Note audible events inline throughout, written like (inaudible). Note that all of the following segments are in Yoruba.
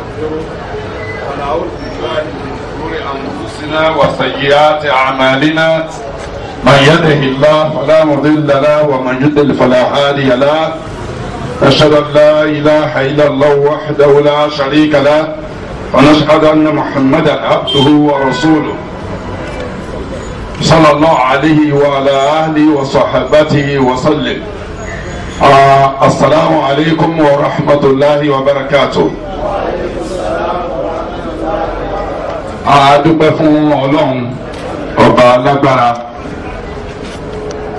ونعوذ بالله من شرور انفسنا وسيئات اعمالنا من يده الله فلا مضل له ومن يضلل فلا هادي له أشهد أن لا إله إلا الله وحده لا شريك له ونشهد أن محمدا عبده ورسوله صلى الله عليه وعلى أهله وصحبته وسلم آه السلام عليكم ورحمة الله وبركاته a dúpẹ́ fún ọlọ́run ọba alágbára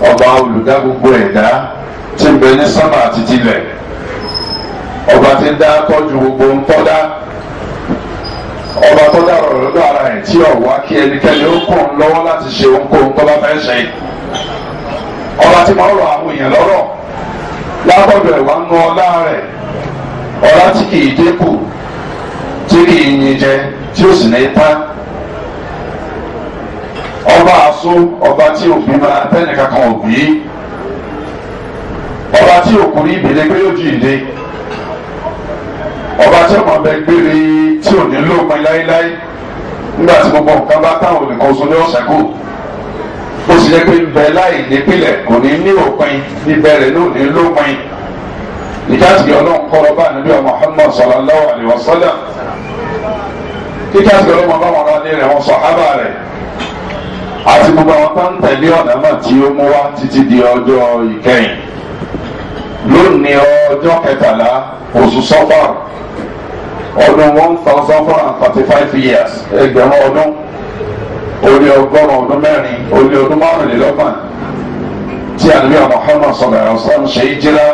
ọba olùdá gbogbo ẹ̀dá tí ń bẹ ní sábà àti tilẹ̀ ọba tí ń dá tọ́jú gbogbo ń tọ́dá ọba tọ́dá rọ̀ lọ́dọ̀ ara ẹ̀ tí ọ̀wá kí ẹnikẹ́ni ó kàn lọ́wọ́ láti ṣe ohunkóhun tó bá fẹ́ ṣe ọba tí máa ń rọ àwọn èèyàn lọ́rọ̀ lábọ̀dọ̀ ẹ̀wà ń nu ọlá rẹ̀ ọlá tí kì í dínkù tí kì í yin jẹ tí ó sì ní tán ọba àṣọ ọba tí òbí máa tẹnìkan kan òbí ọba tí òkùnrin ìbílẹ̀ pé yóò dìde ọba tí ọmọ bẹ gbére tí ò ní lóògùn láéláé nígbà tí gbogbo nǹkan bá táwọn olùkọ́ oṣù ní ọ̀sẹ̀ kù ó sì yẹ pé ń bẹ láì nípìnlẹ̀ kò ní ní òpin níbẹ̀rẹ̀ ló ní lópin ìdásí ọlọ́run kọ́ ọba níbi Muhammad sallallahu alaihi wasallam kíkà sí ọlọ́mọ bá wọn lálé rẹ̀ wọn sọ ábà rẹ̀ àti gbogbo àwọn tó ń tẹ̀lé ọ̀nà náà tí ó mú wá títí di ọjọ́ ìkẹyìn lónìí ọjọ́ kẹtàlá oṣù sọ́fà ọdún one thousand four and thirty five years ẹgbẹ̀rún ọdún orí ọgọ́rùn ọdún mẹ́rin orí ọdún márùnlélọ́gbọ̀n tí àlùyà Muhammad sallallahu alaihi wasallam ṣe é jìlá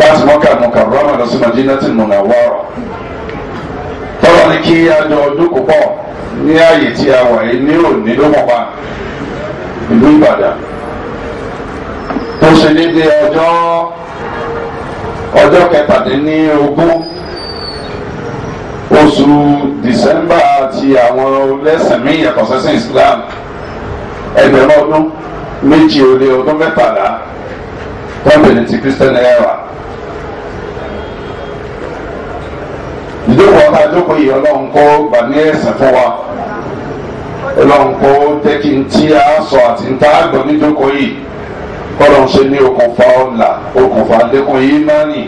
láti Mọ́kà Mukarrama lọ sí Madinatul Munawwara tọ́lá ní kí a jọ dúkù pọ̀ ní ààyè tí a wà yìí ní òní ló mọ̀ pa ìlú Ìbàdàn tó ṣe níbi ọjọ́ ọjọ́ kẹtàdínlógún oṣù dìsẹ́mbà ti àwọn lẹ́sìn mí yàtọ̀ sẹ́sìn Islam ẹgbẹ̀rún ọdún méjì ó lé ọdún mẹ́tàlá tọ́bìnrin ti Christian era. ìjókòó ọba ìjókòó yìí ọlọ́run kó gbà ní ẹ̀sìn fún wa ọlọ́run kó jẹ́ kí n tí a sọ àti n tá a gbọ́ níjókòó yìí kọ́lọ́n ṣe ní okùnfà ọ̀la okùnfà lẹ́kùn yìí mánì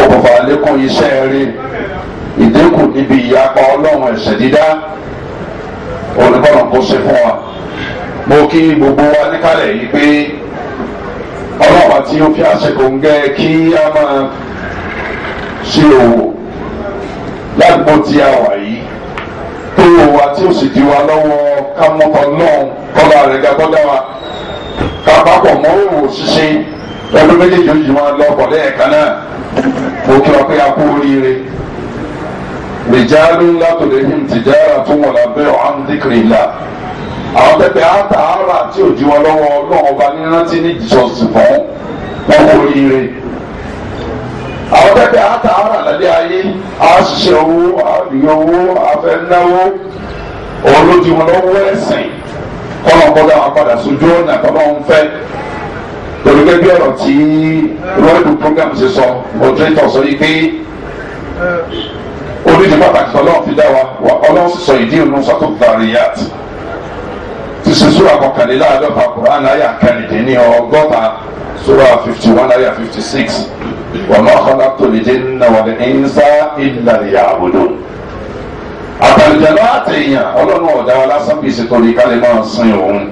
okùnfà lẹ́kùn iṣẹ́ rí ìdínkù níbi ìyapa ọlọ́run ẹ̀ṣẹ̀ dídá olùkọ́lọ́n kó ṣe fún wa mo kí gbogbo wa níkàlẹ̀ yìí pé ọlọ́run àti òfin àṣekò ń gẹ́ kí a máa ṣe òwò lágbo tí a yìí tó wà tí ó sì di wa lọ́wọ́ kámọ́tọ́ náà kọ́lá rẹ̀ ga tọ́jà wa kápákọ̀ mọ́ òwò ṣíṣe pẹ̀lú méjèèjì ojú máa lọ bọ̀ lẹ́ẹ̀kan náà mo kí wa pé a kú oríire rìjálù ńlá tó lè hìm tìjára tó wọ̀n lábẹ́ ọ̀hán dìkìrì ńlá àwọn pẹpẹ àtàárà tí ò di wa lọ́wọ́ ọlọ́run ọba nírántí ní ìjọsìn fún wọn oríire àwọn tẹ́tẹ́ àtàrà lálẹ́ ayé àṣìṣe owó àríyọ owó àfẹnáwó òun ló di wọn lọ́wọ́ ẹ̀sìn kọ́nà kọ́dà wọn padà sójú ọ̀nà tọ́lọ́ ń fẹ́ torí gẹ́gẹ́ ọ̀rọ̀ tí rọ́ọ̀dù program ṣe sọ ọ̀dẹ́tọ̀ sọ yìí pé oríṣi pàtàkì ọlọ́run fi dá wa ọlọ́run sì sọ ìdí ìrún sọ́tò Dhariyat ti ṣe súra kọkànléláàádọ́ta Qur'an àyà kẹrìndínlọ́gọ́ta súra fifty one àyà fifty six wa ma khalaqtul jinna wal insa illa liya'budun àtàlùjẹ̀lá àtẹ̀yàn ọlọ́run ọ̀dà lásán bíi ṣètò ní kálí máa sin òun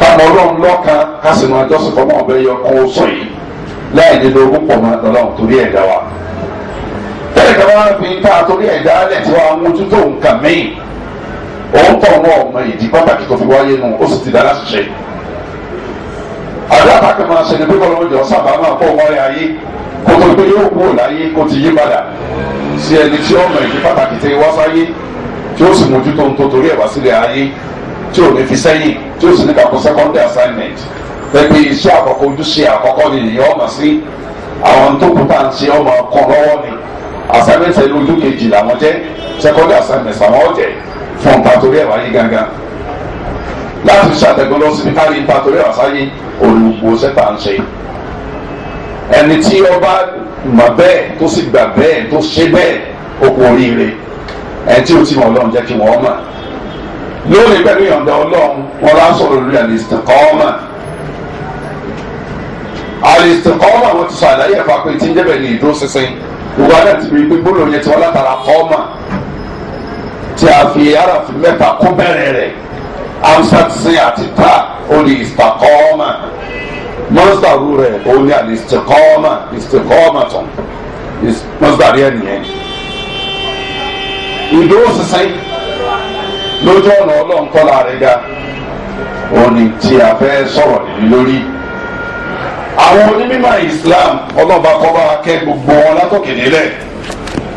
káàmù ọlọ́run lọ́kan ká sì máa jọ́sìn fọmọ́ ọ̀bẹ yọ kó sọ yìí láì nínú ogún pọ̀ máa dọ̀lọ́run torí ẹ̀dá wa bẹ́ẹ̀ ká máa fi ká torí ẹ̀dá lẹ̀ tí wàá mójú tó nǹkan míì òun tọ̀ wọn ọmọ ìdí pàtàkì tó fi wáyé nù ó sì ti dá láṣìṣe àdúrà káàkiri máa ṣe ni pé kọ́ ló ń jọ sábà máa fọ́ wọ́ọ̀rẹ́ ayé kó tó pé yóò kúrò láyé kó ti yí padà sí ẹni tí ọmọ ìdí pàtàkì tẹ wá sáyé tí ó sì mójútó ń tó torí ẹ̀ sílẹ̀ ayé tí ò ní fi sẹ́yìn tí ó sì ní kàkó secondary assignment pẹ̀pẹ́ iṣẹ́ àkọ́kọ́ ojúṣe àkọ́kọ́ ni ìyẹn ọmọ sí àwọn tó kú tá à ń ṣe ọmọ kan lọ́wọ́ ni assignment ẹni ojú kejì làwọn jẹ́ secondary assignment àwọn ọ̀jẹ̀ fún ọ̀tà torí ẹ̀ wáyé gángan láti ṣàtẹ̀gùn lọ síbi kárí ipa torí àṣàyè olùgbò sẹ́tà ń ṣe ẹni tí ọba mọ̀ bẹ́ẹ̀ tó sì gbà bẹ́ẹ̀ tó ṣe bẹ́ẹ̀ ó kú oríire ẹni tí ó ti mọ̀ ọlọ́run jẹ́ kí wọ́n mọ̀ lórí pẹ̀lú ìyọ̀ǹda ọlọ́run wọn lọ sọ̀rọ̀ lórí àlìsìtìkọ́ọ́mà àlìsìtìkọ́ọ́mà wọn ti sọ àlàyé ẹ̀fọ́ pé tí ń débẹ̀ ní ìdúró sísìn gbogbo adé ti rí i pé gbólóhùn yẹn ti wọ́n látara kọ́ọ́mà tí a fi ara fi mẹ́ta kó bẹ̀rẹ̀ rẹ̀ ansatsi àti ta ó ní istakọ́ọ́mà mọ́sítàrú rẹ̀ ó ní àlè istakọ́ọ́mà istakọ́ọ́mà tán mọ́sítàrí ẹ̀ nìyẹn. ìdúró sísìn lójú ọ̀nà ọlọ́nkọ́lá rẹ̀ ga òní tí a fẹ́ sọ̀rọ̀ nìyí lórí àwọn onímọ̀ Islam ọlọ́ba kọ́ bá kẹ́ gbogbo wọn látòkè nílẹ̀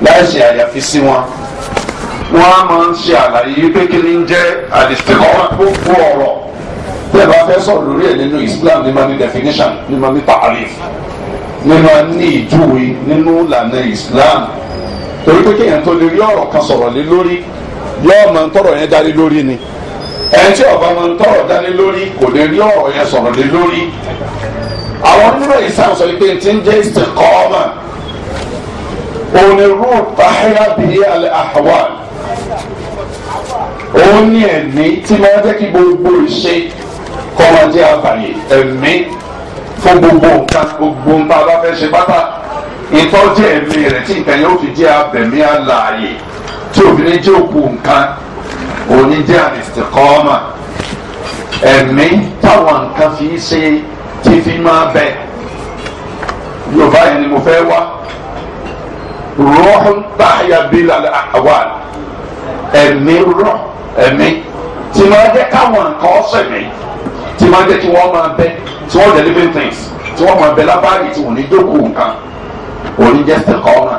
láì ṣe àyàfi sí wọn wọ́n á máa ń ṣe àlàyé pé kí ni ń jẹ́ àdìsíkọ́mà gbogbo ọ̀rọ̀ tẹ́ bá fẹ́ sọ̀rọ̀ lórí ẹ̀ nínú Islam ní ma ní definition ní ma ní ta'arif ní ma ní ìjúwe nínú ìlànà Islam torí pé kéèyàn tó lè rí ọ̀rọ̀ kan sọ̀rọ̀ lé lórí yọ́ọ̀ máa ń tọ̀rọ̀ yẹn darí lórí ni ẹni tí ọba máa ń tọ̀rọ̀ dání lórí kò lè rí ọ̀rọ̀ yẹn sọ̀rọ̀ lé lórí àwọn onímọ̀ ìsàn sọ pé ti ń jẹ́ istiqama òun ni rúùtù táyà bíi òun ní ẹ̀mí tí máa jẹ́ kí gbogbo ìṣe kọ́ máa jẹ́ àbàyè ẹ̀mí fún gbogbo nǹkan gbogbo nǹkan bá fẹ́ ṣe pátá ìtọ́jú ẹ̀mí rẹ̀ tí nǹkan yóò fi jẹ́ abẹ̀mí àlàyé tí obìnrin jẹ́ òkú nǹkan òní jẹ́ àdìsíkọ́ọ́mà ẹ̀mí táwọn nǹkan fi ṣe tí fi máa bẹ̀ yorùbá yẹn ni mo fẹ́ wá rọ́ọ̀hún táyà bí lálẹ́ àwọn àlọ́ ẹ̀mí rọ̀ ẹ̀mí tí máa jẹ́ káwọn nǹkan ọ̀sẹ̀ mi tí máa jẹ́ kí wọ́n máa bẹ tí wọ́n jẹ́ living things tí wọ́n máa bẹ lábáàgì tí wọ́n ní dókòwò nǹkan òní jẹ́ sẹ̀kọ́ ọ̀nà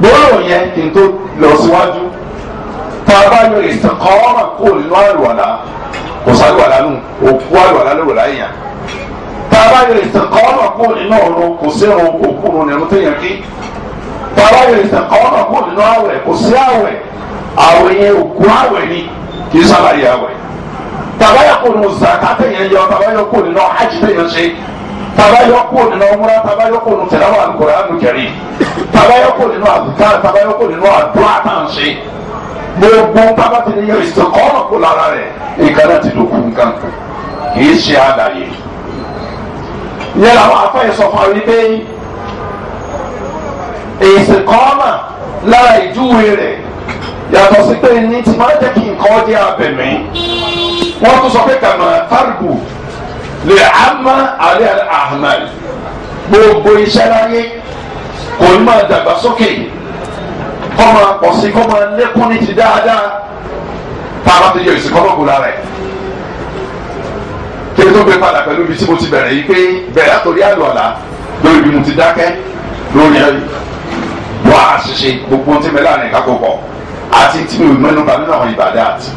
gbólóhùn yẹn kí n tó lọ síwájú tá a bá yọ ìsẹ̀kọ́ ọ̀nà kó nínú àlùwàlà kò sálùwàlà nù òkú àlùwàlà ló wò láyà tá a bá yọ ìsẹ̀kọ́ ọ̀nà kó nínú ọ̀run kò sí ọ̀run òkú ọ̀run ẹ̀rú téèyàn kí bàbá yẹn ìtàkọ́ ọ̀nà kò nínú àwẹ̀ kò sí àwẹ̀ àwẹ̀ yẹn òkú àwẹ̀ ni kì í sábàyé àwẹ̀ bàbá yẹn kò nínú zaka tẹ̀yẹn yọ bàbá yẹn kò nínú hajj tẹ̀yẹn ṣe bàbá yẹn kò nínú ọmúra bàbá yẹn kò nínú tẹ̀láwà Al-Qur'an Al-Karim bàbá yẹn kò nínú àbùkà bàbá yẹn kò nínú àdúrà tá à ń ṣe gbogbo bàbá ti ní yẹn ìtàkọ́ ọ̀nà kò lára rẹ̀ ìkànnà ti dòkun nǹkan kì í ṣe àlàyé yẹn làwọn afẹ́ sọ fún wa wípé ìsìnkọ́mà lára ìjúwe rẹ̀ yàtọ̀ sí pé ní ti máa jẹ́ kí nǹkan ọdẹ abẹ̀mí wọ́n tún sọ pé kàmá fárgù lè àmà àlẹ́ ahmed gbogbo iṣẹ́ láyé kò ní máa dàgbàsókè kọ́ máa pọ̀ sí kọ́ máa lékún ní ti dáadáa tá a bá ti yọ ìsìnkọ́mà kù lára ẹ̀ kí ló tó gbé padà pẹ̀lú ibi tí mo ti bẹ̀rẹ̀ yìí pé bẹ̀rẹ̀ àtòrí àlọ́ àlá lórí ibi mo ti dákẹ́ lórí ẹ̀yìn wá àṣìṣe gbogbo tí mi láàrin ìkákó pọ̀ àti tí mi ò mẹ́nu bà nínú àwọn ìbàdàn àti.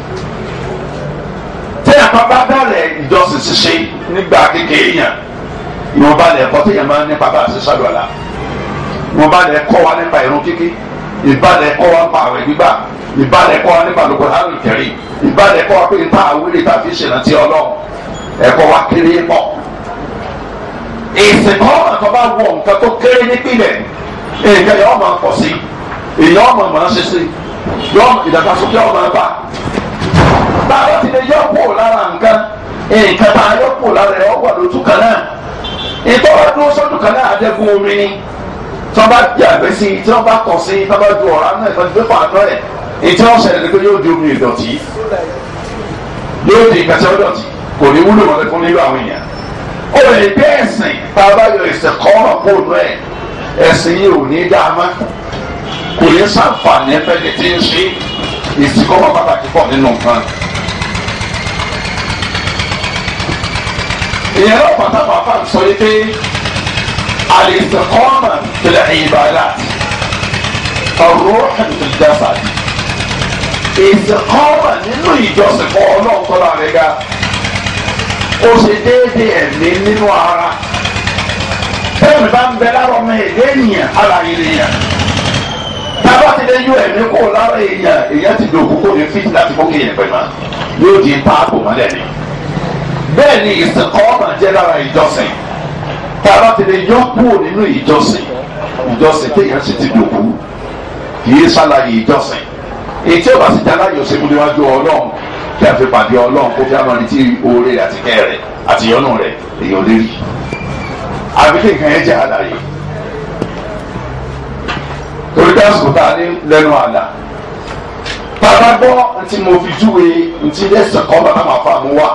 téèyàn bá bá bẹ̀rẹ̀ ìjọsìn ṣíṣe nígbà kékeré yàn ìwọ̀nba lẹ̀ kọ́ téèyàn máa ń nípa bá àṣìṣe àdọ̀là ìwọ̀nba lẹ̀ kọ́ wa nípa ìrun kíkí ìbálẹ̀ kọ́ wa nípa àwẹ̀ gbígbà ìbálẹ̀ kọ́ wa nípa lóko láàrin kẹrì ìbálẹ̀ kọ́ wa pé ìta àwílé tàbí ìṣèrántí ọlọ́run ẹ̀kọ́ wa kéré pọ̀ ìsìnkọ́ àtọ́bá wọ nǹkan tó kéré nípìnlẹ̀ nǹkan yẹn wọ́n máa pọ̀ sí èèyàn ọmọ máa ṣe sí yọ ìdàgbàsókè ọmọ bá bá a bá ti lè yọ kúrò lára nǹkan nǹkan bá a yọ kúrò lára ẹ̀ ọ̀wà lójú kan náà ìtọ́wọ́ dúró sọ́dún kan náà àdẹ́gun omi ni tí wọ́n bá jẹ́ àgbẹ̀ sí i tí wọ́n bá tọ̀ sí i tí wọ́n bá ju ọ̀rá náà ìtọ́jú pépà àtọ́ ẹ̀ ètí wọ́n ṣẹlẹ̀ pé yóò di omi ìdọ̀tí yóò di nǹkan tí wọ́n dọ̀tí kò ní wúlò mọ́lẹ́kùn nílò àwọn èèyàn ó lè gbé ẹ̀sìn tá a bá yọ ìsẹ̀kọ́ ọ̀rọ̀ kó ẹ̀ ẹ̀sìn yìí ò ní dáa mọ́ kò ní sàǹfààní ẹ̀fẹ́ni tí ń ṣe ìsìnkọ́wọ́ pàtàkì pọ̀ nínú nǹkan. ìyẹn náà pàtàkì àpá sọ yìí pé al-istiqama fil ibadat ar-ruh fil jasad ìsìnkọ́wọ́ nínú ìjọsìn kọ́ ọlọ́ọ̀tọ́ láàrin ga ó ṣe déédéé ẹ̀mí nínú ara fóònù bá ń bẹ lára ọmọ èdè ènìyàn ara ènìyàn tábà ti lè yọ ẹ̀mí kó lára èèyàn èèyàn ti dòkú kó ní fíjì láti fún kéèyàn pẹ̀lú yóò di páàpù mọ́lẹ̀ ni bẹ́ẹ̀ ni ìsìnkọ́ ọmọ jẹ́ lára ìjọsìn tábà ti lè yọ kúrò nínú ìjọsìn ìjọsìn téèyàn sì ti dòkú kìí ṣàlàyé ìjọsìn ètí ọba sì jẹ́ aláyọ̀ sí múlẹ́wájú ọlọ́run kí a fi pàdé ọlọ́run kó fi àmọ́ ní tí oore àti kẹ́ rẹ̀ àti yọ́nù rẹ̀ èèyàn lérí àbí kí nǹkan yẹn jẹ́ àlàyé torí dásìkò tá a ní lẹ́nu àlà bàbá gbọ́ ntí mo fi júwe ntí lẹ́sẹ̀ kọ́ bàbá máa fa mu wá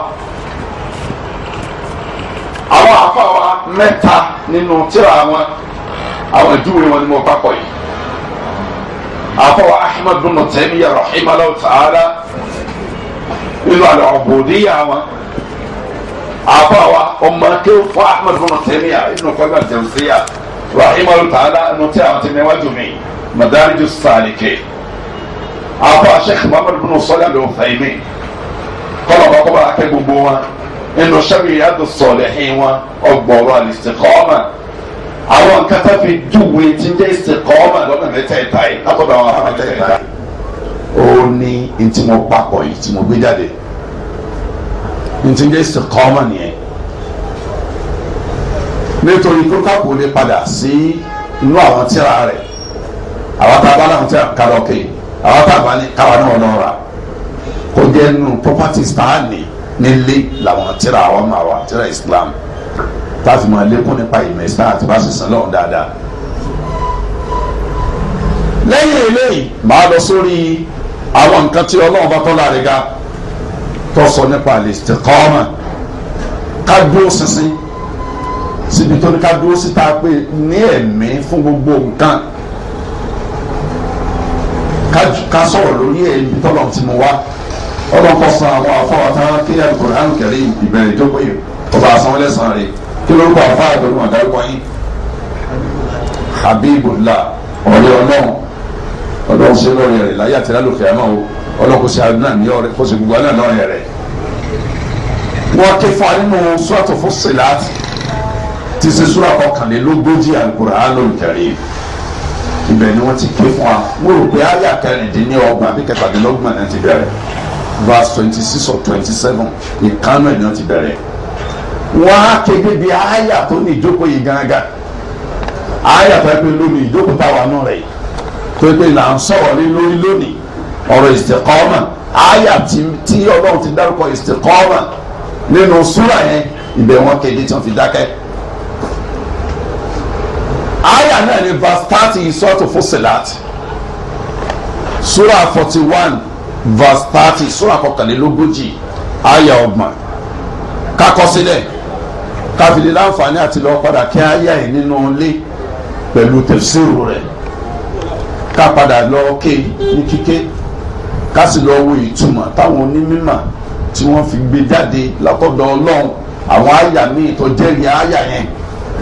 àwọn àfa wa mẹ́ta nínú tíra wọn àwọn ìjúwe wọn ni mo bá pọ̀ yìí àfa wa Ahmad bin Taymiyyah rahimahullah ta'ala nínú àlọ́ ọ̀bùnìyà wọn àbá wa ọmọ tí ó fọ ahmed fún tẹmíà inú kọjá jẹmísíyà rahimahu ta'ala inú tí àwọn ti mẹwàjú mi madariju sàlìkè àbá sheikh muhammed bin sọlá ló fẹ mi kọlọ bá kọba akẹ gbogbo wọn inú sẹbi yàtọ sọlẹhìn wọn ọgbọrọ al-istiqama àwọn kata fi júwe tí ń jẹ istiqama lọ́nà mẹ́tẹ̀ẹ̀ta yìí látọ̀dọ̀ àwọn mẹ́tẹ̀ẹ̀ta yìí ó ní ntí mo papọ̀ yìí tí mo gbé jáde ntí ń jẹ́ istiqama nìyẹn nítorí tó kápò lè padà sí inú àwọn tíra rẹ̀ àwọn tá a bá láwọn tíra kárọ̀kì àwọn tá a bá ní káwa náà lọ́ra kó jẹ́ nínú properties tá a ní nílé làwọn tíra àwọn máa wà tíra Islam láti máa lékún nípa ìmọ̀ ìsá àti bá sì sàn lọ́hùn dáadáa. lẹ́yìn eléyìí màá lọ sórí àwọn nǹkan tí Ọlọ́run bá tọ́lá rẹ̀ ga tọ́sọ nípa al-istiqama ká dúró sinsin síbi tó ní ká dúró síta pé ní ẹ̀mí fún gbogbo nǹkan ká sọ̀rọ̀ lórí ẹ̀mí tọ́lọ̀ tí mo wá ọlọ́kọ̀ san àwọn afọwọ́tá kí al-Qur'an al-Karim ìbẹ̀rẹ̀ jókòó yìí ọba àsanwó-lẹ́sàn rẹ̀ kí lórúkọ àfáà ìdọ̀rùn àdárúkọ yín Habibullah ọ̀rẹ́ ọlọ́run ọlọ́run ṣe lọ́rẹ́ rẹ̀ láyé àtẹ̀lálòfẹ́ àmọ́ o ọlọ́kùnrin àdúrà ní ọ̀rẹ́ kó sì gbogbo àná náà yẹ rẹ̀. wọ́n ké fún wa nínú sọ́ọ̀tù Fussilat ti ṣe sura kọkànlélógójì Al-Qur'anul Karim ibẹ̀ ni wọ́n ti ké fún wa mo rò pé àyà kẹrìndínlọ́gbọ̀n àbí kẹtàdínlọ́gbọ̀n náà ti bẹ̀rẹ̀ verse twenty six or twenty seven ìkànnì ẹ̀ náà ti bẹ̀rẹ̀ wọ́n á ké débi àyà tó ní ìjókòó yìí gángan àyà tó ẹgbẹ́ lómi ìjókòó táwa náà rẹ̀ pépé là ń sọ̀rọ̀ lórí lónìí ọ̀rọ̀ ìsìtẹ̀kọ́mà àyà tí ọlọ́run ti dárúkọ ìsìtẹ̀kọ́mà nínú súrà yẹn ibẹ̀ wọn kéde tí wọ́n fi dákẹ́. àyà náà ni verse thirty sọ́ọ̀tù Fussilat sura forty one verse thirty súrà kọkànlélógójì àyà ọgbọ̀n kakọsílẹ̀ káfíńdé láǹfààní àti lọ padà kí àyà yìí nínú ilé pẹ̀lú tẹ̀síìrù rẹ̀ ká padà lọ ké ní kíké ká sì lọ wo ìtumọ̀ táwọn onímọ̀ tí wọ́n fi gbé jáde látọ̀dọ̀ ọlọ́run àwọn àyà míì tó jẹ́rìí àyà yẹn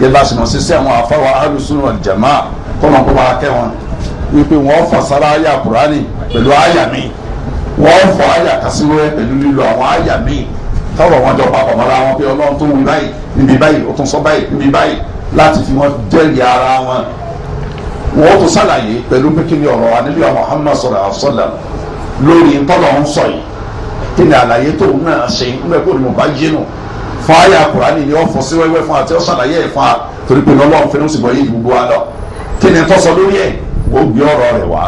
yẹ bá sìnà sísẹ́ àwọn afáwa alùsùn wal jamaa kọ́nà kó máa kẹ́ wọn wípé wọ́n fàṣàrà àyà kùránì pẹ̀lú àyà míì wọ́n fọ àyà kásíwẹ́ pẹ̀lú lílo àwọn àyà míì táwọn wọn jọ papọ̀ mọ́ra wọn pé ọlọ́run tó wù báyìí níbi báyìí ó tún sọ báyìí níbi báyìí láti fi wọn jẹ́rìí ara wọn wọ́n tún sàlàyé pẹ̀lú pé kí ni ọ̀rọ̀ wa níbi àwọn Muhammad sallallahu alaihi wasallam lórí tọ́lọ̀ ń sọ yìí kí ni àlàyé tó ń náà ṣe ń bẹ́ẹ̀ kó ni mo bá yé nù fún àyà kùránì ni wọ́n fọ́ sí wẹ́wẹ́ fún àti ọ̀ṣàlàyé ẹ̀ fún a torí pé lọ́lọ́run fẹ́ràn sì bọ́ yé gbogbo wa lọ kí ni tọ́sọ lórí ẹ̀ wọ́n gbé ọ̀rọ̀ rẹ̀ wá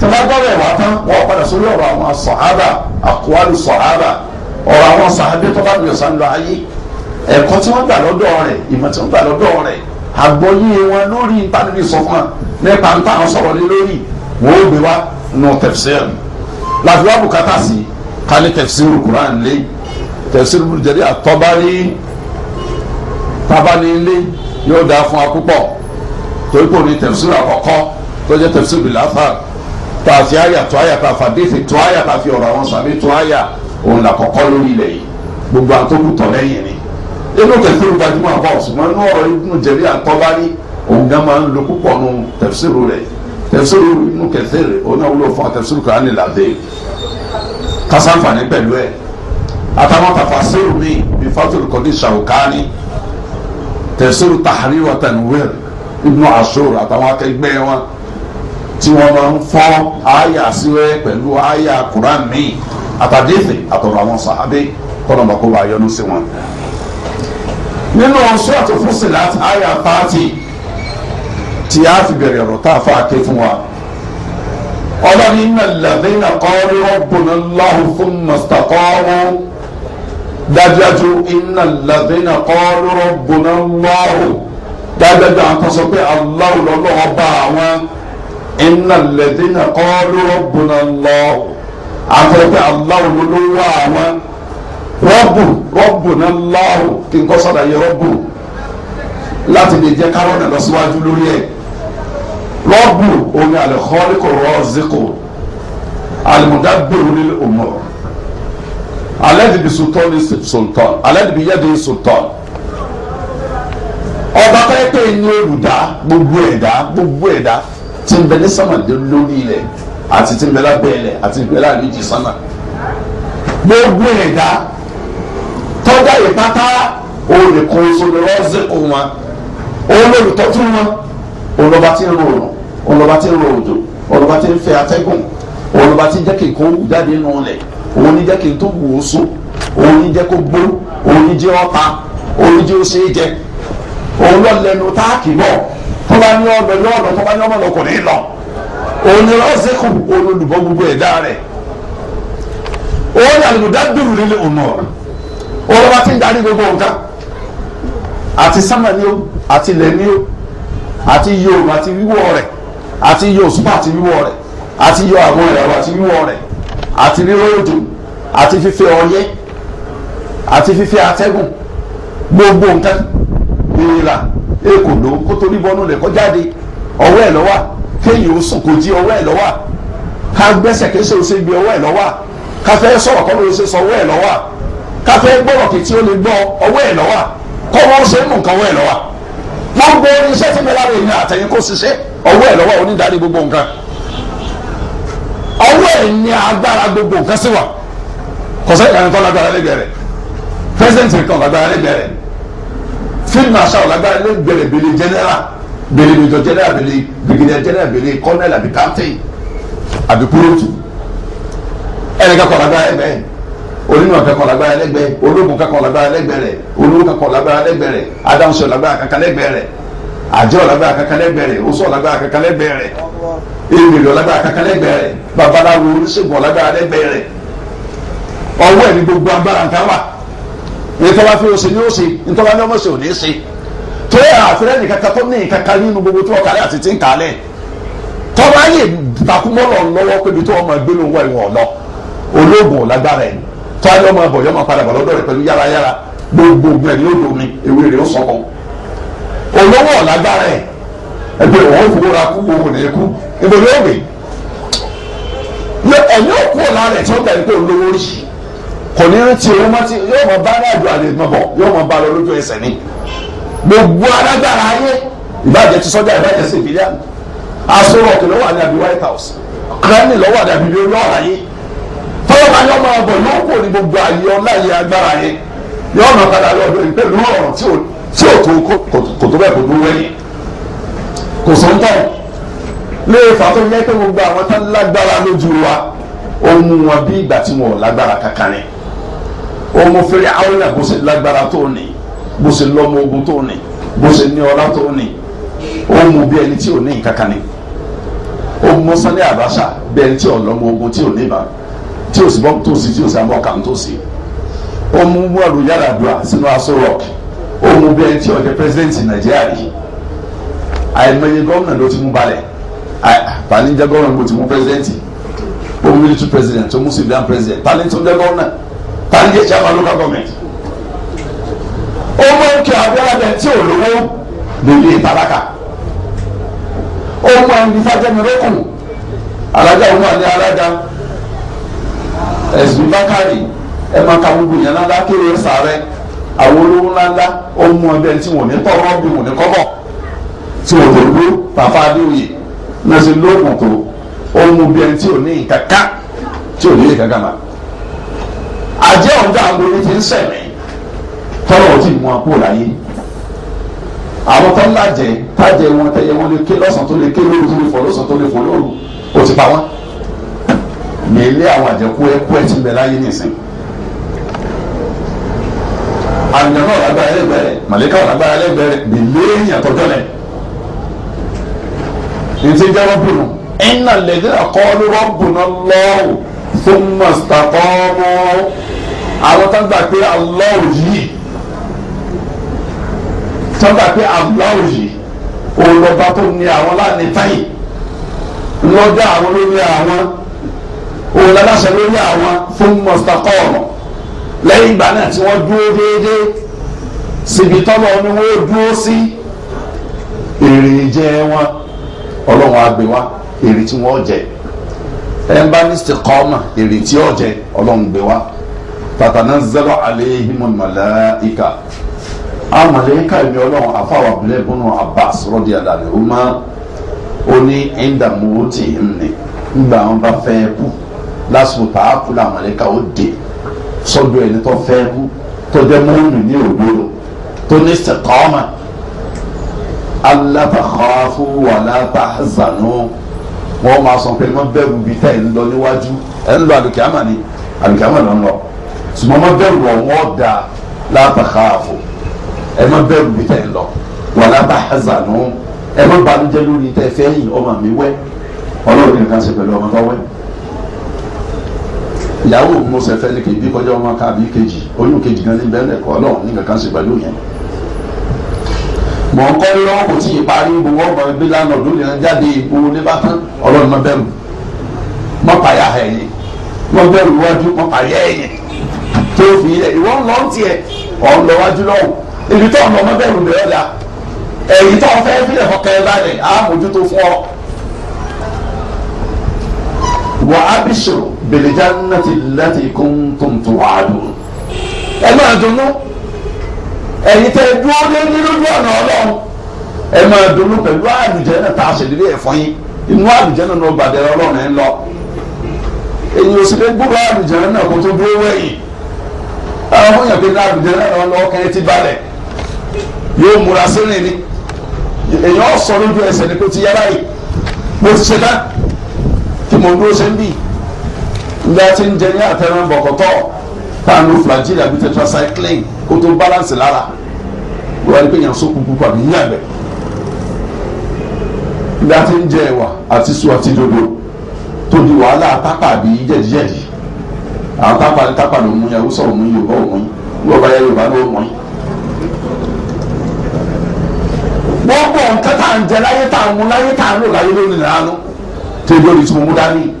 tẹ̀lágbọ́rọ̀ ẹ̀ wá tán wọ́n padà sórí ọ̀rọ̀ àwọn sàhábà àkọ́wálù sàhábà ọ̀rọ̀ àwọn sàhábà tó bá gbé ọ̀sán lọ ayé ẹ̀kọ́ tí wọ́n gbà lọ́dọ̀ rẹ̀ ìmọ̀ tí wọ́n gbà lọ́dọ̀ rẹ̀ àgbọ́yé wọn lórí ìtàníbi sọ fún wa nù tẹfsir láti wá bùkátà sí ká ní tẹfsir kuran lé tẹfsir jẹrí àtọ́bárí tabanilé yóò dáa fún wa púpọ̀ torí pé òní tẹfsir àkọ́kọ́ tó jẹ́ tẹfsir bìláfà tá a fi àyà tó àyà tá a fàdéfè tó àyà tá a fi ọ̀rọ̀ àwọn sàbí tó àyà òun là kọ́kọ́ lórí ilẹ̀ yìí gbogbo àtọ́kù tọ̀ ni inú tẹfsir gbajúmọ̀ àbọ̀ ṣùgbọ́n inú ọ̀rọ̀ inú jẹrí àtọ́bárí òun gan máa ń lo púpọ̀ nù tẹfsir rẹ̀ yìí tẹ̀síwò inú kẹsẹ̀rẹ̀ ọ̀nà wúlò fún àtẹ̀síwò kan ní làdé kásáǹfààní pẹ̀lú ẹ̀ àtàwọn tàfàṣẹ́rù mi bí fatul kọ́ni ṣàwùkání tẹ̀síwò tahari wa tanwir ibnu ashur àtàwọn akẹgbẹ́ wọn tí wọ́n máa ń fọ́ àyà síwẹ́ pẹ̀lú àyà kuran mi àtàdéfè àtọ̀rọ̀ àwọn sàhábé kọ́nà bàkó bá yọnu sí wọn. nínú sọ́ọ̀tù Fussilat àyà pàtì tí a fi bẹ̀rẹ̀ ọ̀rọ̀ tá a fa ké fún wa. ọlọ́ni nàlẹ́dínà qalu rabbuna Allahu thumma istaqamu dájúdájú nàlẹ́dínà qalu rabbuna Allahu dájúdájú àwọn kan sọ pé Allahu lọ́lọ́wọ́ bá àwọn nàlẹ́dínà qalu rabbuna Allahu àtẹ̀tẹ̀ Allahu lọ́lọ́wọ́ àwọn rọ́bù rọ́bù náà kí n kọ́ sọ́dọ̀ yẹ rọ́bù láti lè jẹ́ kárọ̀nà lọ síwájú lórí ẹ̀ rọ́bù òní àlẹ́kọ́ríkò rọ́ọ̀zíkò àlùmọ̀dábìrún nílé òmùọ̀ alẹ́dìbí sultan ní sultan alẹ́dìbí yẹ́dì ní sultan ọba pẹ́ẹ́pẹ́ ní olùdá gbogbo ẹ̀dá gbogbo ẹ̀dá tí ń bẹ ní sàmàdé lórí ilẹ̀ àti tí ń bẹ lábẹ́ ilẹ̀ àti tí ń bẹ láàrín sánà gbogbo ẹ̀dá tọ́jà ìpátá olùkọ́ ìṣòro rọ́ọ̀zíkò wọn olùtọ́jú wọn olùbá rò wọn ọlọ́ba tí ń rọ òjò ọlọ́ba tí ń fẹ́ atẹ́gùn ọlọ́ba tí ń jẹ́ kí nǹkan wù jáde nù ọlẹ̀ òun ní jẹ́ kí n tó wù ó sùn òun ní jẹ́ kó gbó òun ní jẹ́ ọ̀ta òun ní jẹ́ ó ṣe é jẹ òun lọ lẹnu táàkì náà tó bá ní ọ̀nà ní ọ̀nà tó bá ní ọmọ lọ ní lọ òun ní rọ́ọ̀sẹ́kù òun olùbọ́ gbogbo ẹ̀dá rẹ̀ òun ní àlùdádùrù nílé òun náà ọlọ́ba tí ń darí gbogbo nǹkan àti sámà ni ó àti ilẹ̀ ni ó àti yorùbá àti wíwọ́ rẹ̀ àti iye òṣùpá àti wíwọ̀ rẹ̀ àti iye àwọn ìràwọ̀ àti wíwọ̀ rẹ̀ àti rírọ̀ òjò àti fífẹ́ ọyẹ́ àti fífẹ́ atẹ́gùn gbogbo nǹkan ìlà èkòló kó torí bọ́nú rẹ̀ kó jáde ọwọ́ ẹ̀ lọ́wà kéèyàn ó sùn kò jí ọwọ́ ẹ̀ lọ́wà ká gbẹ́sẹ̀ kéṣe oṣù ibi ọwọ́ ẹ̀ lọ́wà ká fẹ́ sọ̀rọ̀ kọ́ ló ṣe sọ ọwọ́ ẹ̀ lọ́wà ká fẹ́ gbọ́rọ̀ kì tí ó lè gbọ́ ọwọ́ ẹ̀ lọ́wà kọ́ wọ́n ṣe é mú nǹkan ọwọ́ ẹ̀ lọ́wà wọ́n gbé iṣẹ́ tí mi lára èèyàn àtẹ̀yìn kó ṣiṣẹ́ ọwọ́ ẹ̀ lọ́wọ́ onídàárí gbogbo nǹkan ọwọ́ ẹ̀ ní agbára gbogbo nǹkan sí wa kọsẹ́ ìkànnì tó lágbára lẹ́gbẹ̀ẹ́ rẹ̀ pẹ́sidẹ́ntì kan lágbára lẹ́gbẹ̀ẹ́ rẹ̀ field marshal lágbára lẹ́gbẹ̀ẹ́ rẹ̀ bèlè general bèlè major general bèlè brigadier general bèlè colonel àbí captain àbí kúròtù ẹnì kan kọ̀ lágbára lẹ́gbẹ̀ẹ́ onímọ̀ kankan lágbára lẹ́gbẹ̀ẹ́ ológun kankan lágbára lẹ́gbẹ̀ẹ́ rẹ̀ olówó kankan lágbára lẹ́gbẹ̀ẹ́ rẹ̀ adáhùnsọ̀ lágbára kankan lẹ́gbẹ̀ẹ́ rẹ̀ àjẹ́ ọ̀làgbà kankan lẹ́gbẹ̀ẹ́ rẹ̀ oṣù ọ̀làgbà kankan lẹ́gbẹ̀ẹ́ rẹ̀ èrè ọ̀làgbà kankan lẹ́gbẹ̀ẹ́ rẹ̀ babaláwo oníṣègùn ọ̀làgbà lẹ́gbẹ̀ẹ́ rẹ̀ ọwọ́ ẹ̀ ní gbogbo agbára nǹkan wà nítorí wàá fi oṣù ní oṣù nítorí wàá ní ọmọ oṣù ní ṣe tó yà àfẹ́rẹ́ nìkan kan tó ní nǹkan kan nínú gbogbo tó ọkàlẹ́ àti tí ń kalẹ̀ tọ́ba yè takumọ́ lọ lọ́wọ́ pé ibi tó ọmọ ẹgbẹ́ ló ń wá ìwọ̀n lọ olóògùn ọ̀làgbára ẹ̀ tọ́ba yọ ọmọ ẹbọ̀ yọ ọmọ padà bọ̀ lọ́dọ̀ rẹ̀ pẹ̀lú yárayára gbogbo ògùn ẹ̀ ní odò mi ewé rẹ̀ ó sọ̀kan olówó ọ̀lágbára ẹ̀ ẹgbẹ́ òun fowóra kú owó ní ikú ibo ni ó gbé ẹ̀mí òkú ọ̀la rẹ̀ tí wọ́n gbà pé olówó rí kò ní rántí owó mọ́tí yóò mọ bá aráàlú àlè mọ̀bọ̀ yóò mọ bá lọ lójú ẹsẹ̀ ni gbogbo alágbára ayé ìbàjẹ́ ti sọ́jà ìbàjẹ́ sí ìbílẹ̀ aṣọ ọ̀kẹ́ lọ́wọ́ àní àbí white house kremlin lọ́wọ́ àní àbí lọ́wọ́ ayé tọ́lọ́mọ ayé ọmọ ọ̀bọ̀ yóò kó ní gbogbo ayé ọ̀la yẹ agbára yẹ yọ ọ̀nà padà lọ́dọ̀ ìpẹ́lú ọ̀rọ̀ tí ò ní tí ò tó kò tó bẹ́ẹ̀ kò dúró rẹ̀ kò sọ́ńtọ̀ lè fà tó yẹ pé gbogbo àwọn tó lágbára lójú wa ó mú wọn bí ìgbà tí wọn ò lágbára kankan ni ó mú fèrè àwọn náà bó ṣe lágbára tó ní bó ṣe lọ́mọ ogun tó ní bó ṣe ní ọlá tó ní ó mú bí ẹni tí ò ní kankan ni ó mú Sànní Abacha bí ẹni tí ò lọ́mọ ogun tí ò ní ìbá tí ò sì bọ́ tòsí tí ò sì àbọ̀ kàn tòsí ó mú mú ẹrù dùà sínú aṣọ rọ̀kì òun bẹ ẹni tí ọjọ́ pírẹsidẹ́ǹtì nàìjíríà rí àìmọye gómìnà ló ti mú balẹ̀ tàníjà gómìnà ló ti mú pírẹsidẹ́ǹtì ó mú military president ó mú civilian president tàní tó ń jẹ́ gómìnà tàníjà chairman local government ó mọ òkè abẹ́rẹ́bẹ tí ò lówó lórí ìtàlákà ó mọ ẹni fàjẹmí lókùn alájà òun àti alájà ẹ̀sùn bákàrí ẹ̀ máa ka gbogbo yẹn lálá kéré sàárẹ̀ àwọn olówó ńláńlá ó mú ọdẹ tí wọn ò ní tọrọ bí wọn ò ní kọ́bọ̀ tí wọn ò tó gbó bàbá adéoyè náà ṣe lóògùn tó ó mú bí ẹni tí ò ní ìkàkà tí ò ní ìkàkà mà. àjẹ́ ọ̀dọ́ àwọn orin ti ń sẹ̀mí tọ́lọ̀ ò tí ì mú apó láyé àwọn tó ń lájẹ tájẹ wọn tẹyẹ wọn lè ké lọ́sàn tó lè ké lóru tó lè fọ lọ́sàn tó lè fọ lóru ó ti pa wọn. mi ilé àwọn àjẹkú ẹkú ẹ ti bẹ láyé nìsín àlùjànnà náà lágbára lẹ́gbẹ̀ẹ́ rẹ̀ màlẹ́kà lágbára lẹ́gbẹ̀ẹ́ rẹ̀ bìlẹ́yìn àtọ́jọ́ rẹ̀ ètò ìjọba bùnú ẹ̀ńnà lẹ́dínà kọ́ọ́lù rọ́bùnà lọ́wọ́ fún mọ̀sítàkọ́ọ́mọ́ àwọn tó ń gbà pé aláwọ̀ yìí tó ń gbà pé aláwọ̀ yìí òun lọ́ba tó àwọn lórí àwọn òun lórí àwọn fún mọ̀sítàkọ́ọ̀mọ́. lẹ́yìn ìgbà náà tí wọ́n dúró déédéé síbi tọ́lọ̀ ni wọ́n dúró sí èrè jẹ wọn ọlọ́run á gbé èrè tí wọ́n jẹ ẹ̀ ń èrè tí ó jẹ ọlọ́run gbé ìmì ọlọ́run àfàwọ̀ abúlé bọ́nù abbas rọ́dí àdàlẹ́ ó máa sọ́dọ̀ ẹni tó fẹ́ kú tó jẹ́ mọ́mì ní òdodo tó ní sẹ̀kọ́mà Allah takhafu wala tahzanu wọ́n máa sọ pé wọ́n bẹ̀rù bíi tẹ́ ẹ̀ ń lọ níwájú ẹ̀ ń lọ àlùkìámà ni àlùkìámà ló ń lọ ṣùgbọ́n wọ́n bẹ̀rù ọ̀wọ́n da la takhafu ẹ̀ má bẹ̀rù bíi tẹ́ ẹ̀ ń lọ wala tahzanu ẹ̀ má banújẹ́ lórí tẹ́ fẹ́ yìí ọmọ mi wẹ́ ọlọ́run nìkan ṣe pẹ̀lú ọmọ tó wẹ́ ìyàwó mo ṣe fẹ́ ní kébí kọjá ọmọ ká bí kejì oyún kejì gan ní bẹ́ẹ̀ lẹ́kọ̀ọ́ náà ní kankan ṣe pẹ̀lú yẹn. mọ̀ ń kọ́ lọ́wọ́ kò tí ì parí gbogbo ọmọ ẹbí lánàá lórí ẹ̀ jáde ìgboro ní bàtán ọlọ́run mọ bẹ́ẹ̀ mu mọ pàyà ẹ̀yìn mọ bẹ́ẹ̀ mu wájú mọ pàyà ẹ̀yìn tó fi ilẹ̀ ìwọ lọ tiẹ̀ ọ̀ ń lọ wájú lọ́wọ́ ibi tó ọ̀nà ọmọ bẹ́ẹ̀ mu bẹ́ẹ̀ la ẹ̀yìn tó fẹ́ fílẹ̀ fọkẹ́ balẹ̀ á bilijannati lati kuntum tu'adun ẹ máa dunnú ẹ̀yin tẹ́ ẹ dúró dé ní lójú ọ̀nà ọlọ́run ẹ máa dunnú pẹ̀lú àlùjẹ́ náà tá a ṣèlérí ẹ̀ fún yín inú àlùjẹ́ náà ní ọgbàdẹ ọlọ́run ẹ̀ ń lọ èyí ò sì lè gbúrò àlùjẹ́ náà kó tó dúró wẹ̀yìn àwọn èèyàn pé ní àlùjẹ́ náà lọ́wọ́ lọ́wọ́ kẹ́rin ti balẹ̀ yóò múra sílẹ̀ ni èèyàn sọ lójú ẹsẹ̀ ni pé ti yára yìí mo ti ṣe tán kí mo dúró ṣe ń bì í ìgbà tí ń jẹ ní àtẹrán bọ̀kọ̀tọ̀ pàánù flagyl àbí tetracycline kó tó balance lára wọ́n rí pé yàn sókun púpọ̀ àbí yàgbẹ́ ìgbà tí ń jẹ ẹ̀wà àti su àti dodo tó di wàhálà tápà àbí jẹ̀díjẹ̀dí àwọn tapa ní tápà ló mú yàn ó sọ̀rọ̀ mú yorùbá òun yìí wọ́n bá yẹ yorùbá ló mú yìí. wọ́n pọ̀ nǹkan tá à ń jẹ láyé tá à ń láyé tá à lò láyé lónìí nàánú tẹ́lẹ̀ lórí tí mo mú dání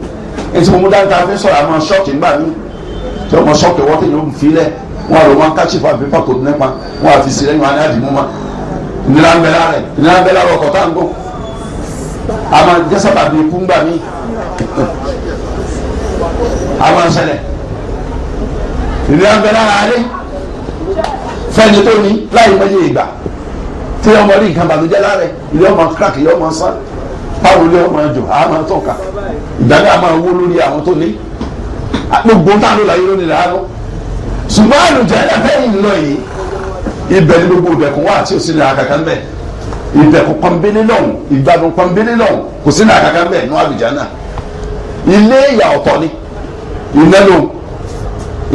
ètò ìmú dáadáa tá a fi sọ̀rọ̀ àmọ́ ṣọ́ọ̀kì ńgbà mí tí wọ́n ṣọ́ọ̀kì wọ́n tẹ̀yìn òun filẹ̀ wọn àrò wọn káṣífà pépà tó nípa wọn àfi sí lẹ́yìn wọn á ní àdìmú ma ìnira ń bẹ lára ẹ̀ ìnira ń bẹ lára ọkọ̀ tá à ń gò a máa jẹ́ sábà bí ikú ńgbà mí a máa ṣẹlẹ̀ ìnira ń bẹ lára alẹ́ fẹ́ni tó ní láì mọ́yé ìgbà tí ọmọ rí nǹkan bàtújẹ́ lára ẹ̀ ilé ọmọ kíláàkì ilé ọmọ sá báwo ilé ọmọ jò àá máa tọ̀ka dada a máa wó lórí àwọn tó ní gbogbo táwọn ló láyé lónìí làárọ̀ ṣùgbọ́n àlùjá ẹ̀dá fẹ́yìn lọ yìí ibẹ̀ ni gbogbo ìbẹ̀kún wà tí ò sí ní àkàkà ńbẹ̀ ìbẹ̀kún pọ́nbélé lọ́hùn ìgbádùn pọ́nbélé lọ́hùn kò sí ní àkàkà ńbẹ̀ ní àlùjá náà ilé ìyà ọ̀tọ̀ ni iná ló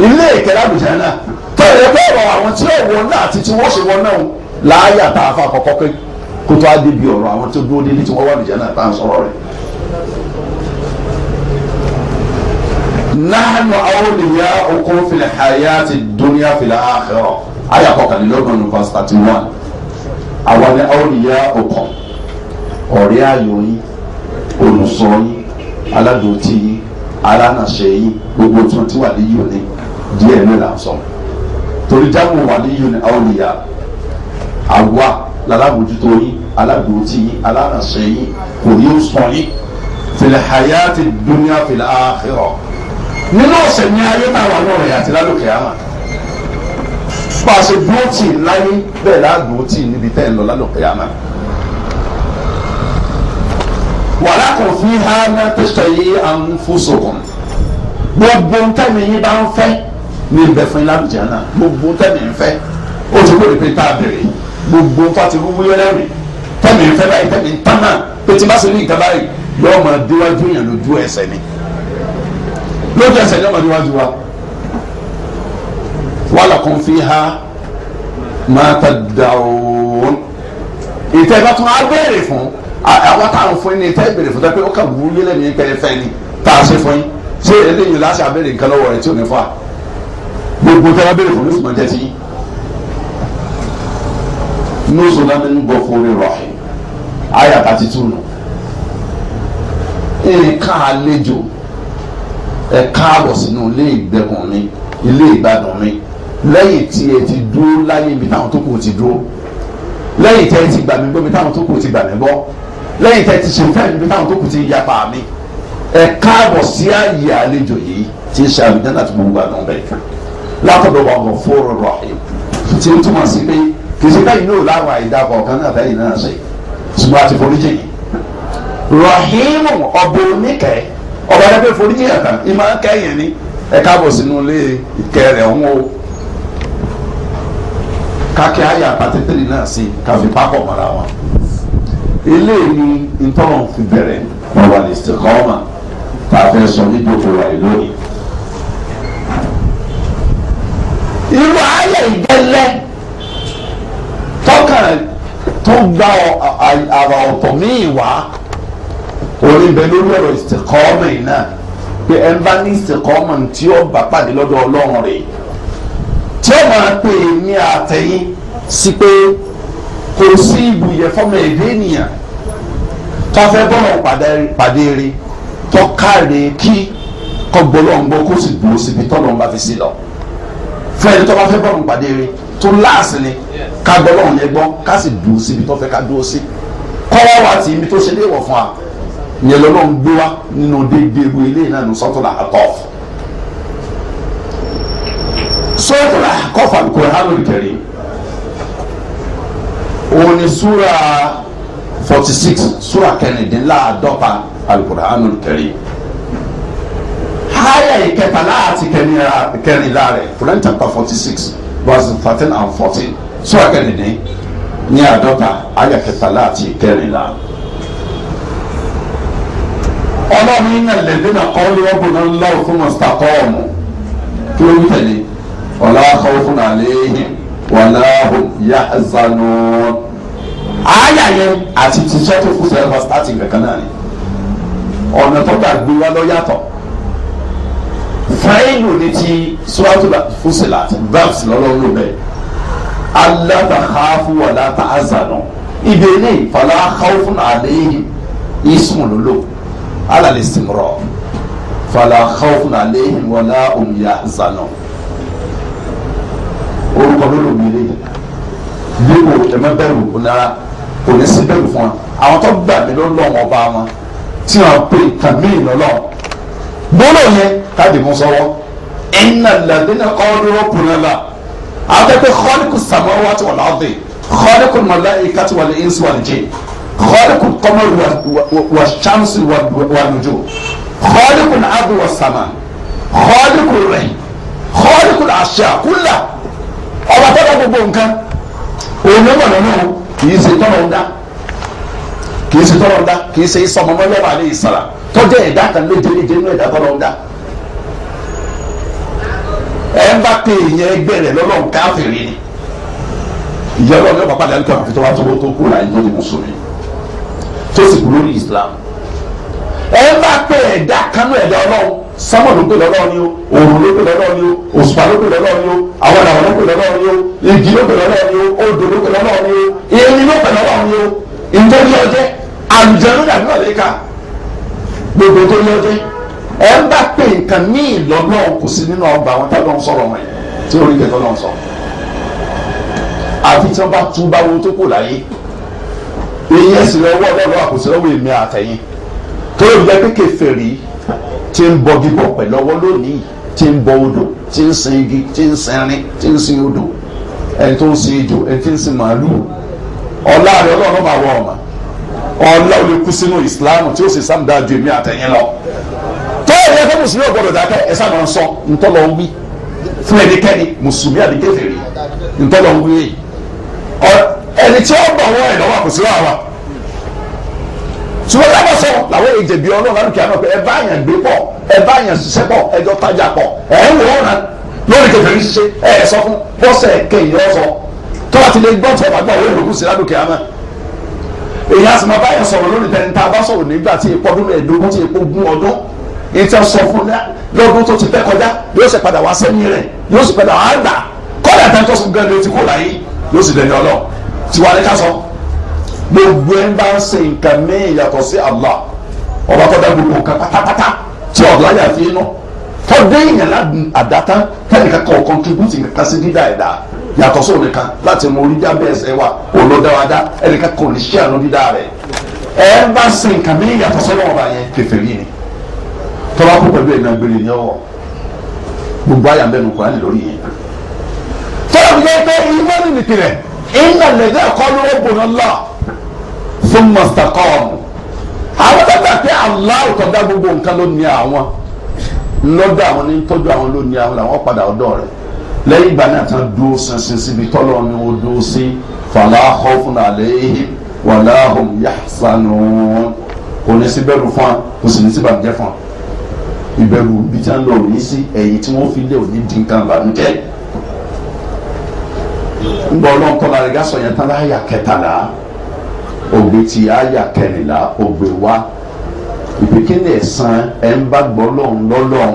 ilé ìkẹlẹ́ àlùjá náà tọ́lẹ̀ bẹ́ẹ̀rọ àwọn tí yóò wọ náà àti tí wọ́n ṣe wọ náà láàyà tá nahnu awliya'ukum fil hayati dunya fil akhirah àyà kọkànlélọ́gbọ̀n ní verse thirty one àwa ni awliya'ukum ọ̀rẹ́ ayò yín olùsọ yín aládòtí yín alánàṣẹ yín gbogbo tí wọ́n ti wà ní yìí ní díẹ̀ ní là ń sọ torí jáwọ́ wà ní yìí ní awliya àwa lalábòjútó hayati dunya fil akhirah nínú ọ̀sẹ̀ ní ayé táwọn ọlọ́run yà àti lálùkè àmà bá a ṣe dúró tì í láyé bẹ́ẹ̀ láàdúró tì í níbi tẹ́ ẹ̀ ń lọ lálùkè àmà. wàhálà kan fi ha ná tẹsán yìí àǹfóṣokùn gbogbo ntẹ́mi yín bá ń fẹ́ ní ibẹ̀ fún ilábìjà náà gbogbo ntẹ́mi ń fẹ́ ó ti wọlé pé tá a bèrè gbogbo fati wúwú yẹlẹ́rì tẹ́mi ń fẹ́ báyìí tẹ́mi ń tán náà pé tí bá ṣe ní ìta yọ lójú ẹsẹ̀ yọmọ níwájú wa wàhálà kan fi ha máa ta dàrún ìtẹ́ ìbá tún á béèrè fún àwọn táwọn fún yín ní ìtẹ́ ìbéèrè fún dápẹ́ ó kà wú lélẹ̀ ní pẹ́ẹ́ fẹ́ ni tá a ṣe fún yín ṣé eléyìí láṣà béèrè nǹkan lọ́wọ́ rẹ̀ tí ò ní fà gbogbo tẹ́lá béèrè fún ní sùnmọ́ jẹ́ sí yín nusu na min gofuri rahim aya thirty nǹkan àlejò ẹ káàbọ̀ sínú ilé ìgbẹ́kùn mi ilé ìgbádùn mi lẹ́yìn tí ẹ ti dúró láyé ibi táwọn tó kù ti dúró lẹ́yìn tí ẹ ti gbà mí gbọ́ ibi táwọn tó kù ti gbà mí gbọ́ lẹ́yìn tí ẹ ti ṣèǹfẹ́ ibi táwọn tó kù ti yapa mi ẹ káàbọ̀ sí ààyè àlejò yìí tí ṣe àlùjáná tó gbogbo àdán bẹ́ẹ̀ látọ̀dọ̀ wà wọ̀ fóró rọ̀ tí ó túmọ̀ sí pé kìsì báyìí náà láwọn àìdá kọ̀ọ̀kan náà bẹ́ẹ̀ náà ṣe ṣùgbọ́n àti foríjì yìí rahimu ọ̀bùn níkẹ́ẹ́ ọba rẹ pé foríjì yàn kan ìmọ̀ kẹ́yìn ni ẹ káàbọ̀ sínú ilé ìkẹ́ rẹ̀ ń wo kákẹ́ àyà pàtẹ́tẹ́rì náà sí káfí pápọ̀ mọ́ra wọn ilé ni ntọ́nà fi bẹ̀rẹ̀ ọba lè ṣe kọ́ ọ́ mà tá a fẹ́ sọ níbi òkú wa lónìí. irú ayé ìgbẹ́lẹ́ tọ́kàn tó gba àrà ọ̀tọ̀ míì wá òní bẹ lórí ọ̀rọ̀ ìsìnkọ́mọ̀ yìí náà pé ẹ bá ní ìsìnkọ́mọ̀ tí ó bá pàdé lọ́dọ̀ ọlọ́run rẹ̀ tí ó máa pè é ní àtẹ̀yìn sí pé kò sí ibùyẹ fọmọ èdè ènìyàn tọ́fẹ́ bọ́lọ̀ pàdé rí tọ́kàrè kí kọ́gbọ́lọ́ngbọ́ kó sì dúró síbi tọ́lọ́ bá fi sí lọ fún tó bá fẹ́ bọ́lọ̀ pàdé rí tó láàsì ni ká gbọ́lọ́run yẹn gbọ́ ká sì dúró síbi tọ́fẹ́ ká dúró sí kọ́wọ́ wa tì í tó ṣe léèwọ̀ fún wa ìyẹn lọ́nà ń gbé wá nínú déédéé bu ilé náà ní sọ́tọ̀lá àkọ́ sọ́tọ̀lá àkọ́ fàlùkọ́ hánú ìkẹrì òun ni súra forty six súra kẹrìndínláàdọ́ta alukura hánú ìkẹrì háyà ìkẹtàlá àti kẹrìnlá rẹ̀ Quran chapter forty six verse thirteen and fourteen súra kẹrìndín ní àdọ́ta háyà ìkẹtàlá àti kẹrìnlá ọlọ́run iná lẹ́dínà kọ́lé ọ̀gbọ̀nà lọ́wọ́ fún mọ̀sítàkọ́ọ̀mù kí ló ń tẹ̀lé ọ̀là àkọ́wọ́fún àléhìn wàlá yàzánú. àyà yẹn àti tíṣẹ́ tó kù sẹ́yìn fásitì kankan náà ni ọ̀nà tó gbà gbé wa lọ yàtọ̀ fáìlù ni ti sùwàtú fúsìlà bẹ́ẹ̀sì lọ́lọ́run ló bẹ́ẹ̀ alábàáfù wàlá tààzánú ìbéèrè fàlà àkọ́wọ́fún àléhìn ìsùn lólò ala listimrọ fala khawfun alayhim wala hum yahzanun orúkọ lórí òmìnirí bí o ẹmẹ bẹ̀rù onara kò ní sí bẹ̀rù fún wa àwọn tó gbà mí ló lọ wọn bá wọn tí wọn pè kàmí lọlọ gbọ́dọ̀ yẹn káàdì mú sọ́wọ́ iná lẹ́dínà ọ̀rọ̀ pùnàlà àtẹ̀tẹ̀ khaliqus samawati wal ardi khaliqul malaikati wal insi wal jinn. خالق القمر والشمس والنجوم خالق الأرض والسماء خالق الرحم خالق الأشياء كلها ọba tọ́lá gbogbo nǹkan òun ló mọ̀nà náà kì í ṣe tọ́lọ̀ ńdá kì í ṣe tọ́lọ̀ ńdá kì í ṣe sọmọmọ lọ́wọ́ àlẹ́ ìsàlà tọ́jú ẹ̀dá kan léde léde nínú ẹ̀dá tọ́lọ̀ ńdá ẹ̀ ń bá pè é yẹn ẹgbẹ́ rẹ̀ lọ́lọ́ nǹkan àfẹ́rẹ́ ni ìyá ọlọ́run yóò bá padà nípa àfi tó wá tó kúrò láì ní mùsùlùmí tó sì kú lórí islam ẹ bá pé ẹ̀dá kanú ẹ̀dá ọlọ́run sọ́mọ̀ ló pè lọ́lọ́run ni o òòrùn ló pè lọ́lọ́run ni o òṣùpá ló pè lọ́lọ́run ni o àwọn àwọn ló pè lọ́lọ́run ni o igi ló pè lọ́lọ́run ni o odò ló pè lọ́lọ́run ni o èmi ló pè lọ́lọ́run ni o ìtọ́jú ọjẹ́ àlùjẹ́nu dàbí ọ̀lẹ́ka gbogbo tó yọ ọjẹ́ ẹ bá pé nǹkan míì lọ́lọ́run kò sí nínú ọgbà àwọn táwọn sọ̀rọ̀ wọn tí orí kẹtọ́ lọ́ èyí ẹ̀sìn lọ́wọ́ ọlọ́run àkùsọ lọ́wọ́ èmi àtẹ̀yìn tó lè jẹ́ pé kèfèrí ti ń bọ gígbọ̀ pẹ̀lú ọwọ́ lónìí ti ń bọ odò ti ń sin igi ti ń sinrin ti ń sin odò ẹni tó ń sin ejò ẹni tí ń sin màálù ọ̀la rẹ̀ ọlọ́run máa wọ ọ̀mà ọ̀la ò lè kú sínú ìsìláàmù tí ó sì sáà dáa ju èmi àtẹ̀yìn lọ tó yẹ kó mùsùlùmí ọ̀gbọ́dọ̀ dákẹ́ ẹ sáà máa ń sọ ntọ́lọ́ ń wí fún ẹnikẹ́ni mùsùlùmí àdìgẹ́fẹ̀rẹ̀ ntọ́lọ́ wí ẹni tí wọ́n bọ̀ wọ́n ẹ̀ lọ́wọ́ kò sí wàhálà ṣùgbọ́n lábọ̀ sọ làwọn èyí jẹ̀bi ọlọ́run lánàkìá náà pé ẹ bá àyàn gbé pọ̀ ẹ bá àyàn ṣiṣẹ́ pọ̀ ẹ jọ tajà pọ̀ ẹ ń wò ó ràn lórí kẹfẹ́ ní ṣiṣẹ́ ẹ ẹ sọ fún bọ́sẹ̀ kẹyìn ọ sọ tọ́lá ti lè gbọ́ tí ọba gbọ́ òun lòkùn sí ládùkìá náà èyí á sì máa báyàn sọ̀rọ̀ lórí tẹni tá a bá sọ̀rọ̀ nígbà tí epo ọdún mẹ́ẹ̀ẹ́dógún tí epo gún ọdún èyí tí a sọ fún lọ́dún tó ti pẹ́ kọjá yóò sì padà wá sẹ́yìn rẹ̀ yóò sì padà wá gbà kọ́dà tá a gan-an ló ti kó láyé yóò sì dẹni ọlọ́ọ̀ tiwa ni ká sọ gbogbo ẹ̀ ń bá ń sin nǹkan mìíràn yàtọ̀ sí Allah ọba tó dá gbogbo nǹkan pátápátá tí ọ̀dọ́ ayé àfi inú tó dé ìyànlá àdáta kẹ́nìkan kan kọ́ntribútì nǹkan sí dídá ẹ̀dá yàtọ̀ sóò nìkan láti mú orí jábẹ́ ẹsẹ̀ wa olódáwádá ẹnìkan kò ní ṣe àánú dídá rẹ̀ ẹ bá sin nǹkan mìíràn yàtọ̀ sọ́dọ̀ ọba yẹn kèfèrí ni tọ́lá kú pẹ̀lú ẹ̀nà gbére ní ọwọ́ gbogbo àyà mẹ́nu kọ́ lórí yẹn tọ́lá ìnà lẹ́dẹ̀ kọ́lu rabbuna Allah thumma istaqamu àwọn tó gbà pé Allah tó dá gbogbo nǹkan ló ní àwọn lọ́dọ̀ àwọn ní tọ́jú àwọn ló ní àwọn làwọn padà ọ̀dọ̀ rẹ̀ lẹ́yìn ìgbà náà tán dúró sinsin síbi tọ́lọ́ ni wọ́n dúró sí fala khawfun alayhim wala hum yahzanun kò ní sí bẹ̀rù fún wa kò sì ní sí bàjẹ́ fún wa ìbẹ̀rù bíi tí wọ́n lọ òní sí ẹ̀yìn tí wọ́n fi lé òní dín kan bànújẹ́ ngbọ́ ọlọ́run tọ́lá rẹ̀ gá sọ yẹn tán la kẹtàlá ògbé ti àyà kẹrìnlá ògbé wá ìpèkéńdé ẹ̀sán ẹ̀ ń bá gbọ́ lọ́run lọ́lọ́run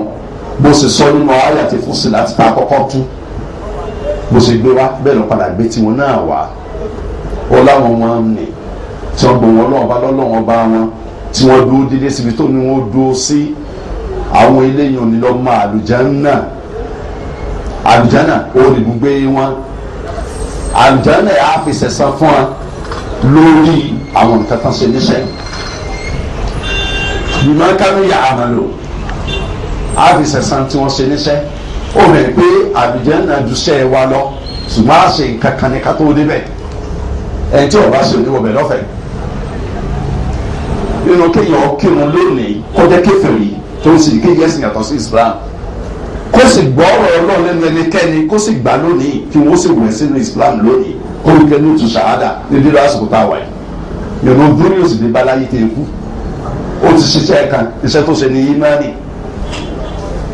bó ṣe sọ nínú àyà ti fún sí láti ta kọ́kọ́ tú bó ṣe gbé wá bẹ́ẹ̀ ló padà gbé tiwọn náà wá ó láwọn máa ń nì tí wọ́n gbọ́ wọn lọ́wọ́ bá lọ́lọ́wọ́ bá wọn tí wọ́n dúró dédé síbi tó ní wọ́n dúró sí àwọn eléyìí ò ní lọ́ọ́ máa àlùjánnà ó ní gbogbo wọn àlùjáná yà á fi sẹ̀sán fún wa lórí àwọn nǹkan tán ṣe níṣẹ́ ìmọ̀ kánú yà á máa lò á fi sẹ̀sán tí wọ́n ṣe níṣẹ́ ó rẹ̀ pé àlùjáná ju sẹ́ wa lọ ṣùgbọ́n àṣe nǹkan kan ní ká tó débẹ̀ ẹni tí ọba ṣe oníwọ̀bẹ̀ lọ́fẹ̀ẹ́ nínú kéèyàn kírun lónìí kọjá kèfèrí tó ń sì kéèyàn sì yàtọ̀ sí Islam kó sì gbọ́ ọ̀rọ̀ ọlọ́run lẹ́nu ẹnikẹ́ni kó sì gbà lónìí kí wọ́n sì wẹ̀ sínú Islam lónìí kó n kẹ́ni otu sàádà ní dídá àsìkò tá a wáyé yọ̀nà dúró yóò sì dé balayi tẹ̀ kú ó ti ṣiṣẹ́ kan iṣẹ́ tó ṣe ní yimani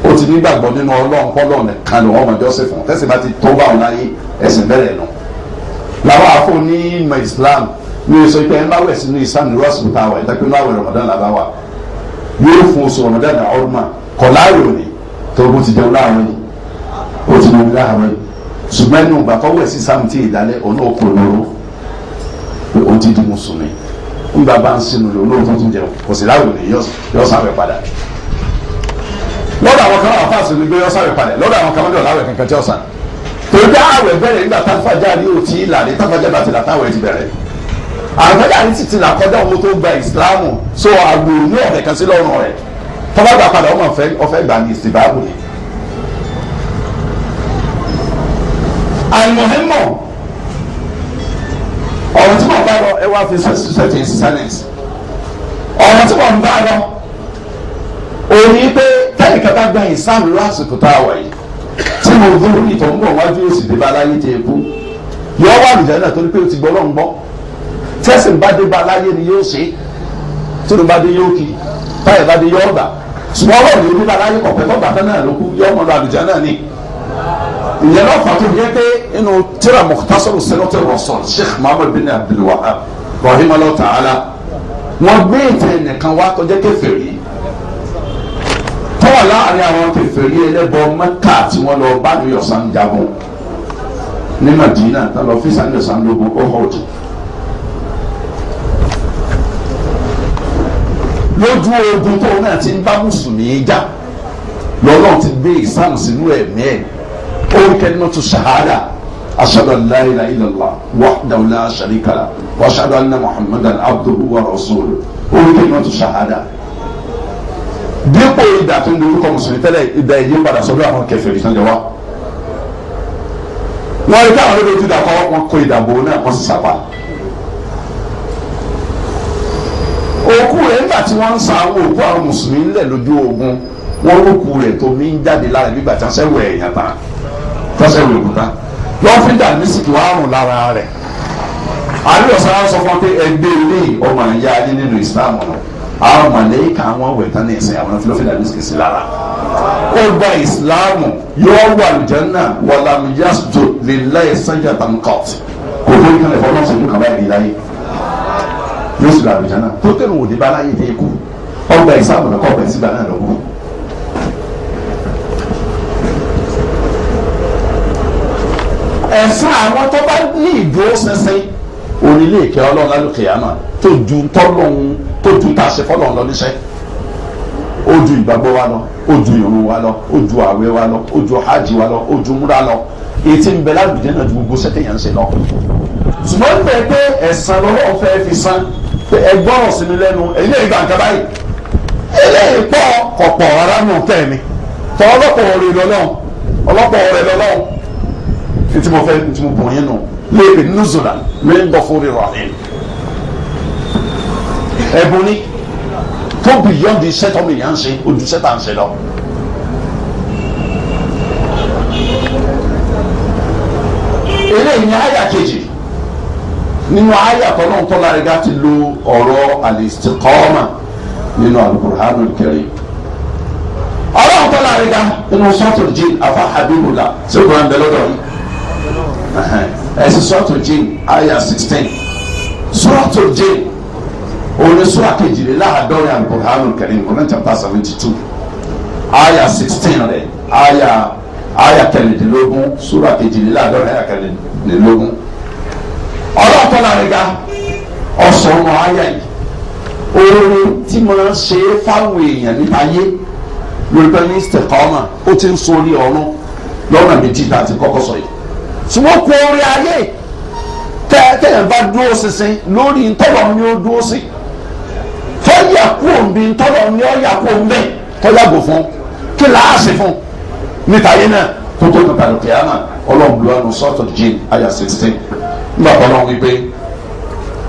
ó ti nígbàgbọ́ nínú ọlọ́run kọ́lọ́run kan ló wọ́n mọ̀jọ́ sí fún tẹ́sí bá ti tó báwọn láyé ẹ̀sìn bẹ̀rẹ̀ nù làwọn afọ ní ìmọ̀ Islam ní oṣù pé ẹ bá wẹ̀ sínú Islam ní rọ́ọ̀sì tá a wáyé dápẹ́ náà wẹ̀ Ramadan làbá wa yóò fún oṣù Ramadan ọ̀rùnmá kọ̀ láàyò ni tó bó ti jẹun láàrin ó ti mọ̀ láàrin ṣùgbọ́n ẹnu ìgbà kọ́wọ́ ẹ̀sìn sáàmù tí ìdálẹ́ ọ̀nà òkú lóró pé ó ti di mùsùlùmí ńgbà bá ń sinú lò lóòótọ́ tó jẹun kò sí láwùjọ ni yọ sáwẹ̀ padà lọ́dọ̀ àwọn kan wà fáṣọ ni pé yọ sáwẹ̀ padà lọ́dọ̀ àwọn kan wà láwẹ̀ kankan tí ọ̀sán torí àwẹ̀ bẹ̀rẹ̀ nígbà táfàjà ni ò tí ì là ní táfàjà bá ti là táwẹ̀ ti bẹ̀rẹ̀ àwọn tájà ní ti ti là kọjá òun tó gba ìsìlámù so àgbò ní ọ̀rẹ́ kan sí lọ́rùn rẹ̀ tọ́ba gbà padà ọmọ ọ̀fẹ́ ọ̀fẹ́ gbà ní ìsìnbáàbò ni. àìmọ̀hẹ́mọ̀ ọ̀rọ̀ tí mo bá lọ ẹ wá fi sẹ́tì silence ọ̀rọ̀ tí mo ń bá lọ òní pé tẹ́nìkan bá gba ìsáàmù lásìkò tá a wà yìí tí mo dúró ìtọ̀ ń bọ̀ wájú òsì dé bá láyé jẹ ikú yọ wà lùjẹ́ náà torí pé o ti gbọ́ lọ́ngbọ́n tẹ́sí ń bá dé bá ni yóò ṣe é tí ló bá dé yóò kì táyà bá dé yóò gbà ṣùgbọ́n ọlọ́run yóò nípa láyé kọ̀pẹ́ tó gbàtà náà ló kú yóò mọ̀ lọ àlùjá náà ni. ìyẹn náà fàtó yẹ pé inú tíra Mukhtasar Sirat ar-Rasul Sheikh Muhammad bin Abdul Wahhab rahimahullah ta'ala wọn gbé ìtẹ̀ nìkan wá tó jẹ́ kèfèrí tọ́wọ̀ láàrin àwọn kèfèrí ẹlẹ́bọ Mẹ́kà tí wọ́n lọ bá Ànábì jagun ní Madina tá lọ fi sànni lójú ogun tóun náà ti ń bá mùsùlùmí já lọ́lọ́run ti gbé ìsáàmù sínú ẹ̀mí ẹ̀ orúkọ ẹni tó ṣahada ashadu an la ilaha illallah wahdahu la sharika lahu wa ashadu anna muhammadan abduhu wa rasuluhu orúkọ ẹni tó ṣahada dípò ìdá tó ń lo orúkọ mùsùlùmí tẹ́lẹ̀ ìdá ẹ̀yẹ padà sọ́dọ̀ àwọn kèfèrí tán jọ wá wọ́n rí káwọn olóòtú ìdá kọ́ wọn kó ìdàbò náà wọ́n sì sábà. nígbà tí wọ́n ń sa àwọn òkú àwọn mùsùlùmí ńlẹ̀ lójú ogun wọ́n rókù rẹ̀ tó mi ń jáde lára nígbà tí wọ́n sẹ́wọ̀ ẹ̀yàn ta tó sẹ́wọ̀ òkúta wọ́n fi dà mísìkì wọ́n àrùn lára rẹ̀ àríwọ̀sára sọ fún pé ẹgbẹ́ ilé e ọmọ ìyá ayé nínú Islam ọ̀nà àwọn màlẹ́kà àwọn wẹ̀tá ní ẹ̀sìn àwọn fílọ́fì dà mísìkì sí lára ó gba Islam yóò wà lùjánà wàlámù yasjud lillahi sajatan qat kò fún ìkànnì fọlọ́sọ̀tún kàbáyé láyé yóò sì lọ àlùjá náà tó tẹ̀lé òde bá láyé tẹ̀ kú ọgbà ìsáàmù náà kọ̀ọ̀bẹ̀ sígbà náà lọ́wọ́. ẹ̀sán àwọn tó bá ní ìdúró sẹ́sẹ́ onílé ìkẹ́ ọlọ́run lálùkẹ́ yàmà tó ju tọ́lọ́hún tó ju tàṣẹ fọlọ́hún lọ níṣẹ́ ó ju ìgbàgbọ́ wa lọ ó ju ìrun wa lọ ó ju àwẹ̀ wa lọ ó ju hajj wa lọ ó ju múra lọ ètí ń bẹ lálùjẹ́ náà ju gbogbo sẹ́tẹ̀yàn ń ṣe lọ. ṣùgbọ́n bẹ́ẹ̀ pé ẹ̀sán lọ́wọ́ fẹ́ fi san pé ẹgbọ́n sí mi lẹ́nu ẹ̀yin èyí gbàǹkà báyìí eléyìí pọ̀ ọ̀pọ̀ ara nù tẹ̀mí tọ́ ọlọ́pọ̀ ọ̀rẹ́ lọ́lọ́run ọlọ́pọ̀ ọ̀rẹ́ lọ́lọ́run ètí mo fẹ́ ètí mo bọ̀ yín nù léèpẹ̀ nùzùlà mi ń bọ̀ fún rírọ̀ àlẹ́ ẹ̀bùn ni tó bìyọ́ndì iṣẹ́ tọ́mì yà ń ṣe ojúṣe tà ń ṣe lọ. eléyìí ni àyà kejì nínú àyà tọ́lọ́n tọ́lá rẹ̀ gá ti lo ọ̀rọ̀ al-istiqama nínú al-Qur'anul Karim ọlọ́run tọ́lá rẹ̀ gá nínú sọ́ọ̀tù jìn afa habibula ṣé o gbọ́dọ̀ bẹ́lọ́dọ̀ yìí ẹ̀sìn sọ́ọ̀tù jìn àyà sixteen sọ́ọ̀tù jìn òní sọ́ọ̀ àkejìléláàádọ́rin al-Qur'anul Karim Qur'an chapter seventy two àyà sixteen rẹ̀ àyà àyà kẹrìndínlógún sura kejìléláàádọ́rin àyà kẹrìndínlógún ọlọ́ọ̀tọ́lá rẹ̀ ga ọ̀sán ọmọ ayá yìí oore tí mo ṣe é fáwọn èèyàn nípa ayé lórí pé ní stekọ́mà ó ti ń sori ọ̀run lọ́nà méjì tá a ti kọ́kọ́ sọ yìí ṣùgbọ́n kó orí ayé tẹ́tẹ́ bá dúró ṣinṣin lórí ntọ́lọ́ ni ó dúró sí fọ́yà kú òǹbí ntọ́lọ́ ni ó yà kú òǹbẹ́ tọ́jàgò fún kí láàṣì fún níta yìí náà tó tó tó tàbí kìámà ọlọ́ọ̀bù lọ́nu sọ́tọ̀ jíìn àyà sixteen nígbà tó náà wípé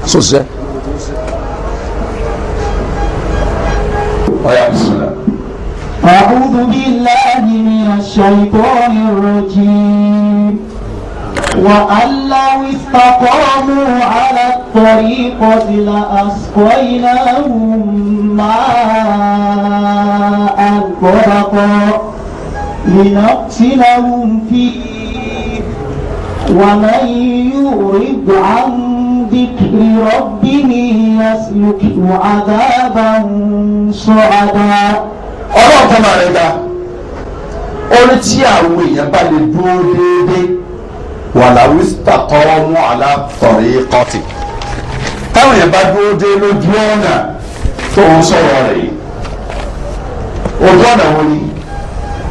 sọsẹ. ọ̀yà bisimilá. أعوذ بالله من الشيطان الرجيم وأن لو استقاموا على الطريقة لأسقيناهم ماء غدقا لنقتلهم فيه ومن يعرض عن ذكر ربه يسلكه عذابا صعدا ọlọ́run tó máa rẹ̀ dá orí tí àwọn èèyàn bá lè dúró déédéé wà láwí tàkọ́rọ́ mú aláàtọ̀rí kọ́tì táwọn èèyàn bá dúró dé lójú ọ̀nà tó ń sọ̀rọ̀ rẹ̀ yìí ojú ọ̀nà wo ni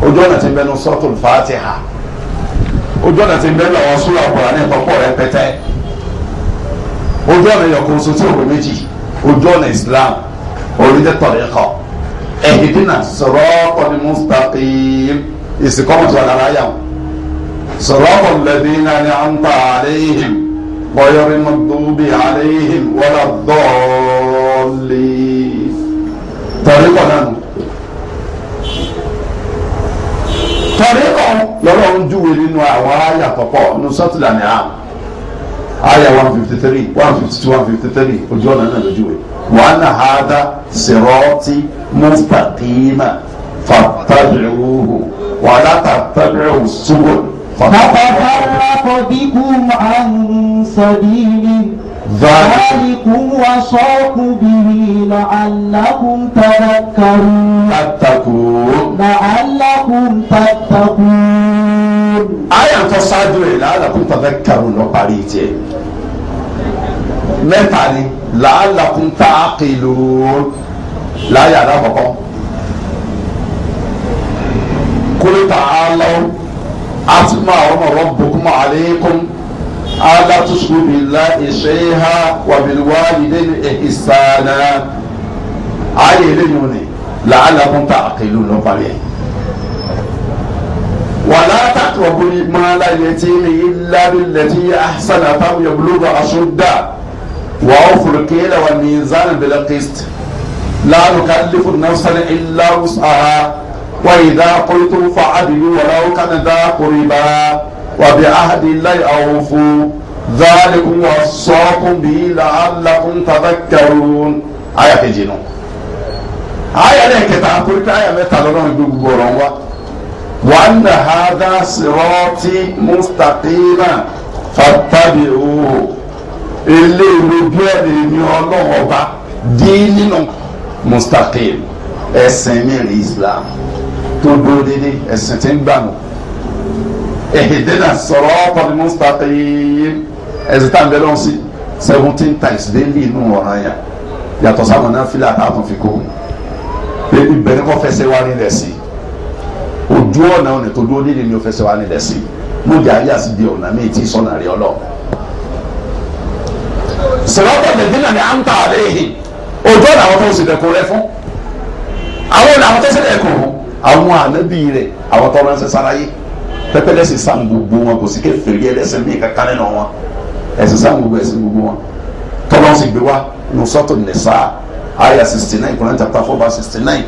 ojú ọ̀nà ti bẹnu sọ́tò fàátì ojú ọ̀nà tí ń bẹ́ẹ̀ lọ́wọ́ súrà Kùránì ìtọ́pọ̀ rẹ pẹ́tẹ́ ojú ọ̀nà ìyọkùn so tí òwe méjì ojú ọ̀nà Islam orílẹ̀ tọ̀rẹ̀ kọ ẹ̀hìndínà sọ̀rọ̀kọ̀ ni mustaqim ìsìnkọ́mọ̀ tí wà lára yà wọ́n sọ̀rọ̀kọ̀ lẹ́dínà ni à ń ta àléhìn bọ́yọ̀rì mọ́tòbí àléhìn wọ́lá dọ́ọ̀lì tọ̀rẹ̀ lọ́wọ́ ń júwe nínú àwọn àyà kọ̀kọ́ nínú sọ́tìlà ní àm àyà one fifty three one fifty two one fifty three ojú ọ̀nà náà lójúwe wa anna hadha sirati mustaqima fattabi'uhu wa la tattabi'u subul. fàtàbí ọkọ̀ bí kú máa ń sọ bí mi. ذلكم وصاكم به لعلكم تذكرون تتقون لعلكم تتقون آية تصادر لعلكم تذكرون وقريتي mẹ́ta ni làálàkùn tá a kìlò láyà alákọ̀ọ́kọ́ kólítà aláwọ̀ àti máa ọmọ rọ́bùkún máa lẹ́kùn. الا تشكو بالله شيئا وبالوالدين احسانا عليه لنوني لعلكم تعقلون قليلا ولا تقربوا مال اليتيم الا بالتي احسن فهو يبلغ اشده واوفوا الكيل والميزان بالقسط لا نكلف نفسا الا وسعها واذا قلتم فعدلوا ولو كان ذا قربا wàbí ahadi láì àwòfó záàlìkún wà sọ́kún bí làálàkún tàbákẹ́rún àyà kejì nù. àyà náà kẹta torí pé àyà mẹ́ta lọ́nà ìlú gbogbo ọ̀rọ̀ ń wá. وأن هذا صراطي مستقيما فاتبعوه eléyìí ojú ẹ̀rẹ̀ ni ọlọ́run ọba dé nínú mustaqim ẹ̀sìn mìíràn Islam tó dúró déédéé ẹ̀sìn tí ń gbà nù ehdina sirata al-mustaqim ẹsẹ tá n bẹ lọ́wọ́ sí seventeen times daily inú ọ̀ràn yà yàtọ̀ sáwọn náà fílẹ̀ àtàtún fi kó ìbẹ̀rẹ̀ kọ́ fẹsẹ̀ wá nílẹ̀ sí ojú ọ̀nà ọ̀nà tó dúró nílẹ̀ ni ó fẹsẹ̀ wá nílẹ̀ sí lóde ayé àti di ọ̀nà mi ti sọ̀nà rí ọlọ́ sirata al-ladhina an'amta alayhim ojú ọ̀nà àwọn tó ń sèdẹ̀kọ̀ rẹ fún àwọn ọ̀nà àwọn tó sèdẹ̀kọ̀ àwọn ànábì rẹ àwọn tó ránṣẹ́ sáráyé pẹpẹlẹ sì sáwọn gbogbo wọn kò sí kèfèrí ẹlẹ́ṣẹ̀ míì kankan nínú wọn ẹ̀sìn sáwọn gbogbo ẹ̀sìn gbogbo wọn tọ́lọ́ sì gbé wá nù sọ́tò nìsa àyà sixty nine kùnà tàbí four bá sixty nine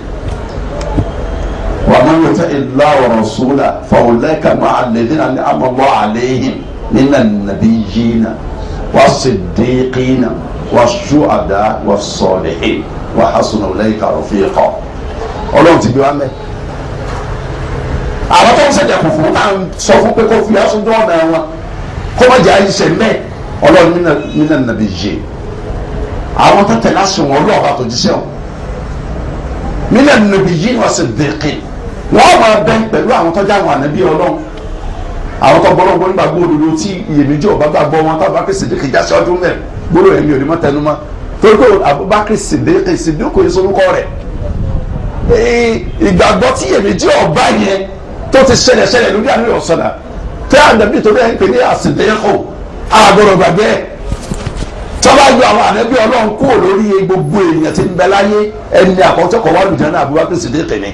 wà á yọ tẹ ilá ọ̀rọ̀ sùúlà fàwùlẹ́kà máa lèdínà ní amọ̀lọ́ àléhìn nínà nàbí yìínà wà sídìkìínà wà ṣùàdá wà sọ̀lẹ̀hìn wà hásùnà ọ̀lẹ́kà rọ̀fìkọ̀ ọlọ́run ti gbé wá mẹ́ẹ̀ àwọn tó ń ṣẹ̀jẹ̀ kò fún náà sọ fún pé kó fi aṣojú ọ̀nà wọn kó má jẹ́ àyíṣẹ́ mẹ́ ọlọ́run nínà nàbí yé àwọn tó tẹ̀lé àsùnwọ̀n ọlọ́ọ̀bà tó jíṣẹ́ wọn nínà nàbí yé wọn sì dèkè wọn máa bẹ pẹ̀lú àwọn tó jáwọn ànábì ọlọ́run àwọn tó gbọ́dọ̀ gbọ́ nígbàgbọ́ òdodo tí iyèméjì ọba gbàgbọ́ wọn tó Abubakar Siddiq já síwájú mẹ́ gbọ́dọ̀ ẹ̀mí ò ní mọ́ tẹnu mọ́ torí pé Abubakar Siddiq Siddiq kò yẹ sórúkọ rẹ̀ ìgbàgbọ́ tí iyèméjì ọba yẹn tó ti ṣẹlẹ̀ ṣẹlẹ̀ lórí àná ìwọ̀sọ̀nà tí àdàbí torí ẹ̀ ń pè ní àsìndẹ́yẹ́kọ̀ àgọ́rọ̀ gbàgbé tọ́ba yọ àwọn ànábì ọlọ́run kúrò lórí gbogbo èèyàn tí ń bẹ láyé ẹni àkọ́tọ́kọ̀ wà lùjá náà Abubakar Siddiq ni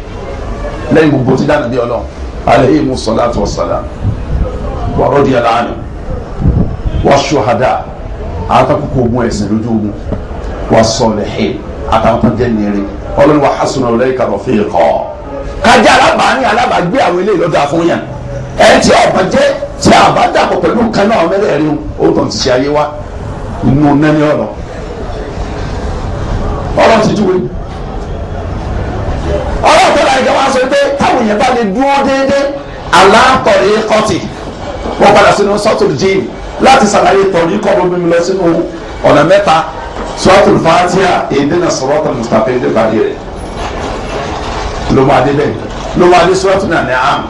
lẹ́yìn gbogbo tí dáná bí ọlọ́run alayhi musalatu wassalam wa radiyallahu anhu wa shuhada àtàkùkù ogun ẹ̀sìn lójú ogun wa salihin àtàkùn jẹ́ nìyẹn ọlọ́run wa hasuna ulaika rafiqa kájà alábàání alábàágbé àwọn eléyìí lọ́dọ̀ àfọyàn ẹ tí ọ̀bà jẹ́ tí àbá dàpọ̀ pẹ̀lú nǹkan náà mẹ́rẹ̀ẹ̀rin o tó ti ṣe ayé wa inú nẹ́ni ọ̀rọ̀ ọ̀rọ̀ ti júwe ọ̀rọ̀ tó la ìjọba sọ pé táwọn èèyàn bá lè dúró déédéé aláǹtọ̀rẹ́ kọ́tì wọ́n padà sínú sọ́tòlù jíìmù láti sàlàyé tọ̀rí kọ́ ló mímu lọ sínú ọ̀nà mẹ́ta sọ́tòlù fàtíà èdè náà sọ̀rọ̀ tó mùsùlùmí ló máa dé bẹ́ẹ̀ ló máa dé sọ́ọ̀tù náà ní àm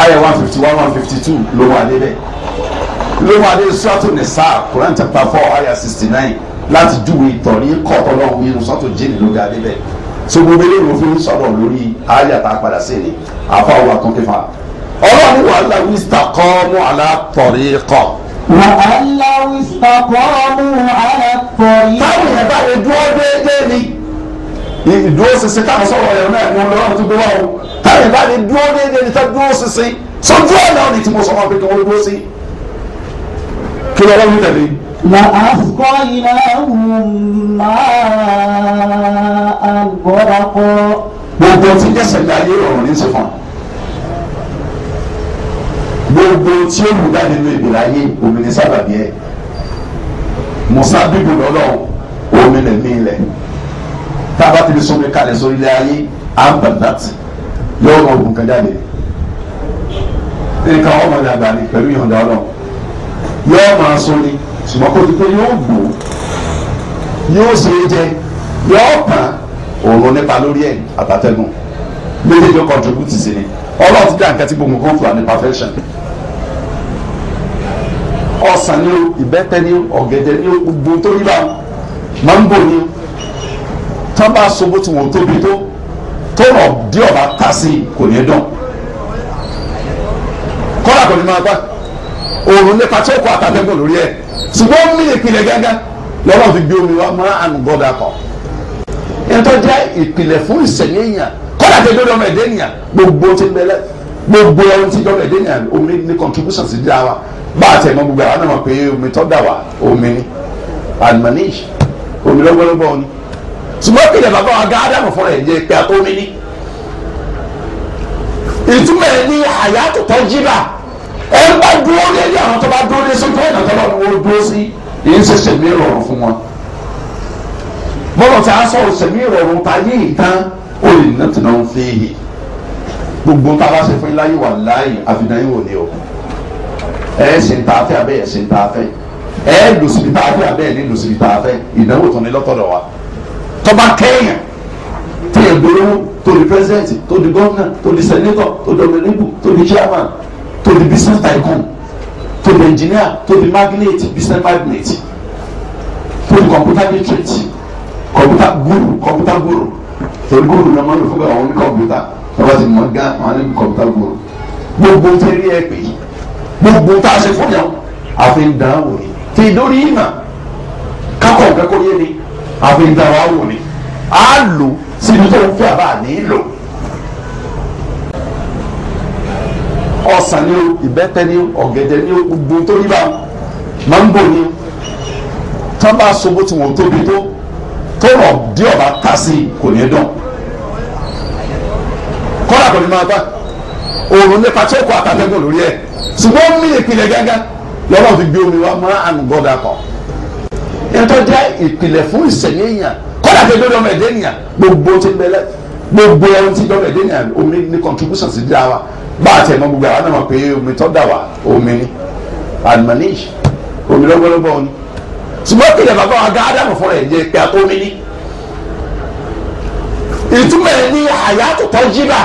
ayé one fifty one one fifty two ló máa dé bẹ́ẹ̀ ló máa dé sọ́ọ̀tù ní sáà Quran chapter four ayé sixty nine láti júwe ìtọ̀rí kọ̀ọ̀tọ̀ lọ́wọ́ nínú sọ́ọ̀tù jíìnì ló ga dé bẹ́ẹ̀ so gbogbo eléyìí ló fi ń sọ̀rọ̀ lórí ayé àtàkpadà sí ni àfọwọ́ àtúnkẹ́fà ọlọ́run wàhálà wíṣítà kọ́ mú àlá tọ̀rí kọ́ wàhálà wíṣítà kọ́ mú àlá tọ̀rí kọ́ táwọn ìbáraẹdúró déédéé ni ìdúró ṣinṣin káwọn sọ̀rọ̀ ẹ̀rọ náà ìwọ̀n lọ́wọ́ tó gbé wá o táyì bá dúró déédéé ní ká dúró ṣinṣin sójú ọ̀nà ọ̀nà tí mo sọ wọn pé kí wọ́n dúró sí. kí lọ́wọ́ tẹ̀lé. la àkọ́ iná máa gbọ́dọ̀ kọ́. gbogbo tí jẹ́sẹ̀ ní ayé ọ̀run ní sí fún gbogbo tí ó wù dáadé ló ìbìlẹ̀ ayé òmìnir sábàbí ẹ̀ musa bíbù lọ́lọ́ òmìnir tá a bá ti fi sómi kalẹ̀ sórí ilé ayé à ń bàtà tì yóò rán oògùn kan jáde nǹkan ọmọ ní àgbà ni pẹ̀lú ìyọ̀ǹda ọlọ́run yóò máa sọ ni ṣùgbọ́n kó ti pé yóò gbò yóò ṣe é jẹ yóò pa òòrùn nípa lórí ẹ̀ àtàtẹ́gùn méjèèjì contribute sí ni ọlọ́run ti dá nǹkan tí gbogbo kan fún wa ní perfection ọsàn ni o ìbẹ́pẹ ni o ọ̀gẹ̀dẹ̀ ni o gbogbo tó rí bá mango ni o tán bá so bó ti wò tóbi tó tọrọ dí ọba ká sí kò ní dán kọ́lá kò ní máa gbà òòrùn nípa tí ó kọ àtàtẹ́gùn lórí ẹ̀ ṣùgbọ́n mí ìpìlẹ̀ gángan lọ́wọ́ fi gbé omi wá mọ́ àánú gọ́dà kọ́ ẹ̀tọ́ jẹ́ ìpìlẹ̀ fún ìṣẹ̀lẹ̀ èèyàn kọ́lá tẹ lórí ọmọ ẹ̀dẹ́ ènìyàn gbogbo ti bẹ̀rẹ̀ gbogbo ẹ̀rọ ti jọmọ ẹ̀dẹ́ ènìyàn omi ní contribution sí dá wa bá a tẹ̀ mọ́ gbogbo àwọn náà pé omi tọ́ dà wá omi ni admonish omi lọ́gbọ́lọ́gbọ́ ni ṣùgbọ́n kí ìjọba wa gá ádámù fún ẹ̀ jẹ́ pé àtọ́ mi ní. ìtumọ̀ ẹ̀ ní àyà tòtọ́ jìbà ẹ ń bá dúró lórí àwọn tó bá dúró lé sójú ọ̀nà tó bá wọ́n dúró sí èyí ṣe ṣèmí rọrùn fún wọn. bọ́lọ̀ tí a sọ ṣèmí rọrùn ta yé ìtàn ó lè ná tìǹà ń fi yè gbogbo tá bá ṣe fún yín láyé wà láàyè àfihàn yín ò o ẹ ṣe ń ta afẹ́ abẹ́ ẹ̀ ṣe ń ta afẹ́ ẹ lòsibítà afẹ́ abẹ́ ẹ̀ ní lòsibítà afẹ́ ìdánwò tó ní lọ́tọ̀dọ̀ wa tọba kẹ́yìn tí yẹn gbólówó tó di president tó di governor tó di senator tó di ọmọlẹ́bù tó di chairman tó di business tycoon tó di engineer tó di magnate business magnate tó di computer literate computer guru computer guru torí guru náà máa ń lò fún àwọn ní computer tọ́ba ti mọ̀ gán àwọn ní computer guru gbogbo tẹ rí ẹ pé gbogbo tá a ṣe fún yàn àfi ń dán wò tí ìdórí yìí mà kákọ̀ nǹkan yé ni. àfi wa wò ni á lò síbi tó ń fẹ́ àbá ní lò. ọsàn ni o ìbẹ́pẹ ni o ọ̀gẹ̀dẹ̀ ni o gbogbo tó rí bá máńgò ni tó bá so bó ti wọ́n tóbi tó tó rọ̀ dí ọ̀bá sí kò ní dán kọ́lá kò ní máa bá òòrùn nípa tí ó ètò jẹ́ ìpìlẹ̀ fún ìsẹ̀mí èèyàn kọ́dà tó dọ́dọ̀ ọmọ ẹ̀dẹ́ èèyàn gbogbo ti bẹ̀lẹ̀ gbogbo ẹ̀hún ti dọ́dọ̀ ẹ̀dẹ́ èèyàn omi ní contribution sí dá wa bá a tẹ̀ mọ́ gbogbo àwọn náà mọ̀ pé omi tó dà wá omi ni admanish omi lọ́gbọ́lọ́gbọ́ ni ṣùgbọ́n kí lè bàbá wa gá ádámù fún rẹ̀ jẹ́ pé a tó omi ní. ìtumọ̀ ẹ̀ ní àyà tó tọ́ jí bá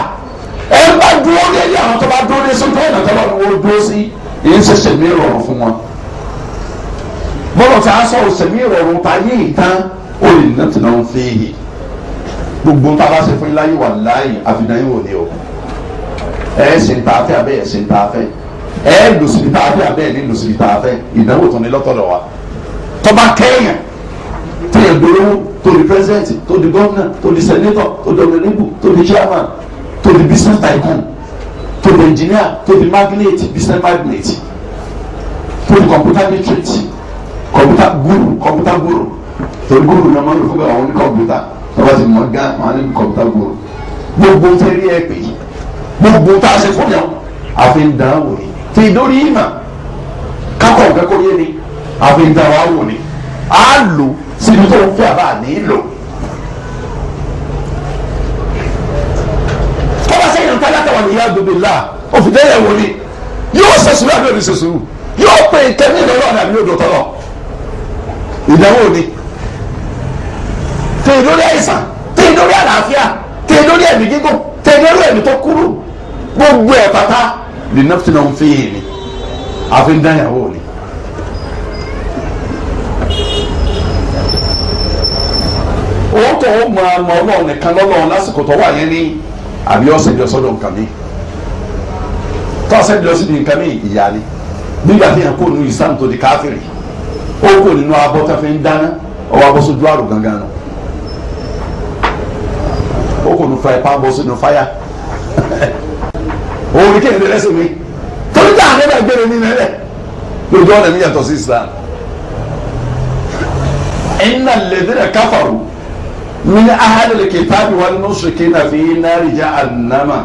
ẹ bá dúró dé ní àwọn tó bá dúró dé sí pẹ́ẹ́nà tó bá bọ́lọ̀ tí a sọ̀rọ̀ sẹ̀mí ìrọ̀rùn ta yé ìtàn ó lè nà tí ń fi yìí gbogbo tá a bá ṣe fún iláyé wà láàyè àfihàn yóò ní o ẹ ẹ sì ń ta afẹ́ abẹ́ ẹ sì ń ta afẹ́ ẹ ẹ lùsìbí ta afẹ́ abẹ́ ẹ ní lùsìbí ta afẹ́ ìdánwò tó ní lọ́tọ̀dọ̀ wa tọ́ba kẹ́yìn tí ẹ gbólówó tó di pírẹsidẹ́ǹtì tó di gọ́vnà tó di sẹ́nétọ̀ tó di ọ̀gbẹ́nìbù tó di chairman tó di business tycoon tó di engineer tó di magnate business magnate tó di computer literate kọ̀mpútà guru kọ̀mpútà guru torí guru náà máa ń lò fún àwọn oníkọ̀mpútà tọ́ba sì mọ̀ gán àwọn ní kọ̀mpútà guru gbogbo tẹ́ rí ẹ pè gbogbo tá a ṣe fún yàn àfi ń dán wò ni tí ìdórí yìí mà kákọ̀ nǹkan kó yé ni àfi ń dán wà wò ni á lò síbi tó ń fẹ́ àbá ní lò. tọ́ba sẹ́yìn ń tẹ́lá tẹ̀wọ̀n ìyá gbogbo ìlà òfìdẹ́yẹ̀ wò ni yóò ṣe sùúrù àbí òní ṣe sùúrù yóò pè é tẹ́lẹ̀ lọ́rọ̀ àbí òdòtọ́rọ̀ ìdánwò ni tèè lórí àìsàn tèè lórí àlàáfíà tèè lórí ẹ̀mí gígùn tèè lórí ẹ̀mí tó kúrú gbogbo ẹ̀ pátá lè nọ́ọ̀tì náà ń fi yìí ni àfi ń dáyàwó ni. owó tó o mọ ọmọ ọlọ́run nìkan lọ́lọ́run lásìkò tó wà yẹn ní àbí ọ̀sẹ̀ ìjọ sọ́dọ̀ nǹkan mi tọ́sẹ̀ ìjọ sí nǹkan mi ìyá ni nígbà tí yẹn kó nu ìsáàmù tó di káfíìrì ó kò nínú abọ́ tá a fi ń dáná ọwọ́ abọ́ sójú àrò gangan nù ó kò nu fa ipá bọ́ sínú fáyà (laughs) òun ní kéde lẹ́sìn mi torí tá a nígbà gbére ní nílẹ̀ lójú ọ̀nà mi yàtọ̀ sí Islam inna alladhina kafaru min ahlil kitabi wal mushrikina fi nari jahannama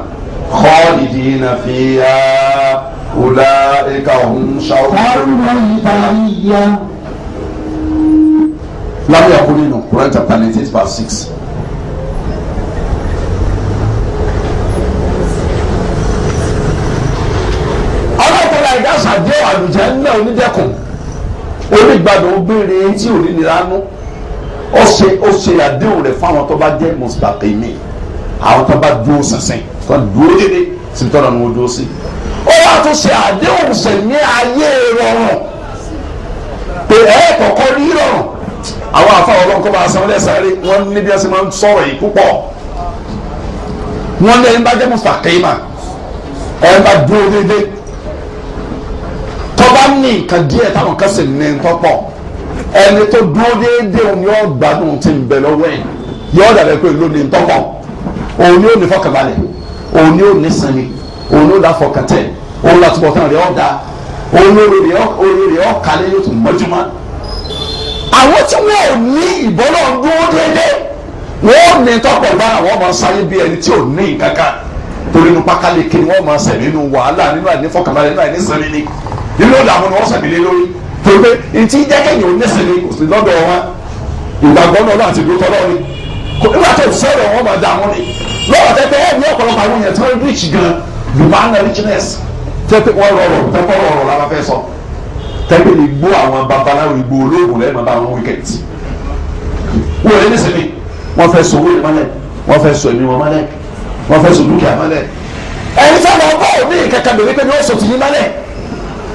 khalidina fiha ulaika hum sharrul bariyya lábẹ́ yàkúrú nínú Quran chapter ninety eight verse six. ọlọ́kùnrin àìdáṣà jẹ́ àlùjá ńlá onídẹ́kùn onígbàdàn obìnrin tí ò ní nira nú ó ṣe ó ṣe àdéhùn rẹ̀ fáwọn tó bá jẹ́ mùsùlùmí àwọn tó bá dúró sẹ̀sẹ̀ tó dúró dédé sì tọ́lọ̀ ní ojú ó sí. ó wá tún ṣe àdéhùn sẹ̀mí ayé rọrùn pé ẹ̀ kọ̀ọ̀kan rí rọrùn àwọn àfáà ọlọ́nkọ́ bá asan ọlẹ́ sáré wọ́n ní bí wọ́n ṣe máa ń sọ̀rọ̀ yìí púpọ̀ wọ́n lẹ́yìn bá jẹ́ mustaqima ẹ̀ bá dúró déédéé tọ́ba ní nǹkan díẹ̀ táwọn kan sì ní tọ́pọ̀ ẹni tó dúró déédéé òun yóò gbádùn tí ń bẹ lọ́wọ́ ẹ̀ yóò dàbẹ̀ pé ló ní tọ́pọ̀ òun yóò ní fọkànbalẹ̀ òun yóò ní sinmi òun yóò dá fọkàntẹ̀ òun látúbọ̀tán rẹ̀ ọ̀ dá òun yóò rẹ̀ ọ̀ kalẹ̀ yóò tún mọ́júmọ́ àwọn tí wọn ò ní ìbọn náà dúró déédéé wọn ò ní tọpẹ bá àwọn máa sáyé bí ẹni tí ò ní kankan torí inú pákáleke ni wọn máa sẹ nínú wàhálà nínú àìnífọkànbalẹ̀ nínú àìnísẹmí ni nínú ìdààmú ni wọn sẹmí lé lórí torí pé ntí jẹkẹyìn onísẹmí kò sí lọ́dọ̀ wọn ìgbàgbọ́ náà láti dúró tọ́lọ́ ni nígbà tó sẹ́rọ̀ wọn máa dààmú ni lọ́wọ́ tẹ́tẹ́ ẹ̀ ní ọ̀pọ̀lọpọ̀ àwọn èèyàn tí wọ́n rí rich gan-an yorùbá náà richness tẹ́tẹ́ wọ́n rọrọ̀ tẹ́tẹ́ wọ́n rọrọ̀ làwọn fẹ́ sọ tẹ́lẹ̀ lè gbó àwọn babaláwo igbó olóògùn lẹ́ẹ̀mọ́ bá wọn wíkẹ́ǹtì wọ́n rẹ̀ nísìnyí wọ́n fẹ́ sọ owó yẹn mọ́lẹ̀ wọ́n fẹ́ sọ ẹ̀mí wọn mọ́lẹ̀ wọ́n fẹ́ sọ dúkìá mọ́lẹ̀ ẹni tí a lọ bá òní kẹkẹ bèrè pé ni ó sọ tìyín mọ́lẹ̀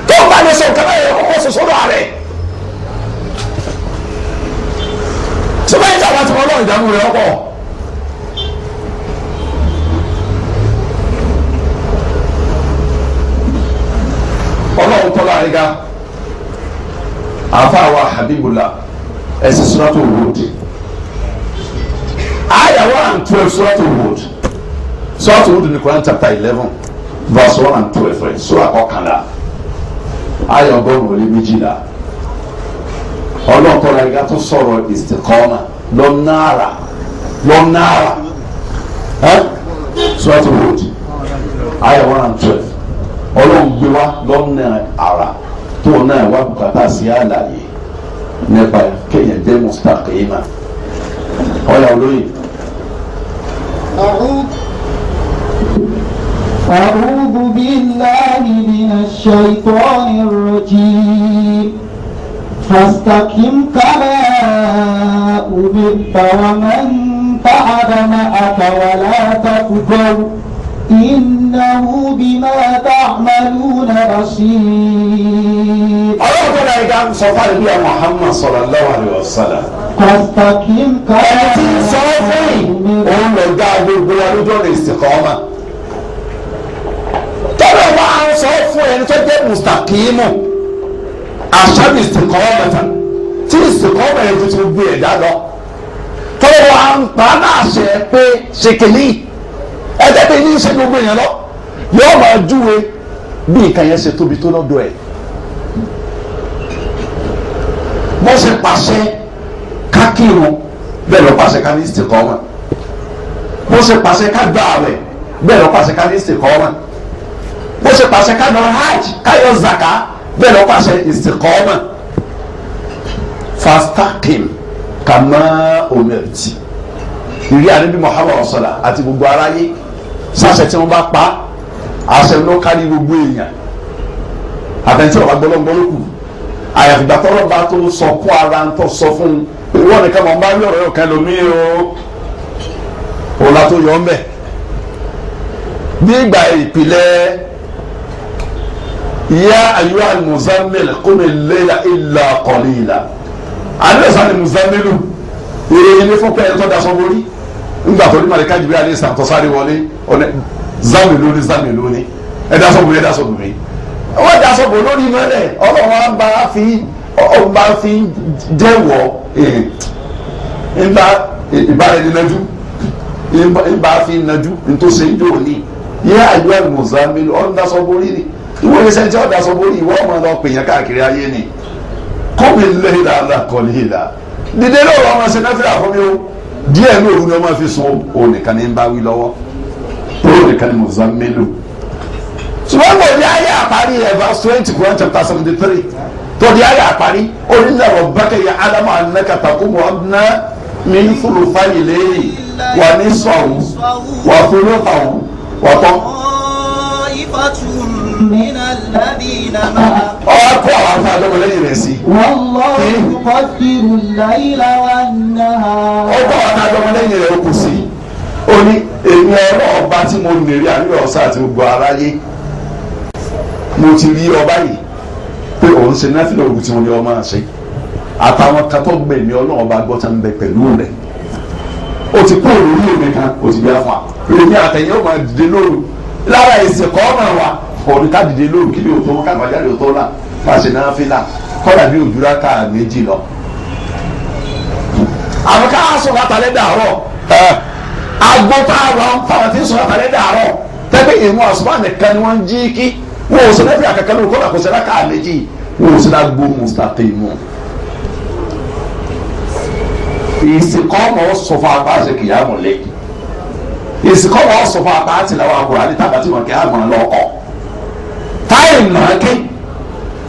tó o bá lè sọ nǹkan báyẹn kókó sọ sọ́dọ̀ rẹ̀ sọ́dọ̀ yìí tàbá ti mọ́ lọ́ọ̀ ìdánwò rẹ̀ ọkọ̀ ọlọ́run tọ́lá àríga àfa wa habibula ẹsẹ suratul wood. aya one and twelve suratul Hud suratul Hud ní Quran chapter eleven verse one and twelve rẹ eh, sura kọkànlá aya ọgọ́rùn olè méjìlá ọlọ́kọ̀ọ́ra ẹ̀ka tó sọ̀rọ̀ istiqama lọ́nàrà lọ́nàrà suratul wood. aya one and twelve ọlọ́run gbé wa lọ́nà ara tóun náà wà bùkátà sí àlàyé nípa kéèyàn jẹ́ mustaqima ọ̀yà olóyè. أعوذ بالله من الشيطان الرجيم فاستقم كما أمرت ومن تعب معك ولا تكفر إنه بما تعملون بصير ọlọ́run tó dáa ìdáhùn sọ fún àdébíyà Muhammad sallallahu alayhi wa sallam. kọ́sítàkìm kan. ẹni tí ń sọ fún yìí òun lọ dá gbogbo ọdún ọ̀rẹ́ ìsìnkọ́mà. tọ́lọ̀ máa ń sọ fún ẹni tó jẹ́ mùsàkìmù àṣàbí ìsìnkọ́mà tán tí ìsìnkọ́mà yẹn tuntun gbé ẹ̀dá lọ. tọ́lọ̀ máa ń pa á náà ṣe é pé ṣèkìlì ẹ̀jẹ̀ pé yín ṣe gbogbo èèyàn lọ yóò máa júwe bí nǹkan yẹn ṣe tóbi tó lọ́dọ̀ ẹ̀ bó ṣe pàṣẹ kákìrún bẹ́ẹ̀ ló pàṣẹ ká ní ìsìnkọ́mọ̀ bó ṣe pàṣẹ ká gbà rẹ̀ bẹ́ẹ̀ ló pàṣẹ ká ní ìsìnkọ́mọ̀ bó ṣe pàṣẹ ká lọ hajj ká yọ zaka bẹ́ẹ̀ ló pàṣẹ ìsìnkọ́mọ̀ fastaqim kama omerti ìrí àníbi Muhammad ọ̀sọ̀là àti gbogbo aráyé sàṣẹ tí wọ́n bá pa àṣẹ ló kárí gbogbo èèyàn àtẹnití ọba gbọlọgbọlọkù àyàfìgbà tọrọ bá tó sọ kó ara ń tọ sọ fún un ìwọ nìkan mọ̀ ń bá rí ọ̀rọ̀ yóò kẹ́ lómi o ọ̀la tó yọ ọ́ mbẹ́ bí ìgbà ìpìlẹ̀ ya ayyuha al-muzammil qum al-layla illa qalila àdéhùn sani muzammilu ìròyìn ní fún pẹ́ẹ́ntọ́ dasọ́ borí nígbà tó ní màlíkà jìbìrì alẹ́ sàn tó sáré wọlé ọ̀nà zámi lóní zámi lóní ẹ dá sọ́bù ẹ dá sọ́bù mi wọ́n dá sọ́bù lórí mẹ́lẹ̀ ọlọ́run bá fi ọ̀hún bá fi jẹ́wọ́ ńlá ìbáraẹninájú ńbá fi nájú ntòsí ń jò ní yẹ àyọ ẹ̀mùsàmì ọ̀hún dá sọ́bù orí ni ìwé ìṣẹ́ tí ọ̀dà sọ́bù orí ìwọ́ ọmọ ọ̀dọ́ pèèyàn káàkiri ayé ni kọ́mi lẹ́yìn dáadáa kọ́ni ìlà dídé lóòrọ̀ ọmọ sinẹ́fìlà fún mi o díẹ̀ ní òru ni wọ́n máa fi sùn òun nìkan ní bá wí lọ́wọ́ òun nìkan ní muzammilu. ṣùgbọ́n mo ní ayé àparí ẹ̀ twenty one chapter seventy three tòdí ayé àparí onídàrọ̀ bákẹ́ yẹ ádámù ànákàtà mi ń fáyì lẹ́yìn wà ní sọ̀rùn wà fúru fàwọn wà tán ọkọ àwọn àlọ́mọlẹ́yìn rẹ̀ sí. wallahu yuqaddiru al-layla wan-nahar. ọkọ àwọn àlọ́mọlẹ́yìn rẹ̀ kù sí. ó ní èmi ọlọ́ọ̀ba tí mo nìrí àríwá ọ̀sán àti gbogbo aráyé mo ti rí ọba yìí pé òun ṣe náfìlà ògùn tí mo ní ọmọ àṣẹ àtàwọn katọ́ gbẹ̀mí ọlọ́ọ̀ba gbọ́ta ń bẹ pẹ̀lú rẹ̀ o ti kó òrùlé mi kan o ti bí a èmi àtẹ̀yẹ́ ò máa lóru lára ìsìnkọ́ ọ̀nà wa ọdún kádìdé lóru kí ni òótọ́ mọ́ kàlùmọ́ jáde òótọ́ là pàṣẹ náà fi là kọ́dà bí òjúra ká méjì lọ. àwọn ká sọ látàlẹ́ dàárọ̀ àgbo tá a lọ fáwọn tí ń sọ látàlẹ́ dàárọ̀ tẹ́gbẹ́ ìmú àṣùbà nìkan ni wọ́n ń jí kí wọ́n ò sọ lẹ́fẹ̀ẹ́ àkàkẹ́ lóru kọ́dà kò sẹ́lá ká méjì wọ́n ò sẹ́lá gbó mùsítàtẹ́mù ìsìnkọ́mọ̀ sọ̀fọ̀ àbáṣe kìyàmù lé ìsìnkọ́mọ̀ sọ̀fọ̀ àbáṣe làwọn àkùrọ̀ àdìtàbàtì wọn kìyàmù lọ́kọ̀ọ́ táyì mọ̀ ké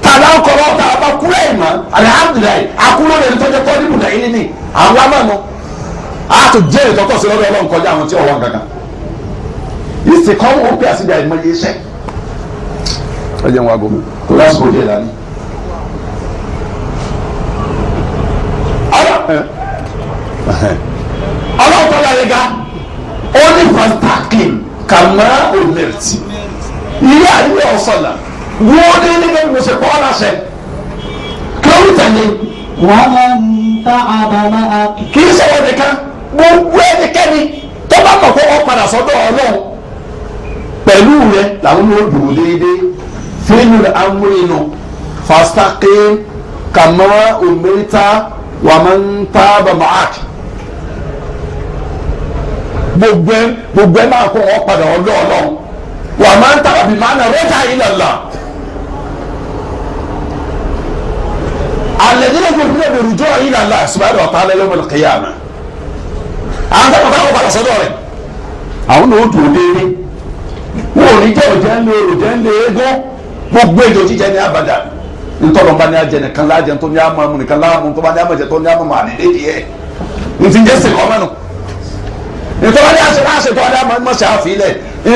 tàbí akọ̀rọ̀ tàbí akúrẹ́ ìmọ̀ alihamudulilayi akúrò lè tọ́jú tọ́jú ìmùdá yìí ni àwọn amọ̀nù àti jẹ́ ìtọ́tọ̀ sí lọ́dọ̀ ọlọ́run kọjá àwọn tí ọ̀wọ́n kankan o kọ́ wọn pé àsìgbà ìmọ̀ yìí ṣẹ́ ẹ jẹun wa gomi tó lásìkò díẹ̀ lánìí. ọlọ́run tọ́lá yẹn ga ó ní pàtàkì kàmá òmìnirìtì ilé àdúrà ọ̀sọ̀là wọ́n ní nígbà ìwòsàn kọ́ ọ́nàṣẹ kẹ́wù tẹ̀lé. wàá máa ń ta àbàmà á. kì í sọ̀rọ̀ nìkan gbogbo ẹnikẹ́ni tó bá mọ̀ kó wọ́n padà sọ́dọ̀ ọlọ́run pẹ̀lú rẹ làwọn yóò dùn déédéé fíìmù amúrinú fàstákè kàmọ́ra òmìnira wàmọ́ ń ta bàmáàkì gbogbo ẹ gbogbo ẹ máa kó wọn padà ọlọ́ọ̀lọ́ọ̀ wà máa ń tàbí máa nà rẹ́jà ìlàlà. alẹ́dínlẹ́ kò fún ẹ̀bẹ̀ rújọ́ ìlàlà subhanahu wa ta'ala lẹ́wọ̀n kìyàmà. àwọn tó kọ́ káwọn padà sọ́dọ̀ rẹ̀ àwọn náà ó dùn ó déédéé wọn ò ní jẹ́ òjẹ́ ńlẹ̀ òjẹ́ ńlẹ̀ égún gbogbo èdè òjijẹ ní abada ntọ́nà bá ní ajẹ nìkan láàjẹ ntọ́ ní amọ̀ nìkan láàmú ntọ́ bá ní amọ̀ jẹ tọ́ ní amọ̀ mọ̀ àdédé yẹ ntìjẹsẹ̀ kọ́mẹ́nu nítorí àṣẹ láṣẹ tó adá máa ṣe àfilẹ̀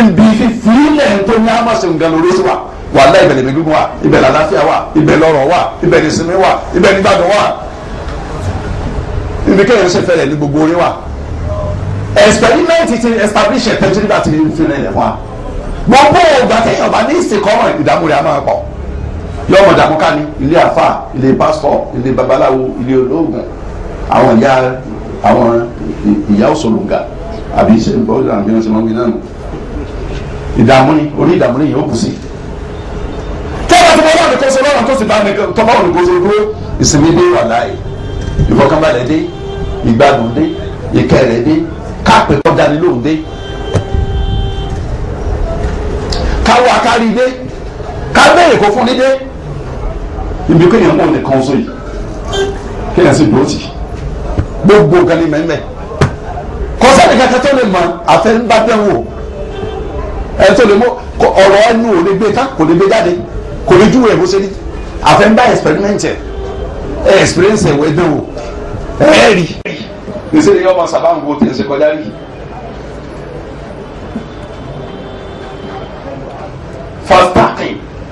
nbí fífilẹ̀ tó ní àmọ̀ṣe nǹkan lórí sí wa wàhálà ìbẹ̀lẹ̀ mi gbígun wa ibẹ̀ làlàáfíà wa ibẹ̀ lọ́rọ̀ wa ibẹ̀ nìsinmi wa ibẹ̀ nígbàdùn wa ibi kéèyàn ṣe fẹlẹ̀ ní gbogbo orí wa experiment ti establish tẹ́jìrìbà ti fìlẹ̀ lẹ̀ wa gbogbo ògbà téèyàn bá ní ìsìnkọ́rọ̀ ìdààmú rẹ̀ á máa pọ̀ yọmọ dààmú ká ní ilé àfà ilé pásítọ̀ ilé babaláwo ilé olóògùn àwọn ìyá àwọn ìyá òṣòlùngà àbí iṣẹ́ bọ́ọ̀lù àbí wọn ṣe máa ń gbé náà nù ìdààmú ni orí ìdààmú ni yẹn ó kù sí. tẹ́lá tó bá wà tó ṣe lọ́wọ́ tó sì bá mi tó bá òun kó ṣe dúró ìsinmi dé wà láàyè ìfọkànbalẹ̀ dé ìgbádùn dé ìkẹrẹ̀ dé káàpẹ̀ kọ́ dání lóhùn dé káwọ́ akárí dé kábẹ́rẹ̀ kó fún ní dé ibi kéèyàn mọ̀ nìkan sóyè kéèyàn sì dúró sí gbogbo nǹkan ní mẹ́mẹ́ kò sẹ́ni kankan tó lè mọ àfẹnbádẹ́wò ẹ tó lè mọ ọ̀rọ̀ ẹnu ò lè gbé ká kò lè gbé jáde kò lè júwèé bó ṣe rí àfẹnbá ẹ̀sipẹ̀rímẹ̀ntì ẹ̀ ẹ̀sipẹ̀rímẹ̀ntì ẹ̀wọ̀ ẹ̀dẹ́wò ẹ̀ẹ́rì ìṣèlè yọ ọmọ sàbáǹ wo tẹ̀ kọjá rí. fastaqi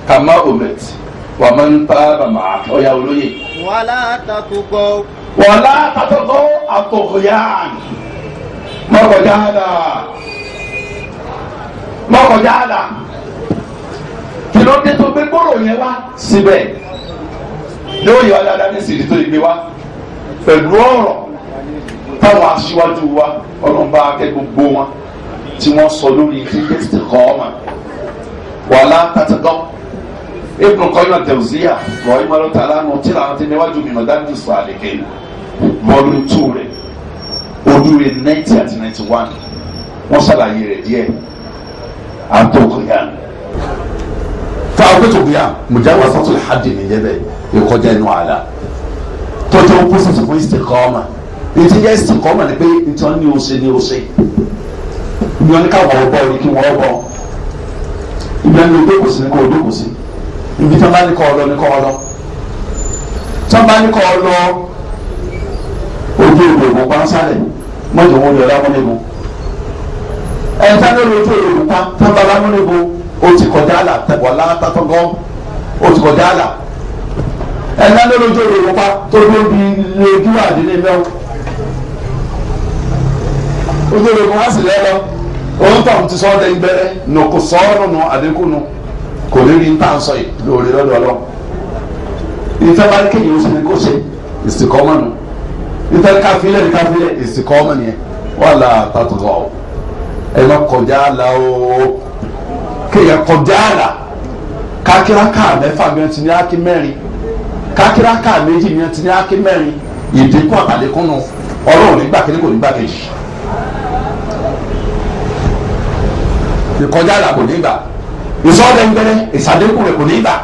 kama omet wà máa ń bá bàmà ọ̀yà olóye. wàlá tàtúkọ. wàlá tàtúkọ àtọ̀kọ̀yà mọ́kànjá àlà mọ́kànjá àlà kìlọ́dé tó gbé gbòòrò yẹn wá síbẹ̀ yóò yọ adáadáa ní sìrì tó ìgbé wá pẹ̀lú ọ̀rọ̀ táwọn aṣíwájú wa ọlọ́mọba akẹ́kọ̀ọ́ gbó wọn tí wọ́n sọ lórí kírísítì kọ́ ọ́ mà wàhálà tàtàkọ́ ibùdó kọ́yọ̀ tẹ̀wùsíyà rọ̀ ìmọ̀lọ́tà lánàá tí làwọn ti níwájú mi mọ̀ dájú sọ àlèké bọ́ọ̀lù tù rẹ̀ ọdún rẹ̀ ninety àti ninety one wọ́n ṣàlàyé rẹ̀ díẹ̀ àtọkùnyà tá a gbẹ́tò bíyà mùjáwá sọ́tún hajj nìyẹn bẹ́ẹ̀ ìkọjá inú àlà tọ́jú ó pèsè fún ìsìnkọ́ọ́mà ètò yẹ ìsìnkọ́ọ́mà ni pé ntọ́ ni ó ṣe ni ó ṣe ìyọ́n ní káwọn ọ̀bọ ni kí wọ́n bọ̀ ìyọ́n ní odó kò sí ní kò odó kò sí ibi tí wọ́n bá ní kọ́ ọ lọ ní kọ́ ọ lọ tí wọ́n bá ní kọ́ ọ lọ ojú ìgbòho pàṣẹ mọ́jọ owó rẹ̀ lámúnibó ẹ̀ńtá lórí ojú èrò pa tábà lámúnibó o ti kọjá àlà wàlá tatọ́gọ́ o ti kọjá àlà ẹ̀ńtá lórí ojú èrò pa tó dé bi lójú àdínní mẹ́wọ́ ojú èrò pa wá sí o òun tó àwọn ti sọ ọ́ dẹ́yìn bẹ́rẹ́ nù kò sọ ọ́ nù àdínkù nù kò ní rí nta sọ yìí lórí lọ́dọ̀ ọlọ́ ìfẹ́ bá kéèyàn ó sì ní kó ṣe ìsìnkọ́ mọ́nu nítorí káfílẹ̀ ní káfílẹ̀ èsì kọ́ ọmọ nìyẹn wọ́n là tàtúntò ọ̀ ẹ má kọjá àlà o kéèyàn kọjá àlà kákíráká mẹ́fà ni wọ́n ti ní ákí mẹ́rin kákíráká méjì ni wọ́n ti ní ákí mẹ́rin ìdínkù àtàlékúnnù ọlọ́run nígbà kínní kò nígbà kejì ìkọjá àlà kò nígbà ìsọdẹ̀ngbẹ̀rẹ̀ ìsàdínkù rẹ̀ kò nígbà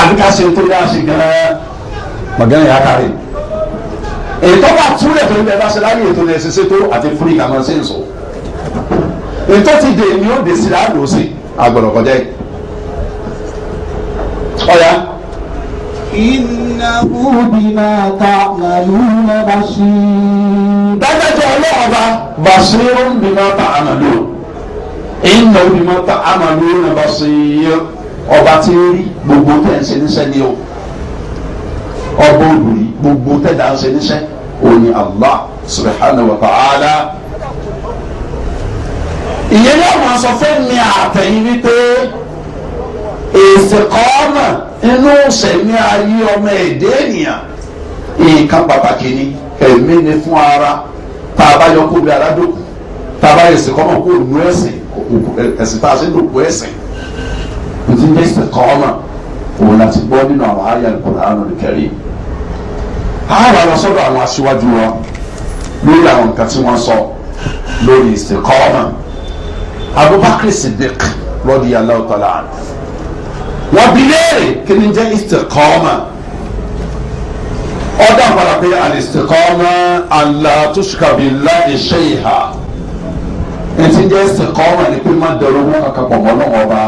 àbíkásẹ̀ tó yára ṣe gẹ́rẹ́ mọ̀gẹ́rẹ́ yà á kárí ètò bá túlẹ̀ tó ń bẹ fásitì láyé ètò lẹ̀ ṣiṣẹ́ tó àti fúri kà máa ṣe ń sọ ètò ti dè ní òde sí láàlú sí agbọ̀dọ̀ kọjá yìí. ọ̀ya. ìnáwó bí máa ta màlú ní bàṣí. dájọ́jọ́ ọlọ́ọ̀ba bàṣí ó ń bí máa ta àmàlú ìnáwó bí máa ta àmàlú ní bàṣí ọba tí ń rí gbogbo tẹ̀ ń ṣe o ọba olùrí gbogbo tẹ̀dá ń ṣe níṣẹ́ òní Allah subhanahu wa ta'ala ìyẹn ní àwọn sọ fún mi àtẹ̀yìn wípé ìsìnkọ́ọ̀mà inú sẹ̀mí ayé ọmọ èdè ènìyàn nǹkan pàtàkì ni ẹ̀mí ni fún ara tá a bá yọ kó bí aládòkù tá a bá yẹ kó nu ẹ̀sìn ẹ̀sìn tá a sì dòkú ẹ̀sìn kò tí ń jẹ́ ìsìnkọ́ọ̀mà òun láti gbọ́ nínú àwọn àyà Al-Qur'an àwa lọ sọ́dọ̀ àwọn aṣíwájú wa lórí àwọn nǹkan tí wọ́n sọ lórí istiqama Abubakar Siddiq radiyallahu ta'ala anhu wọ́n bi léèrè kí ni jẹ́ istiqama ọdọ àpàlà pé al-istiqama alla tushka billahi shay'a ni pé má dọ̀rọ̀ wọn kankan pọ̀ mọ́ náà wọ́n bá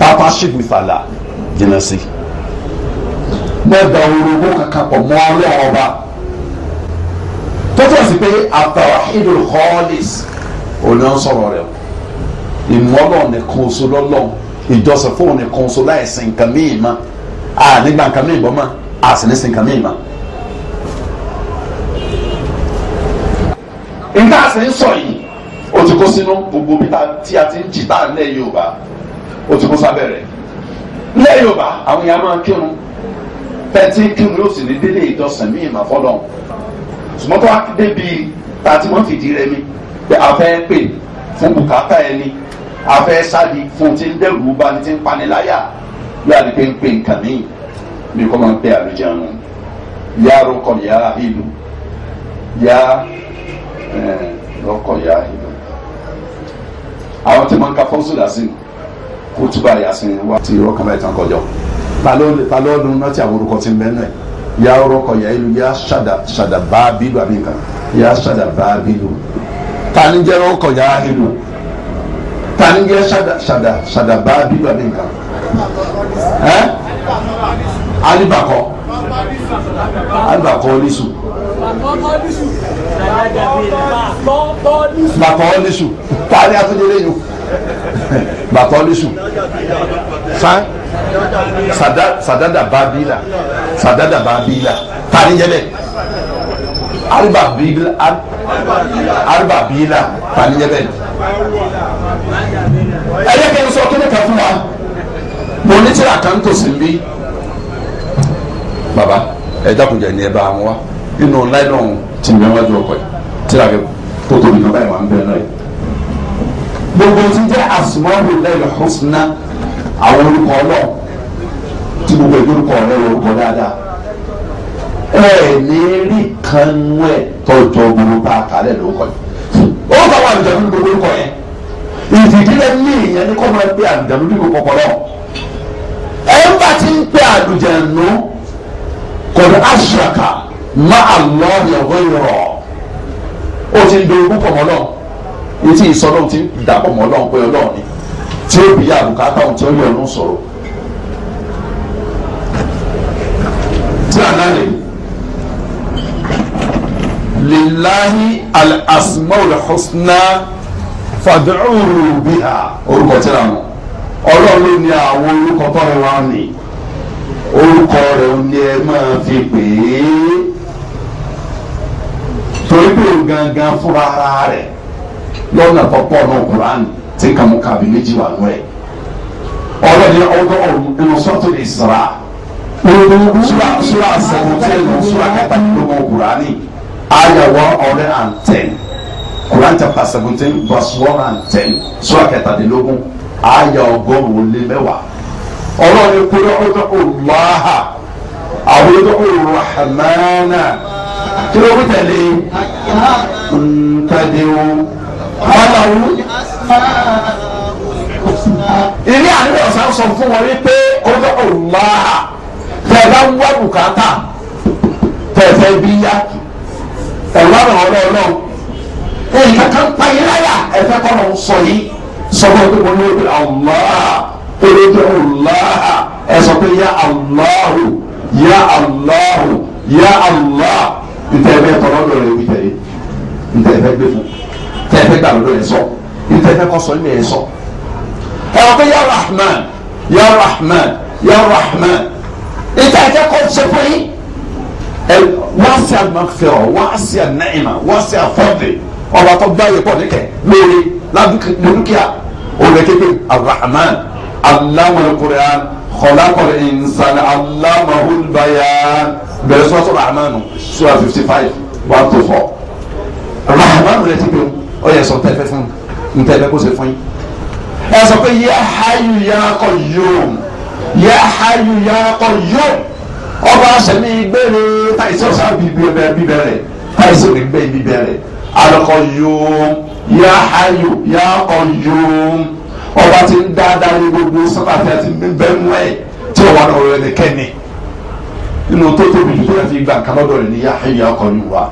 pápá ṣègbè fàlà jìnnà sí i gbọ́dọ̀ orogún kankan pọ̀ mọ́ ọlọ́run ọba tó tọ́ sí pé àtàwáhídùl khalis òní ń sọ̀rọ̀ rẹ̀ ìmọ̀lọ́ nìkan oṣù lọ́lọ́ ìjọsìn fún nìkan oṣù láìsí nǹkan míì mọ́ a nígbà nǹkan míì bọ́ mọ́ a sì ní sin nǹkan míì mọ́. nǹkan àti ń sọ yìí ó ti kó sínú gbogbo bí tí a ti ń jì tá à ń lẹ́ Yorùbá ó ti kó sábẹ́ rẹ̀ lẹ́ Yorùbá àwọn èèyàn máa kírun tẹ́tí kírun yóò sì ní délé ìjọsìn míì mà fọ́lọ́ sùmọ́tò akéde bíi tàti wọ́n fìdí rẹ mi pé a fẹ́ pè fún bùkátà ẹni a fẹ́ sáàdì fún ti ń dẹ́rù bá ní ti ń paniláyà yóò àdìpé ń pè nǹkan míì bí kò máa ń pè àlùjánu yá rọkọ yá ìlú yá rọkọ yá ìlú àwọn tí wọ́n ń ka fọ́sùlà sí kó yà sí wa ti rọkàn báyìí tán kọjọ ta ló dun náà ti àwọn orúkọ ti ń bẹ́ẹ̀ náà yà orúkọ yà ìlú yà ṣàdà bá bílù àbí nǹkan yà ṣàdà bá bílù tani jẹ́ orúkọ yà ìlú tani jẹ́ ṣàdà ṣàdà bá bílù àbí nǹkan ẹ́ alibakọ alibakọ lisu bàtọ lisu tani atúndínlẹ́yìn bàtọ lisu fún sadada babila sadada babila tani jẹ bẹ ariba bibila ariba bila tani jẹ bẹ ẹyẹ kẹ n sọ kí ni ka fún wa mo ní tíra kan tó sì ń baba ẹ dákun jẹ ní ba bá wọn wa nínú láìlọ́n tí mi wájú ọkọ yìí tíra kẹ tó tóbi kan báyìí wà ń bẹ náà yìí gbogbo ti jẹ asmaul lail husna àwọn orúkọ náà tí gbogbo ìdúrúkọ rẹ orúkọ dáadáa ẹ ní rí kanú ẹ tọjọ gbogbo bá a kálẹ̀ lórúkọ yìí ó bá wà àbùdá nínú gbogbo orúkọ yẹn ìdílé ní ìyẹn ní kọ́ máa gbé àbùdá nínú gbogbo kọ̀ọ̀rọ̀ ẹ ń bá ti ń pè àbùdá nù kọ̀dọ̀ àṣàkà má àlọ́ yàgò ìrọ̀ ó ti ń do orúkọ mọ́ náà etí ìsọdọ̀ ti ń dàpọ̀ mọ́ náà pé ọlọ́ọ̀ni tí ó bí àbùkátà ohun tí ó yọ ọ̀run sọ̀rọ̀ tí a náà lè lillahi al-asmaul husna fad'uhu biha orúkọ tí a mọ̀ ọlọ́run ló ní àwọn orúkọ tó rẹwà ni orúkọ rẹ̀ ni ẹ máa fi pè é torí pé gangan fúnra rẹ̀ lọ́nà tó pọ̀ náà Kùránì tí kàmú kàbí méjì wà nù ẹ̀ ọlọ́ni ọgọ́ ọ̀run nínú sọ́tò lè sara sura sura seventeen sura kẹtàdínlógún kurani ayẹwo ọ̀rẹ́ and ten kuran chapter seventeen verse one and ten sura kẹtàdínlógún ayẹ ọgọ́rùn lé mẹ́wàá ọlọ́ni kúrẹ́ ọgọ́ ọlọ́ha àwọn ọgọ́ ọlọ́hàmánà kí ló ń tẹ̀lé ntàdéwò ilé àdúgbò ọ̀sán sọ fún wọn wípé ọjọ́ òwúwa tẹ̀ bá ń wá bùkátà tẹ̀ bí yá ọlọ́run ọlọ́run èyí kankan payé láyà ẹ̀fẹ́ kọ́ ló sọ yìí sọ́kọ́ pé mo ní o bí allah erédé allah sọ pé ya allahu ya allahu ya allah ntẹ̀ tọ́lọ́dọ̀ rẹ̀ wí tẹ̀lé ntẹ̀ ẹ̀fẹ́ gbé fún rẹ̀ sọ ìtẹ́fẹ́ kọ́ sọ ní ẹ̀ sọ. ẹ wọ́n pé ya rahman ya rahman ya rahman ìtẹ́fẹ́ kọ́ ṣe fún yín. ẹ wọ́n ṣe àgbàfẹ́rọ̀ wọ́n ṣe ànáìmà wọ́n ṣe àfọ́dé ọba tó gbáyé pọ̀ níkẹ́ lórí ládùúkìá olùkẹ́kẹ́ arahman alamul quran khalaqal insana alamahul bayan bẹ̀rẹ̀ sọ́tọ̀ rahmanu sura fifty five one to four rahmanu rẹ̀ ti bẹ̀rù ọ̀yẹ̀sọ̀ tẹ́fẹ́ fún mi ntẹ̀lẹ́ kó ṣe fún yín. ẹ sọ pé yá hayu yá qayyum yá hayu yá qayyum ọba sẹ́ni gbére táyìsí ọ̀sán bíbẹ̀rẹ̀ táyìsí òní gbé bíbẹ̀rẹ̀ al-qayyum yá hayu yá qayyum ọba ti ń dáadáa ní gbogbo sọ́tàfẹ́ àti bẹ́ẹ̀ mú ẹ̀ tí ó wà lọ́wọ́ ẹni kẹ́ni inú tó tóbi jù tó yẹ fi gba nǹkan lọ́dọ̀ ní Yahya ọkọ̀ yìí wá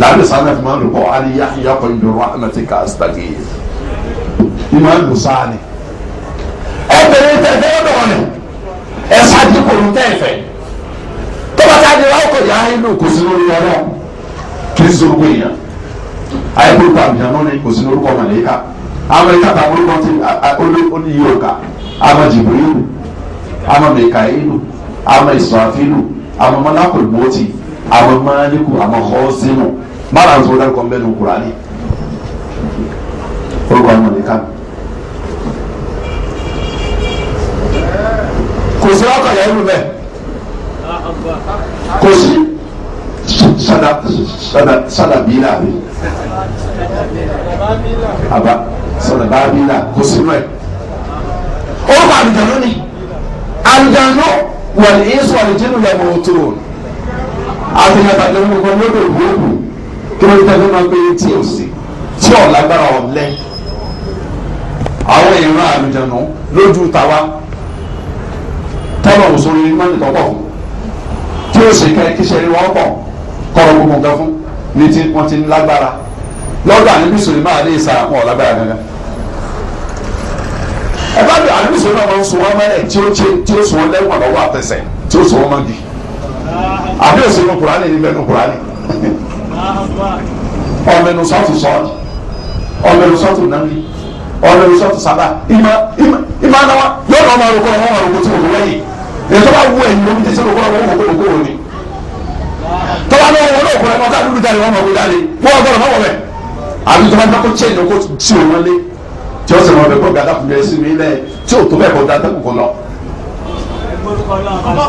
làbẹ̀sán náà fi máa ń lò pọ̀ á ní Yahya ọkọ̀ ti ká àsìtàgé yìí ni màá lò sáà ni obìnrin tẹ fẹ́ dọ̀ ni ẹ ṣáájú kò ní tẹ́ fẹ́ tó bá ṣáájú wa kò yá inú kò sí lórí ọlọ́ kì í sorúkọ èèyàn àyẹ̀kọ́ ìgbà àbíyàn náà ni kò sí lórúkọ màlẹ́kà àwọn ẹ̀ka tàbí orúkọ ti oníyí òkà àwọn jìbìrìlù àwọn mẹ̀kàílù àwọn ìsọ̀àfílù àwọn mọ́lákùlùmọ́tì àwọn mọ́lákùlùmọ́tì àwọn ọ̀hún sínú mọ́lákùlùmọ́tì kò dárúkọ mẹ́nu Kùránì orúkọ àwọn mọ̀lẹ́ká. kò sí ọkọ̀ yẹn lù bẹ́ẹ̀ kò sí sadabila bi aba sadabila kò sí mọ́ ẹ̀ orúkọ àlùjànnú ni àlùjànnú wal insu wal jinnu yamutun àtìyàtà lẹ́nu kan lọ́dọ̀ ìwé òkú kí wọ́n ti tẹ́lẹ̀ máa ń gbé etí òsì tí ọ̀lágbára ọ̀lẹ́ àwọn ìran àlùjànnú lójú tàwa tọ́lọ̀ òṣòro ní mọ́nì tọ́pọ̀ fún tí ó sì kẹ́ kíṣẹ́ rí wọ́n pọ̀ kọ́rọ̀ gbogbo nǹkan fún ní tí wọ́n ti ń lágbára lọ́dọ̀ àníbí sùlùmá àlẹ́ ìsà àwọn ọ̀lágbára gangan. ẹ bá bí àníbí sùlùmá máa ń sun wọn mẹ́rẹ̀ tí ó ṣe tí ó sun wọn lẹ́wọ̀n lọ́wọ́ àtẹsẹ̀ tí ó sun wọn mọ́gi àbí òsèlú kùránì níbẹ̀ nù kùránì ọmọ ẹnu sọ́ọ̀tù sọ́ọ̀tù ọmọ ẹnu sọ́ọ̀tù náà ọ̀rọ̀ iṣẹ́ ọ̀tún sábà ìmọ̀ ìmọ̀ anáwá yóò lọ́ máa rògbò ọ̀hún ọ̀rọ̀ tí òkú lẹ́yìn ètò bá wú ẹ̀yìn lómi tẹ̀sí rògbò ọ̀hún òkú òkú òní. tọ́wá lọ́wọ́ wọn lóògùn ẹ̀ ọ̀tá dúdú jáde wọn mọ̀ wọ́n jáde wọ́n gbọ́dọ̀ mọ̀ wọ̀bẹ̀. àbí tó bá dákó tiẹ̀ ní kó tí òun lé tí ó sì mọ̀ bẹ̀ gbọ́dọ̀ adákùnrin ẹ̀sìn mi lẹ̀ tí ò tó àwọn ọmọ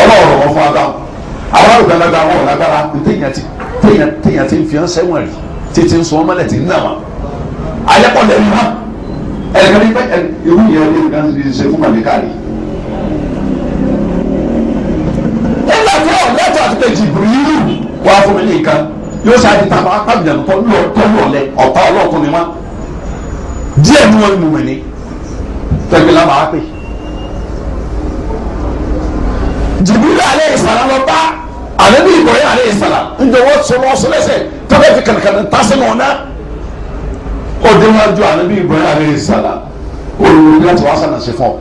àwọn ọmọ ntẹ̀yìn àti téèyàn téèyàn ti ń fi hàn sẹ́wọ̀n rí títí ń sọ wọn mọ́lẹ̀ tí ń nà wọn ayẹ́pọ̀lẹ̀ ń hàn ẹ̀ka ní pẹ́ irú yẹn ní nǹkan ti ṣe fún màmí káàrí. nígbà tí ọ̀ lẹ́tọ̀ àti kejì bìrìlù wà fún mi ní nǹkan yóò ṣe àti tàbá pàbíyàn tó lọ tó lọ lẹ ọ̀pá ọlọ́ọ̀kùn ni díẹ̀ anabi ibrahim ale salam njẹ wọn sọ wọn sọ lẹsẹ tọpẹ fi kàlìkàlì ta sí wọn náà ó dé wọn ju anabi ibrahim alayhi salam olùwò ní láti wá sànà sí fún ọ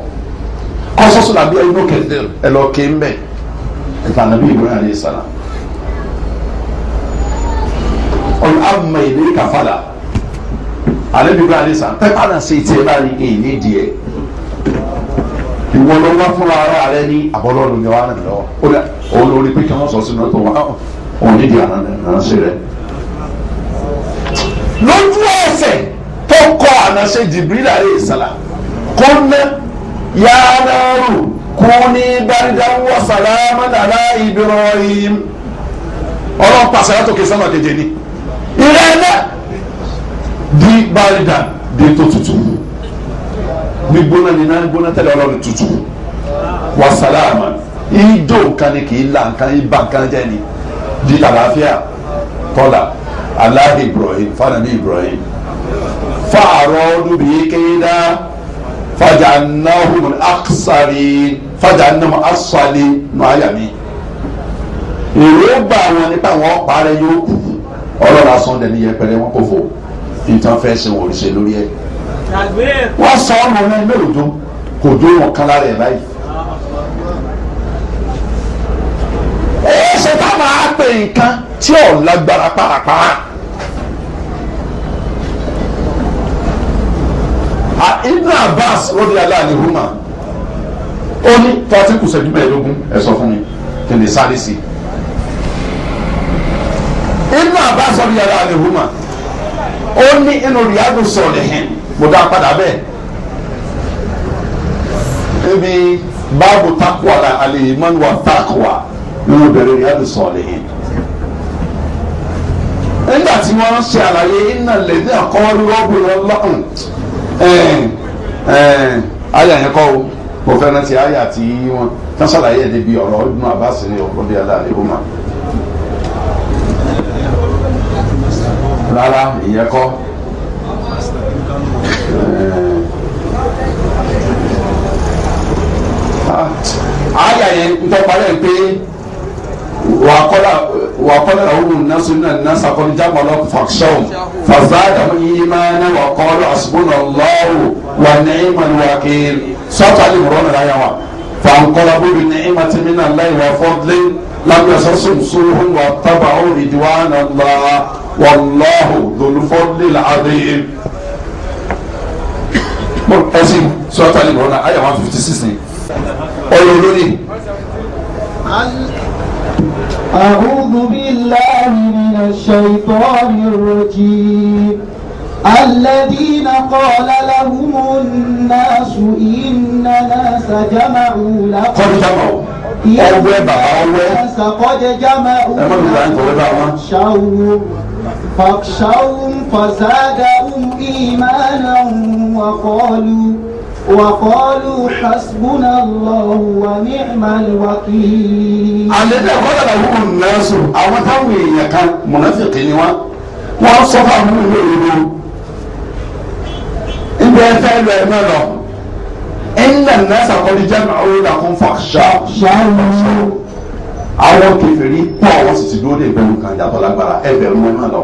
kọsọsọ làbí ẹni ó kéde ẹ lọ ké mbẹ ẹta anabi ibrahim alayhi salam ọlọ àmà ìlérí kàfàlà ale ibrahim alayhi salam tẹ kàlà sí tiẹ báyìí èyí ní ìdíyẹ ìwọ ló wá fúnra ara rẹ ní àbọ̀lọ́run ni wàá rìn lọ ó dà òun lórí pé kí wọ́n sọ sínú tó wọ́n òun nídìí àránṣe rẹ. lójú ẹsẹ̀ tó kọ àránṣe Jibril alayhi salam kó ná yàrá rù kú ní baridan wa salaman ala Ibrahim ọlọ́run pàṣẹ látòkè sọ́nà keje ni ìrẹ́lẹ̀ di baridan di tó tutù mú gbígbóná ni náà gbóná tẹ́lẹ̀ ọlọ́run tutù wà sàlámà ìjó nǹkan ni kì í la nǹkan ìbá nǹkan jẹ́ ni di àlàáfíà kọ́là aláhi ibrahim fanabi ibrahim fàárọ̀ ọdún bíi kéda fàjà nahum aksari fàjà nahum asali nù àyàmí èròǹgbà wọn nípa àwọn ọ̀pá rẹ yóò kù ọlọ́run asọ́ndẹ̀ ní yẹpẹrẹ wọn kò fò ìtàn fẹ́ ṣe wòlíṣẹ́ lórí ẹ̀ wọ́n sọ ọmọ wọn mélòó dún kò dún wọn kan lára ẹ̀ báyìí. èyí ṣe tá a máa pè nǹkan tí ò lágbára pàápàá. Ibn Abbas rọ́bì aláàlẹ́ húmà ó ní tọ́tí kù sẹ́jú mẹ́ẹ̀ẹ́dógún ẹ̀ sọ fún mi kí ni sáré sí. Ibn Abbas rọ́bì aláàlẹ́ húmà ó ní inú Riyadu Salihin. mo dá padà bẹ́ẹ̀ ebi báàbù takuwa la alẹ́ takwa wa takuwa nínú bẹ̀rẹ̀ rẹ̀ adùn sọ̀rọ̀ yìí nígbà tí wọ́n ṣe àlàyé iná lẹ́dí àkọ́wọ́rí rọ́bù lọ́lọ́run ayà yẹn o mo fẹ́ rántí ayà tí wọ́n tán ṣàlàyé ẹ̀ níbi ọ̀rọ̀ Ibn ní ọ̀pọ̀ aláàlẹ́ ó mà. rárá àyà yẹn ntọ́parẹ́ pé wà kọ́lá wà kọ́lá ọ̀hún nasu náà nasa kọ́ jábọ̀ lọ́kù fàkṣọ́n fàzádà yìí máa ná wà kọ́lá àsùnwòn lọ́wọ́ wà ní ìmọ̀ ní wàkìl sọ́tà lè wọ́n yà wà fàǹkọ́lá bóbi ní ìmọ̀ tí mi náà láì wà fọ́dlé lábẹ́ sọ́sùn sóhùn wà tábà ó ìdíwà náà wàlláhu dòlùfọ́dlé làádéyé. ẹ̀sìn sọ́tà lè wọ́n fifty six ni ọ̀rọ̀ lórí. أعوذ بالله من الشيطان الرجيم الذين قال لهم الناس إن الناس جمعوا لكم ọwẹ bàbá ọwẹ ẹmọ mi gbàgbọ́ ọwẹ bàbá. فاخشوهم فزادهم إيمانا وقالوا وقالوا حسبنا الله ونعم الوكيل àlejò kọ́lá làwọn olùnàṣọ àwọn táwọn èèyàn kan mọ̀nàfíkì ni wọ́n wọ́n sọ fún àwọn ìlú ìlú ìgbà ẹ̀fẹ́ lọ ẹ̀ mẹ́lọ ẹ̀ńlá nàṣà kọ́ni jẹ́ màá ó dà fún fàṣà fàṣà àwọn kẹfẹ́rí pọ̀ wọ́n sì ti dúró dé ìbẹ̀rù kan ìyàtọ̀ lágbára ẹ̀bẹ̀rù mọ́ náà lọ.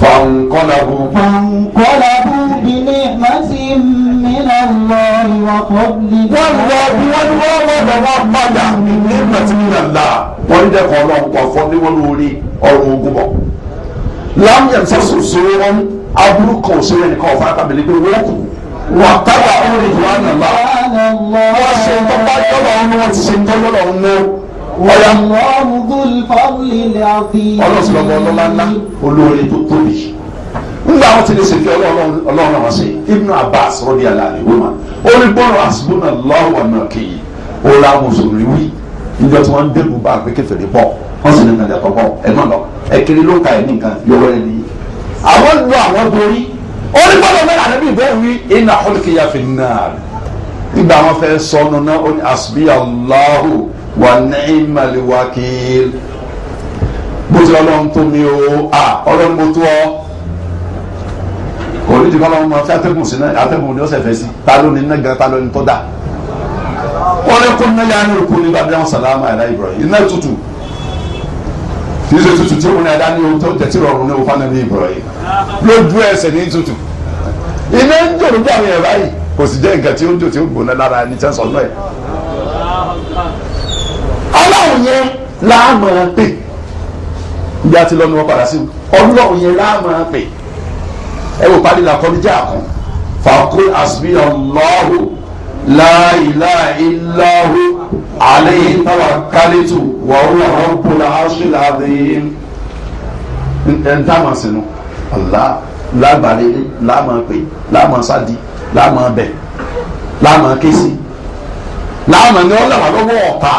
فانقلبوا فانقلبوا بنعمة من الله وفضل والله والله والله padà بنعمة من الله wọ́n ní dẹ́kun ọlọ́run kọ̀ fọ́ ní wọ́n lórí ọrùn ogun bọ̀ láàmìyàn sọ́sùn sórí wọn aburú kan ò sórí ẹnìkan ọ̀fà àtàbílẹ̀ pé wọ́n kù wà tábà ọ̀rìn ìwà nàlá wọ́n ṣe ń tọ́pá yọ̀lọ̀ ọ̀hún wọ́n ti ṣe ń tọ́ ọ̀yà ọlọ́run sì lọ́mọ ọlọ́lá ńlá olóore tó tóbi nígbà wọn ti lè ṣèké ọlọ́run àwọn ṣe Ibn Abbas rọ́bì aláàlẹ́ wọ́n ma orí gbọ́rọ̀ àṣìbọ́nà lọ́wọ́ náà kéye ó ra mùsùlùmí wí níjọ tí wọ́n ń dẹ́kun bá àgbẹ̀ kẹfẹ́ pọ̀ wọ́n sì ní ìkànnì ẹ̀kọ́ pọ̀ ẹ̀ náà lọ ẹ̀kiri ló ka ẹ̀ ní nǹkan yọwọ́ ẹ̀ nìyí. àwọn lu àwọn borí orí gbọ́dọ̀ mẹ́rin àná bíi bẹ́ẹ̀ wí iná ọ̀lùkìyà náà nígbà wọn fẹ́ sọnù náà ó ní àṣìbíyà Allahu wà ní ìmàlẹ́wàkìl bó ti ọlọ́run tó mi o à ọlọ́run mo tó ọ kò ní ti kọ́ ọlọ́run máa fi atẹ́gùn sí náà atẹ́gùn ni ó ṣẹ̀fẹ̀ sí ta ló ní náà gan ta ló ní tó dà wọ́n lè kó náà yára ní òkú ní bàbá sàlámà ẹ̀rá Ibrahim iná tutù kì í ṣe tutù tí òun ní adá ní ohun tó tẹ̀sí rọrùn ní òfààní ní Ibrahim lójú ẹsẹ̀ ní tutù iná ń jòrò bí àwọn ẹ̀rá yìí kò sì jẹ́ nǹkan tí ó ń jò tí ó gbóná lára ẹni tẹ́sán náà ọlọ́run yẹn láàmú pè bí a ti lọ́nu wọn padà sí ọlọ́run yẹn láàmú pè ẹ wò parí la kọ́nìjà kan fàkó àsìbí ọlọ́hu láìláìláhu àlẹ́yìn táwa kálítù wàhùn àwọn kúlà áṣìlá àdéhìn ntama sinu ala lágbàlélé láàmà pé láàmà sádi láàmà bẹ láàmà késì láàmà ni wọn làwọn lọ́wọ́ ọ̀tá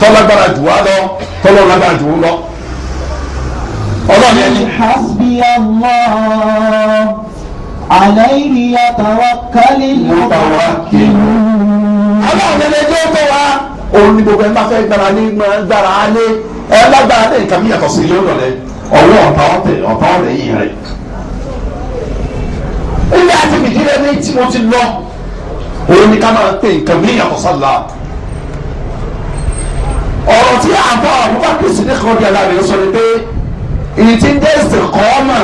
tọ́lágbára jù wá lọ tọ́lọ́ lágbára jù ú lọ. ọlọ́run ẹni. hasbi allah alayhi yatawakkalul mutawakkilun. ọlọ́run ẹni ẹjọ́ tó wá òun ni gbogbo ẹ máa fẹ́ gbára lé máa gbára lé ẹ lágbára lé nǹkan mi yàtọ̀ sí ilé ọ̀dọ̀ rẹ ọwọ́ ọ̀tá ọ̀tẹ̀ ọ̀tá ọ̀tẹ̀ yìí rẹ. ilé àti ìdílé ní tí mo ti lọ òun ni ká máa pè nǹkan mi yàtọ̀ sálà ọ̀rọ̀ tí àbọ̀ àbúkà kìsì ní kan díẹ̀ láàrin sọ ni pé ìtí ń dẹ́sẹ̀ kọ́ mà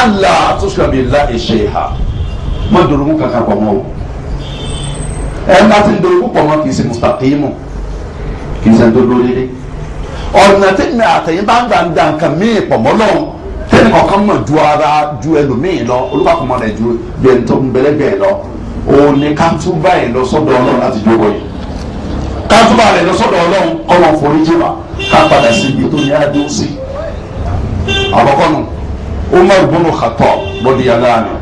àlà àtúnṣàbí ńlá ìṣe ìhà mọ́ dòròmù kankan pọ̀ mọ́ o ẹ̀ ń bá ti ń dòròmù pọ̀ mọ́ kì í ṣe mùsàkìmù kì í ṣe ń tó ọ̀nà tí mi àtẹ̀yìn bá ń gbà ń da nǹkan míì pọ̀ mọ́ lọ́hùn tẹ́lẹ̀ kọ̀ọ̀kan mọ̀ ju ara ju ẹlòmíì lọ olùkọ́ àkọ́mọ́ rẹ̀ ju bẹ̀ntọ́ bẹ̀lẹ́gbẹ̀ẹ́ lọ òun ni ká tún báyìí lọ sọ́dọ̀ ọlọ́run láti jókòó yìí kátúbà rẹ̀ lọ́sọ̀dọ̀ ọlọ́run kọ́nà foríjì wa ká padà sí ibi tó ní adé ó sí. àkọ́kọ́nu Umar bunu Khattab lọ́dí aláàánú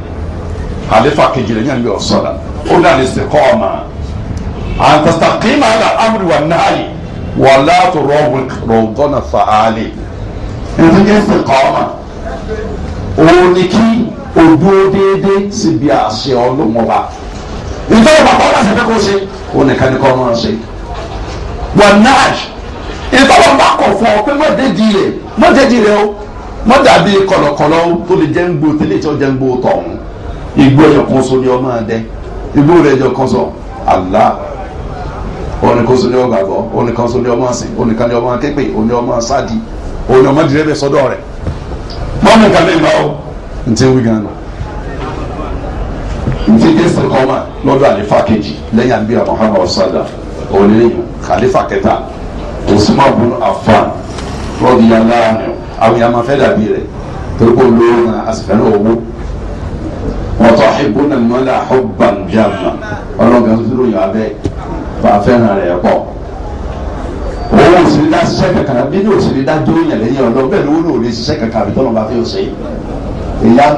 àlefa kejìlẹ̀ ní àmì ọ̀sọ́dà ó ní àlè sèkọ́ ọ̀mà àtàtàkìmà àlà amri wà náàlì wà látò rọ̀gọ́nà fàálì ẹ̀dẹ́gẹ́ sèkọ́ ọ̀mà òun ni kí odúró déédéé síbi àṣẹ ọlọ́mọba ìjọba bàbá ọlọ́sẹ̀ fẹ́ kó ṣe òun nìkan ni kọ́ ọ́ máa ṣe wà náàj ìtọ́lọ̀ bá kọ̀ fún ọ pé má déjì rẹ̀ má déjì rẹ̀ o má dàbí kọ̀lọ̀kọ̀lọ̀ tó lè jẹ́ ń gbó tẹ́lẹ̀ tí ó jẹ́ ń gbó tọ̀hún igbó ẹ̀yọ̀ kan so ni ọ máa dẹ igbó rẹ̀ ẹ̀yọ̀ kan so Allah onìkan so ni ọ gbàgbọ́ onìkan so ni ọ máa sìn onìkan ni ọ máa képe oní ọ máa sáàdì oní ọ máa dìrẹ́ bẹ̀ sọ́dọ̀ rẹ̀ mọ́mí kan lè gbà ó ntí wí gan ntí dé sèkọ́mà lọ́dọ̀ àlefa kejì lẹ́yìn àbí òní khalifa kẹta Usman bin Affan radiyallahu anhu àwọn yàrá máa fẹ́ dàbí rẹ̀ torí kò lóore náà a sì fẹ́ náà owó wa tuhibbuna al-mala hubban jamma ọlọ́gàn tó lóyún abẹ́ bá a fẹ́ràn rẹ̀ pọ̀ owó òsèré dá ṣiṣẹ́ kankan bí ní òsèré dá jó yàn lẹ́yìn ọ̀dọ́ bẹ́ẹ̀ lówó lóore ṣiṣẹ́ kankan àbí tọ́lọ́ bá fẹ́ òsè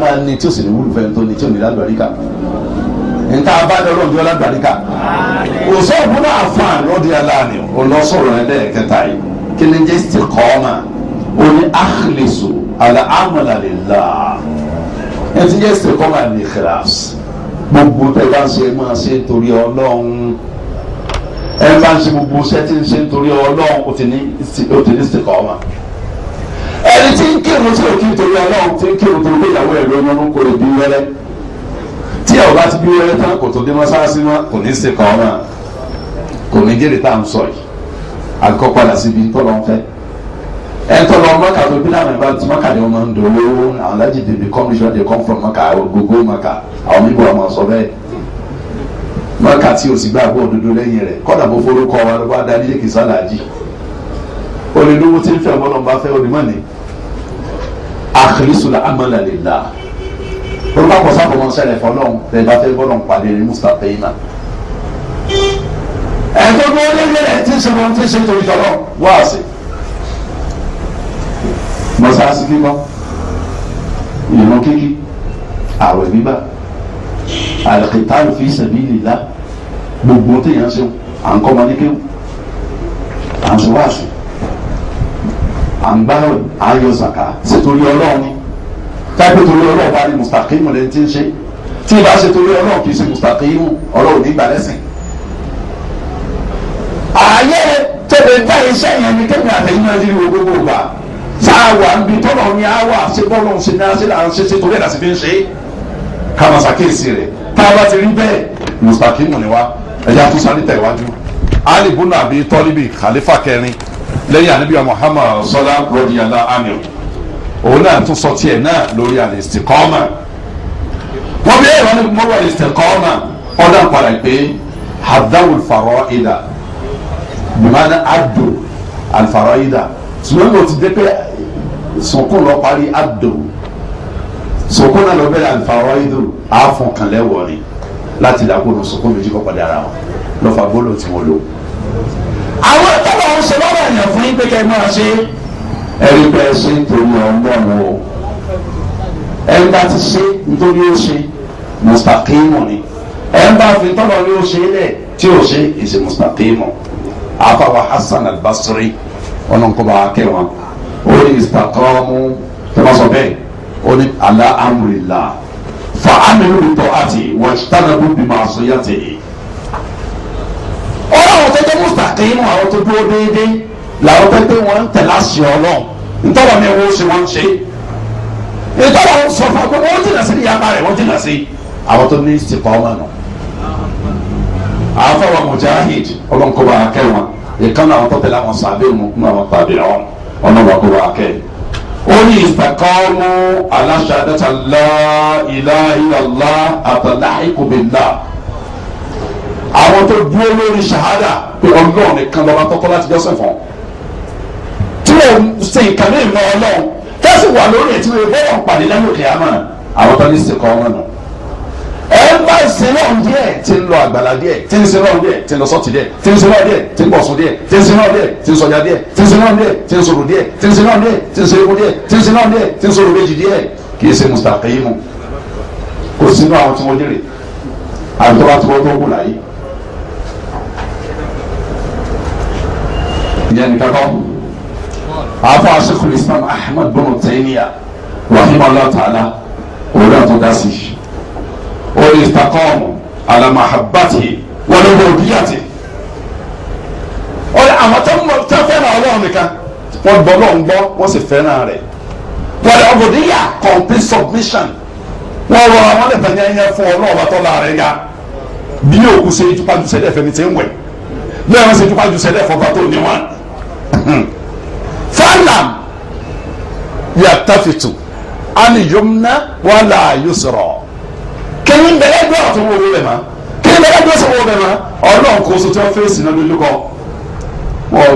máa ní tí òsèré wúlò fẹ́ tó ní tí ò ní lálùbáríkà nta abájọ ló ń bí ọlágbàdìkà òsò bùnà àfàn lọ́dí aláàánú ọlọ́sọ̀rọ̀ ẹ̀ lẹ́ẹ̀kẹta yìí kí ni jẹ́ istiqama ó ní akhlisu ala amala lillah ẹ ti jẹ́ istiqama ní ikhlas gbogbo tẹ bá ń ṣe máa ṣe torí ọlọ́run ẹ bá ń ṣe gbogbo ṣẹ́ tí ń ṣe torí ọlọ́run ó ti ní istiqama ẹni tí ń kírun tí ò kí torí ọlọ́run tí ń kírun torí ìyàwó ẹ̀ lóyún ọdún kò lè bí wẹ́rẹ́ tí ẹ̀ ò bá ti bí wẹ́rẹ́ tán kò tó dé mọ́sáàsì mọ́ kò ní ṣe kàn ọ́nà kò ní jèrè tá à ń sọ yìí àkọ́ padà síbi tọ́lọ́ ń fẹ́ ẹ tọ́lọ́ mọ́kà tó bí láwọn ìbá tí mọ́kà ni wọ́n máa ń dòwó alájì dè bí commission dey come from mọ́kà gbogbo mọ́kà àwọn mímú àwọn sọ bẹ́ẹ̀ mọ́kà tí o sì gbà gbọ́ òdodo lẹ́yìn rẹ̀ kọ́dà bó forúkọ wa ló bá dá nílé kìsà làájì olùdókòtì ń fẹ́ ọmọlọ́mọba fẹ́ onímọ̀ ni àkìlísùlà amọ̀lá lè la torí ká kọsá kọmọ ṣẹlẹ̀ fọlọ́n tẹ bá fẹ́ bọ́lọ̀ pàdé ní mustapha iná. ẹ̀tọ́ bí wọ́n lé lẹ́yìn tí ń ṣe wọn tí ń ṣe torí tọ́lọ́ wáàsì mọ̀sáàsì kíkọ́ ìrún kíkí àwẹ̀ gbígbà àlùkìtàlù fi sabilillah gbogbo là. ṣe à ń kọ́mọ ní kéwù à ń ṣe wáàsì à ń gbáwẹ̀ à ń yọ sàkà ṣètò orí ọlọ́run ni táìpé torí ọlọ́run bá ní mùsàkímù lẹ́ni tí ń ṣe tí ìbá ṣe torí ọlọ́run kì í ṣe mùsàkímù ọlọ́run nígbà lẹ́sìn. ààyè tẹ̀lé dá iṣẹ́ yẹn ni kémi àtẹ̀yìn náà ti rí wo gbogbo gbà sáà wà ń bi tọ́lọ̀ ní àwà ṣe bọ́lọ̀ ń ṣe ní àṣẹ là ń ṣe ṣe torí ẹ̀dá sì fi ń ṣe kàmá ṣàkíyèsí rẹ̀ tá a bá ti rí bẹ́ẹ̀ mùsàkímù ni wá ẹ̀yà tó Abi Tọ́líbì khalifa kẹrin lẹ́yìn àníbíyà Muhammad sọlá rọ́díyàlá amir òun náà tún sọ tiẹ̀ náà lórí al-istiqama wọ́n bí ẹ̀rọ ní mọ́rọ̀ al-istiqama ọ̀dà padà pé hadawul faraida bimana adu al-faraida ṣùgbọ́n mo ti dé pé sunkún lọ parí adu sunkún náà lọ bẹ̀rẹ̀ al-faraidu àáfọ̀n kan lẹ́wọ̀ ni láti làkúrò sunkún méjì kọ́ padà ara wọn lọ́fà gbólóhùn tí wọ́n lò. àwọn ìtọ́lọ̀ ń lọ́wọ́ ẹ̀yàn fún yín pé kẹ́ ẹ máa ṣe é ẹni bẹ́ẹ̀ ṣe ń torí ọlọ́run o ẹni bá ti ṣe nítorí ó ṣe mùsàkímù ni ẹni bá fi tọ́lọ̀ ní ó ṣe lẹ̀ tí ó ṣe ìṣe mùsàkímù afawa Hasan al-Basri ọlọ́nkọba akẹ́wọ̀n ó ní ìsàkọ́mù tó bá sọ bẹ́ẹ̀ ó ní ala amrila fa aminu bi tọ́ àti wọ́n ṣàtàlẹ́bù bí màá sọ yàtì. ọlọ́run tó jẹ́ mùsàkímù àwọn tó dúró déédéé làwọn fẹ́ pé wọ́n ń tẹ̀lé àṣẹ ọlọ́run ntọ́wọ́ mi wo ṣe wọ́n ń ṣe ìtọ́wọ́ ń sọ fún akpọ̀ wọ́n jìnnà sí ní yàrá rẹ̀ wọ́n jìnnà sí àwọn tó ní ìsìnkú ọmọ nù. àwọn fọwọ́ mujahid ọlọ́nkọ́ba akẹ́ wọn ìkànnì àwọn tó tẹ̀lé àwọn sàbẹ̀ mu kún àwọn pàdé wọn ọlọ́nkọ́ba akẹ́ ó ní ìsìnkọ́mú aláṣadẹ́ta la ilaha illallah àtàláhìkùbìlá àwọn tó dúró lórí ṣahada pé ọlọ́run nìkan lọ́ba tọ́kọ́ láti jọ́sẹ̀ fún un sílẹ̀ ṣe nǹkan ní ìmọ̀ ọlọ́run tẹ́sí wà lórí ètò ìbọ̀wọ̀ pàdé lẹ́nu kìámà àwọn tó ní sèkọ́ wọn nù ẹ bá ìsinlọ́run díẹ̀ tí ń lọ àgbàlá díẹ̀ tí ń sinlọ́run díẹ̀ tí ń lọ sọ́ọ̀tì díẹ̀ tí ń sinlọ́run díẹ̀ tí ń bọ̀sùn díẹ̀ tí ń sinlọ́run díẹ̀ tí ń sọjà díẹ̀ tí ń sinlọ́run díẹ̀ tí ń sòrò díẹ̀ tí ń sinlọ́run díẹ̀ tí ń sèrèkó díẹ̀ tí ń sinlọ́run díẹ̀ tí ń sòrò méjì díẹ̀ kì í ṣe mustaqimu kò sínú àwọn tí wọ́n jèrè àbúrò àti wọ́n tó kù láyé ìyẹn nìkan kọ́ àfọ aṣèkùn islam ahmed bọ́n tẹ́níyà rahimahullah ta'ala òun náà tó dá sí i orí istakọ́ọ̀mù alamahabati wọ́n ló wọ́n bí yàtì ọ̀rẹ́ àwọn tó ń tẹ́ fẹ́ràn ọlọ́run nìkan wọ́n gbọ́ lọ́n gbọ́ wọ́n sì fẹ́ràn rẹ̀ wọ́n lọ bò níyà complete submission wọ́n rọ àwọn lẹ́tà yẹn yẹn fún ọlọ́run àtọ́ la rẹ̀ ya bí òkú ṣe jupajù sẹ́lẹ̀ fẹ́ni tí ń wẹ̀ lẹ́yìn wọ́n ṣe jupajù sẹ́lẹ̀ fọ́gbà tó ní wọn fàlàm yàtàfìtù àníyọ́mùnà wàlà yusrọ̀ kẹ́yìn bẹ̀rẹ̀ dọ́ àtún wo bẹ̀ ma kẹ́yìn bẹ̀rẹ̀ dọ́ sọ̀rọ̀ bẹ̀ ma ọlọ́run kò sọ tí wọ́n fẹ́ẹ́ sinú lójú kọ́ wọ́n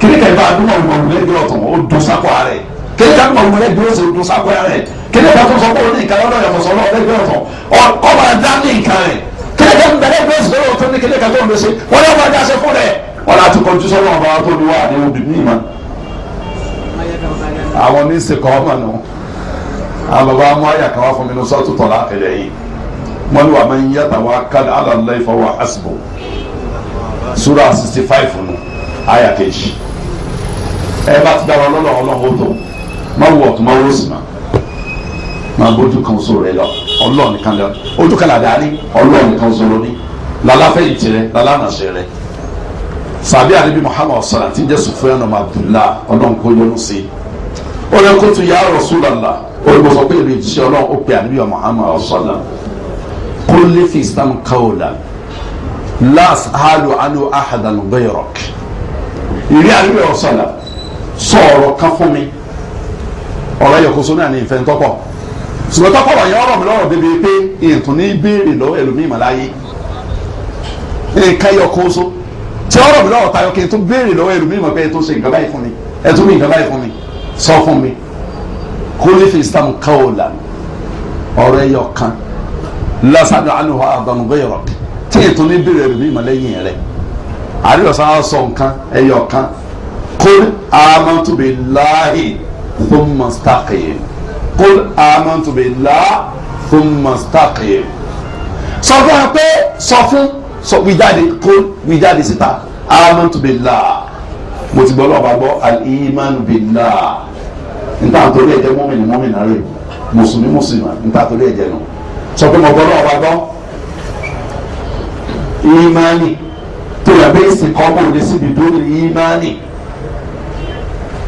kíríkà ìbá àdúgbò ìmọ̀lẹ́ dọ́ ọ̀tún ó dùn sápọ̀ rẹ̀ kíríkà ìmọ̀lẹ́ dọ́ ọ̀tún ó dùn sápọ̀ rẹ̀ kíríkà tó sọ pé òní ìkàlẹ́ ọlọ́run ọ̀sán ọlọ́run ẹgbẹ́ ọ̀tún ọba dá ní ìkàlẹ́ kíríkà ìbẹ̀rẹ̀ dọ́ ọ̀tún ní kíríkà tó ń lọ sí wọ́n lọ́wọ́ àwọn oníṣekọ ọmọ nù àwọn baba mú àyà kan wá fún mi ní sọ́ọ̀tù tọ̀lá àtẹ̀lẹ̀ yìí wọ́n ní wà máa ń yàtà wá kálí alàlá ìfọwọ́ àsìbò sura sixty five nù àyà kejì ẹ bá ti dára lọ́lọ́ ọlọ́run ó tó má wù ọ̀tún má wù sí ma máa bójú kan sọ̀rọ̀ rẹ lọ ọlọ́run nìkan lọ ojú kan làdá ní ọlọ́run nìkan sọ̀rọ̀ ní lálàfẹ́ yìí tirẹ̀ lálànà ṣe rẹ̀ sàbí àdébí muhammadu sallam ti jẹ́ sùfúyàn ọmọ abdullahi ọlọ́run kó sí i ọ̀rẹ́ kó tu ya Rasulullah olùkọ́ sọ pé èrè jíṣẹ́ ọlọ́run ó pe àníbíyà Muhammad ọ̀sọ́lá kó lè fi Islam káwọ́lá las alu alu ahadan ghayrok ìrí àníbíyà ọ̀sọ́lá sọ̀rọ̀ kan fún mi ọ̀rọ̀ yẹ kó so náà ní ìfẹ́ ntọ́kọ̀ ṣùgbọ́n tọ́kọ̀ wọ̀nyẹ ọ̀rọ̀ mi lọ́rọ̀ débi pé ètò ní béèrè lọ́wọ́ ẹlòmíì màláyé nǹkan yọ kó so tí ọ̀rọ̀ mi lọ́rọ̀ tayọ kí n tún béèrè lọ́wọ́ ẹlòmíì mọ̀ pé ẹ tó ṣe nǹkan báyìí fún mi ẹ tún mi nǹkan báyìí fún mi sọ fún mi kólífì islam káwọlà ọ̀rọ̀ ẹyọ kan lásàdùn àlùhọ àbàmùgbẹ́ yọrọ tí ètò ní bèrè rẹ̀ mímọ lẹ́yìn rẹ̀ àríwọ̀sán á sọ nǹkan ẹyọ kan kólí àmọ́tòbí láàyè fún mọ́sítàkìyè kólí àmọ́tòbí láà fún mọ́sítàkìyè sọ fún wa pé sọ fún wíjáde kólí wíjáde síta àmọ́tòbí láà mo ti gbọ́ lọ́wọ́ bá gbọ́ al-iman billah níta torí ẹ̀jẹ̀ mọ́mìnì mọ́mìnì rẹ̀ mùsùlùmí mùsùlùmí níta torí ẹ̀jẹ̀ nù sọ pé mo gbọ́ lọ́wọ́ bá gbọ́ ìmánì tó yà bẹ́ẹ̀ sì kọ́ bò lè síbi dúró ní ìmánì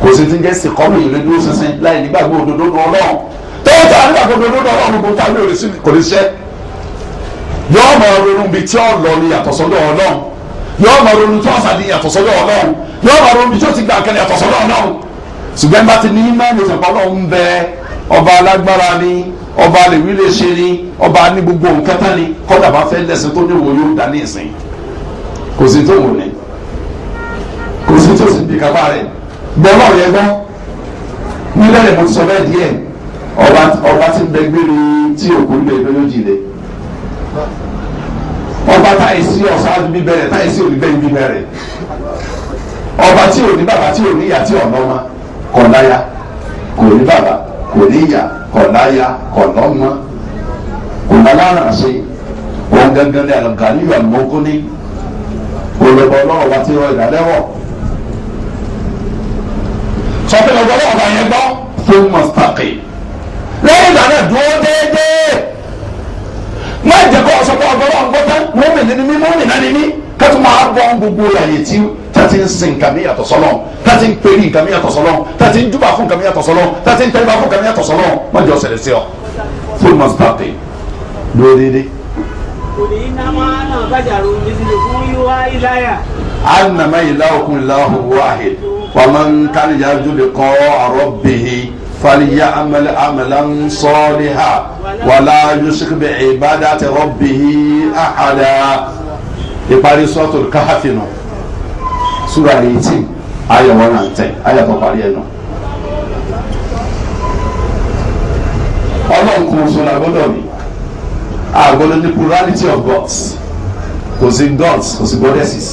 kò sì ti ń jẹ́ sì kọ́ bò lè dúró sísìn láì nígbàgbọ́ òdodo nù ọlọ́run tó ń tà nígbàgbọ́ òdodo nù ọlọ́run kò tà ní òrìṣì kò ní ṣẹ́ yọ́ọ́ mọ̀ ronú bíi tí ọ̀ lọ ní yàtọ̀ sọ́dọ̀ ọlọ́run yọ́ọ́ mọ̀ ronú tí ọ̀ sàdí yọ ọ̀rọ̀ omi tí ó ti gbà kẹlẹ̀ ọ̀tọ̀ sọ́dọ̀ náà ṣùgbọ́n bá ti ní mẹ́rin ìṣẹ̀pọ̀ náà ń bẹ ọba alágbára ni ọba àlèwí lè ṣe ni ọba ní gbogbo nǹkan tán ni kọ́dà bá fẹ́ lẹ́sìn tó ní òun yóò dá ní ìsìn kò sí tó wọlé kò sí tó sì bí kápá rẹ̀ gbọ́dọ̀ yẹ gbọ́ nílẹ̀ rẹ̀ mo ti sọ bẹ́ẹ̀ díẹ̀ ọba ti bẹ gbére tí òkú lè bẹ lójì lè ọba táyì sí ọ̀sán bíbẹ̀rẹ̀ táyì sí òbí bẹ́ẹ̀ bíbẹ̀rẹ̀ ọba tí ò ní bàbá tí ò ní ìyá tí ọ̀nà ọmọ kọ̀ láya kò ní bàbá kò ní ìyá kọ̀ láya kọ̀ lọ́mọ kò lálára sí òun gangan ní àlọ́gà níyọ̀ àmọ́kú ní olùbọ̀ ọlọ́run wa ti rọ ìdálẹ́wọ̀ sọ pé ọgbọ́n ọba yẹn gbọ́ fún mọ̀sítàkì lẹ́yìn ìgbà náà dúró déédéé má jẹ́ kó ọgbọ́n ọgbọ́n tán mọ́mìnì ni mí mọ́mìnà ni mí kátó máa bọ́ gbogbo àyè tí tàti ń sin nǹkan mi yàtọ̀ sọ́lọ́ tàti ń pèrè nǹkan yàtọ̀ sọ́lọ́ tàti ń júbà fún nǹkan yàtọ̀ sọ́lọ́ tàti ń tẹ́lifà fún nǹkan yàtọ̀ sọ́lọ́ má jọ sẹ̀lẹ̀ sí ọ. full must start day lórí dédé. kò ní í ná máa nà fún yíwá iláyà. a ìlà òkun ìlà òkun wáhid wàmán kánìyà jùlọ kọ́ àrọ́ bèè فليعمل عملا صالحا ولا يشرك بعبادة ربه أحدا ìparí sọ́tò káfí nù súra eighteen ayọ̀ one and ten ayọ̀ tó parí ẹ̀ nù. ọlọ́run kò sọ la gbọ́dọ̀ mi àgbọ̀dọ̀ ní plurality of gods kò sí gods kò sí goddesses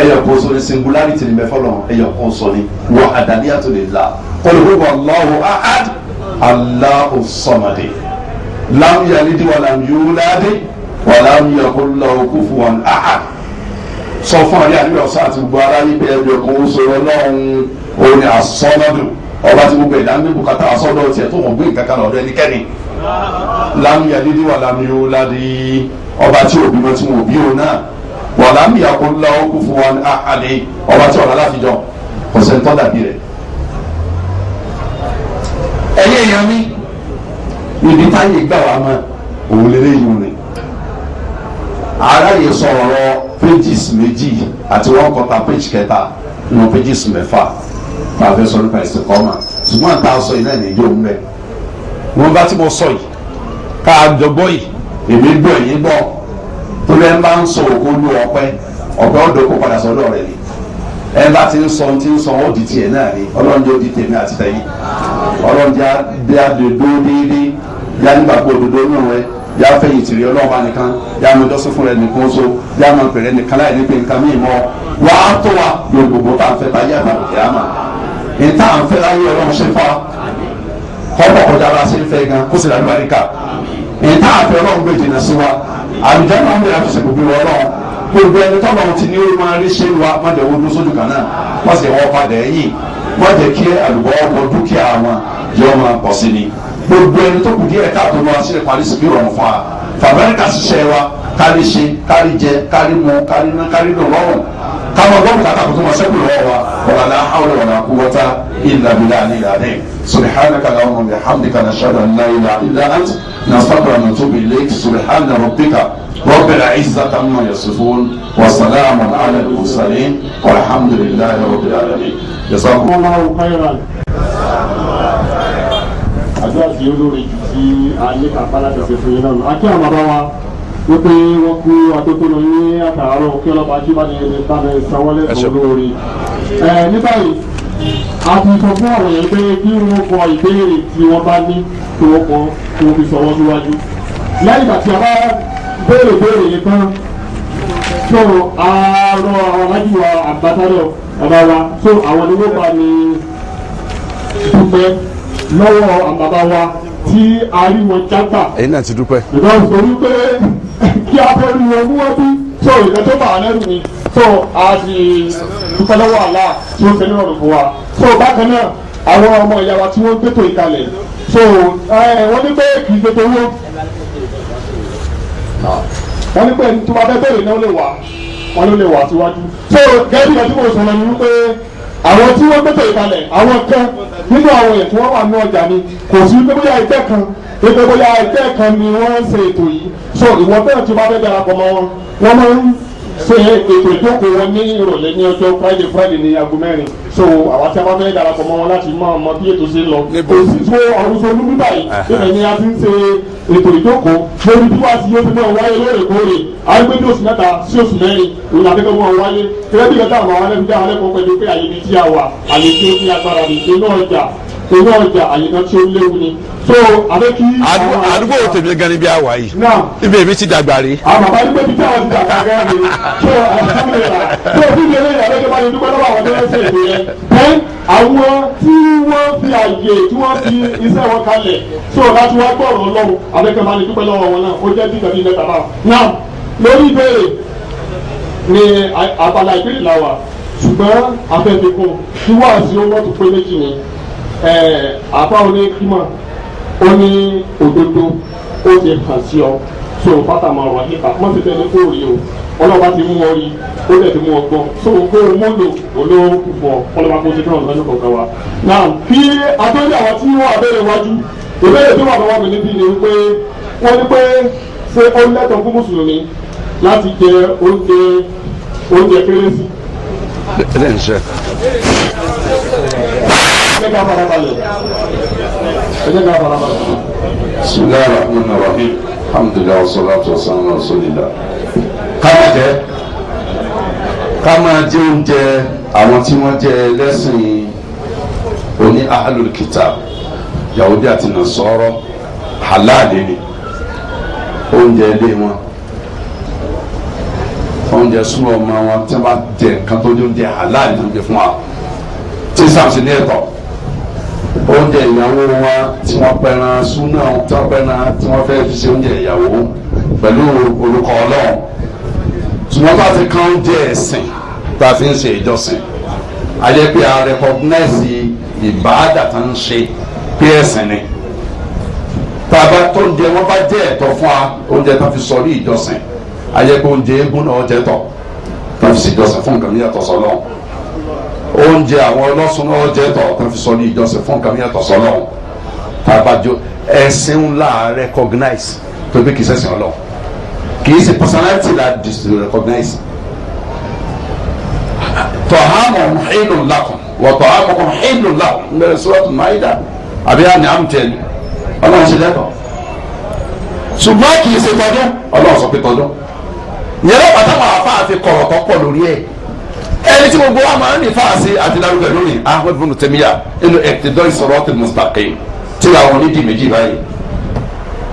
ẹyọ kò sọ ní singularity ní mẹ́fọ́ lọ́wọ́ ẹyọ kò sọ ní wọ́n àdàlíyà tó lè la olùkókò Allahu ahad Allahu samad lam yalid wa lam yulad walam yakun lahu kufuwan ahad sọ fún àyè àdúrà ọ̀sán àti gbogbo aráyé pé ẹbí ọkọ̀ oṣù ọlọ́run òun àsọ́nàdù ọba tí gbogbo ẹ̀dá ń gbé bùkátà àsọ́dọ̀ tiẹ̀ tó wọ́n gbé nǹkan kan lọ́dọ̀ ẹnikẹ́ni lámìyà dídí wà lámìyà ládì ọba tí òbí mọ́ tí wọ́n òbí òun náà wà lámìyà kó láwọ́ kufuwan àhàdé ọba tí ọ̀rọ̀ aláfijọ́ ọ̀sẹ̀ ń tọ́jà bí rẹ̀. ẹ̀yẹ́ èèyàn mi ibi táyé gbà wá mọ́ òun lélẹ́yìn rẹ̀ aráyè sọ̀rọ̀ pages méjì àti one quarter page kẹta nínú pages mẹ́fà tá a fẹ́ sọ nípa ẹ̀sìn kọ́mà ṣùgbọ́n àti àwọn sọ yìí náà nìjọ òun rẹ̀ wọ́n bá tí mo sọ yìí ká a jọ gbọ́ yìí èmi gbọ́ èyí gbọ́ tó lẹ́ bá ń sọ òkú lu ọpẹ́ ọpẹ́ ọ̀dọ́ kó padà sọ́dọ̀ rẹ̀ ni ẹ bá ti ń sọ ti ń sọ ó di tiẹ̀ náà ni ọlọ́njọ́ di tèmi àti tẹ̀yìn ọlọ́njọ́ bí a dé dó déédéé yá nígbàgbọ́ yà fẹ̀yìn tìrì ọlọ́run bá nìkan yà máa dọ́sùn fún rẹ nìkan so yà máa pèrè nìkan láì ní pé nǹkan mí mọ́ wà á tó wa yóò gbogbo tá à ń fẹ́ bá yẹ àbàlù kí á mà níta à ń fẹ́ láyé ọlọ́run ṣe fa kọ́pọ̀ kọjá bá ṣe ń fẹ́ gan kó sì lálẹ́ àríkà níta à ń fẹ́ ọlọ́run gbé jìnnà sí wa àlùjá náà ń bẹ̀rẹ̀ àtúnṣe gbogbo ọlọ́run gbogbo ẹni tọ́lọ̀ ti ní ó máa rí ṣé wa má jẹ́ wọ́n dún sójú kan náà wọ́n sì wọ́n padà ẹ̀yìn wọ́n jẹ́ kí àlùbọ́ ọkọ̀ dúkìá wọn yọ máa pọ̀ sí ni gbogbo ẹni tó kù díẹ̀ káàtó lọ àṣírí parí sí bí rọrùn fún wa fàmẹ́ríkà ṣiṣẹ́ wa kárí ṣe kárí jẹ kárí mu kárí ná kárí dùn lọ́rùn káwọn ọgbọ́n kàtà kò tó ma sẹ́kù lọ́wọ́ wa wàlá hàwlẹ̀ wàlá kú wọ́tá ilà bílà àlè àlè subhanaka allahumma wa bihamdika nashhadu an la ilaha illa anta nastaghfiruka wa natubu ilayk subhana rabbika rabbil izzati amma yasifun wa salamun ala al mursalin walhamdulillahi rabbil alamin jazakumullahu khairan àdúrà sí olóore jù tí a ní kápá láti ṣe fún yín náà àti àwọn bàbá wa wípé wọ́n kú atótónu ní àtàárọ̀ kí ọlọ́pàá ajíbáni ẹni bá mi sanwó lẹ́sùn olóore. ẹ ní báyìí a ti sọ fún àwọn yẹn pé kí wọ́n kọ ìbéèrè tí wọ́n bá ní kí wọ́n kọ kí wọ́n fi sọ wọ́n síwájú. lẹ́yìn ìgbà tí a bá béèrè béèrè yẹn tán so àárọ̀ àwọn alájíwá àgbàtàrọ̀ ọba wa so àwọn ni wọ́n bá lọ́wọ́ àbàbà wa tí a rí wọn jágbà. èyí náà ti dúpẹ́. because torí pé kí a tó rí wọn mú wọn bí so ìkan tó bá àlẹ́rù mi so a ti dúpẹ́ lọ́wọ́ àlá tí ó fẹ́ẹ́ rọrùn fún wa so bákan náà àwọn ọmọ ìyá wa tí wọ́n gbẹ́tò ìkalẹ̀ so wọ́n ní pé kì í gbẹ́tò owó wọ́n ní pé tó bá bẹ́ẹ̀ bẹ́ẹ̀ náà lè wà wọ́n lè wà síwájú so gẹ́gẹ́ bí ọtí mo sọ̀rọ̀ àwọn tí wọ́n gbẹ́sẹ̀ ìbalẹ̀ àwọn kan nínú àwọn èèyàn tí wọ́n wà ní ọjà ni kò sí pé bóyá ẹgbẹ́ kan pé bóyá ẹgbẹ́ kan ni wọ́n ń ṣe ètò yìí so ìwọ́n bẹ́ẹ̀ tí wọ́n bá fẹ́ darapọ̀ mọ́ wọn wọ́n máa ń ṣe ètò ìjókòó ní ìrọ̀lẹ́ ní ọjọ́ friday friday ní aago mẹ́rin so àwọn tí a bá fẹ́ darapọ̀ mọ́ wọn láti máa mọ bí ètò ṣe ń lọ kò sì tó ọ̀run tó lúbí báyìí bẹ́ẹ̀ ni a ti ń ṣe ètò ìjókòó lórí bí wàá ti yóò fi máa wáyé lóòrèkóòrè àgbẹ̀ ní oṣù mẹ́ta sí oṣù mẹ́rin òun àtẹ́kọ̀ọ́ máa wáyé kẹ́rẹ́bí kẹta àwọn alẹ́ ìwé ọjà àyíká tí ó léwu ni. so àbẹ kí. àdúgbò tèmi gan ni bí a wà yìí. náà ibẹ̀ mi ti dàgbà rí. àmọ́ bá nígbà tí táwọn ti dàgbà gan ni. so alhamdulilah so fún mi lẹ́yìn àbẹ kí wọ́n ti dúpẹ́ lọ́wọ́ àwọn tó ń ṣe èdè yẹn. then àwọn tí wọ́n fi àyè tí wọ́n fi iṣẹ́ wọn kalẹ̀ so láti wá gbọ́rọ̀ lọ́wọ́ àbẹ kí wọ́n ti dúpẹ́ lọ́wọ́ wọn náà ó jẹ́ bí ìgbàgbé mẹ́ta bá náà lórí ìbéèrè ni abala ìbéèrè làwà ṣùgbọ́n afẹ́fẹ́ kò kí wàásù ó mọ́tò pé méjì ni àfa oní kímọ̀ oní òdodo ó ti hàn sí ọ so fata máa wà nípa wọ́n ti tẹ́lẹ̀ kó rí o ọlọ́ba ti mú wọn rí ó dẹ̀ ti mú wọn gbọ́ so kó o mọ́lò olówó púpọ̀ ọlọ́ba kó o ti tẹ́lẹ̀ lọ́jọ́ kọ̀ọ̀kan wa. náà kí atọ́jú àwọn tí wọ́n abẹ́rẹ́ wájú ìbéèrè tó wà lọ́wọ́ mi níbí ni wípé wọ́n ní pé ṣé ó lẹ́tọ̀ọ́ fún mùsùlùmí láti jẹ oúnjẹ oúnjẹ kérésì jẹ́ ká fara balẹ̀ ẹ jẹ́ ká fara balẹ̀. bisimilayi rahman rahim alhamdulilayi wa salatu wa salam rasulillah. ká má jẹ ká má jẹ oúnjẹ àwọn tí wọ́n jẹ lẹ́sìn oní ahlul kitab yahudi àti nasọrọ halali ni oúnjẹ ilé wọn oúnjẹ súnmọ́ ọmọ wọn tí wọ́n bá jẹ nǹkan tó jẹ oúnjẹ halali tó jẹ fún wa tí sàmùsì ní ẹ̀tọ́ oúnjẹ ìyàwó wọn tí wọ́n pẹran súnà tí wọ́n pẹran tí wọ́n fẹ́ fi ṣe oúnjẹ ìyàwó pẹ̀lú orúkọ ọlọ́run ṣùgbọ́n bá ti kan oúnjẹ ẹ̀sìn tá a fi ń ṣe ìjọsìn a jẹ́ pé a rẹkọgínẹ́sì ìbáàdà tá ń ṣe pé ẹ̀sìn ni tàbá tó ń jẹ wọ́n bá jẹ́ ẹ̀tọ́ fún wa oúnjẹ tá fi sọrí ìjọsìn a jẹ́ pé oúnjẹ eégún náà jẹ́ tọ̀ tá fi ṣèjọsìn fún nǹkan níyàtọ̀ sọ́lọ́run oúnjẹ àwọn ọlọ́sùn náà jẹ́ tọ̀ kan fi sọ ní ìjọsìn fún nǹkan mìíràn tọ̀sọ̀ lọ́wọ́ tabajo ẹ̀sìn ńlá recognize tó bí kì í sẹ́sìn ọlọ́wọ́ kì í ṣe personality la recognize tọ̀hámọ̀ hìnnù lakum wọ̀ tọ̀hámọ̀ kọ̀ hìnnù lakum ń bẹ̀rẹ̀ sọ́ọ̀tù máìdá àbí àmì àmìtẹ́ni ọlọ́run ṣe lẹ́tọ̀ ṣùgbọ́n kì í ṣe tọdún ọlọ́run sọ pé tọdún yẹ́rọ bàtà wà fáà fi kọ̀rọ̀ tọ́pọ̀ lórí ẹ̀ ẹni tí gbogbo wa máa ń rìn fáàsì àti lárúgbẹ lórí ahmed bin tẹmíyà nínú ẹtẹdọ ìsọrọtì mustaqim tí àwọn onídìí méjì báyìí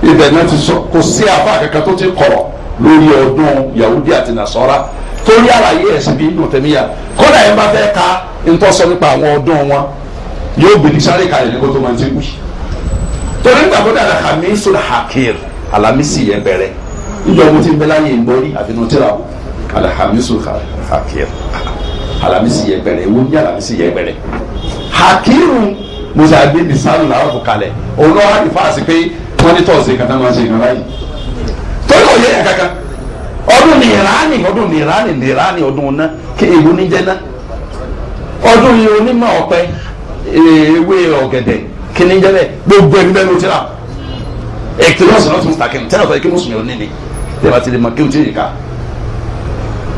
ibẹ̀ náà ti sọ kò sí àfa kankan tó ti kọ̀rọ̀ lórí ọdún yahudi àti nasọra torí àlàyé ẹ̀sìn bíi ibùn tẹmíyà kódà ẹ bá fẹ́ ka ntọ́sọ nípa àwọn ọdún wọn yóò gbèdí sáré kalẹ̀ ní kótó máa ti alamisi yẹn bẹ̀rẹ̀ ìjọba ti ń bẹ alihamisu hakir alamisi yẹpẹrẹ ewu ní alamisi yẹpẹrẹ hakiru musa gbé misalu la ọkọ kalẹ olú wa ní fáàsì pé wọn ní tọ́sí kata máa ṣe ìnáwó yìí tọ́lá òye yẹn kankan ọdún nìránì ọdún nìránì nìránì ọdún ná kí ewu ní jẹ́ ná ọdún yìí onímọ̀ ọ̀pẹ ewé ọ̀gẹ̀dẹ̀ kí ní jẹ́ bẹ́ẹ̀ gbogbo ẹni bẹ́ẹ̀ ló ti rà ètò ìwọ̀sán náà tún sàkínú tẹ́lẹ̀ ọ̀sán yìí kí mùsùlùmí ò ní ni tẹ́lẹ̀ bá ti lè kí n ti yìí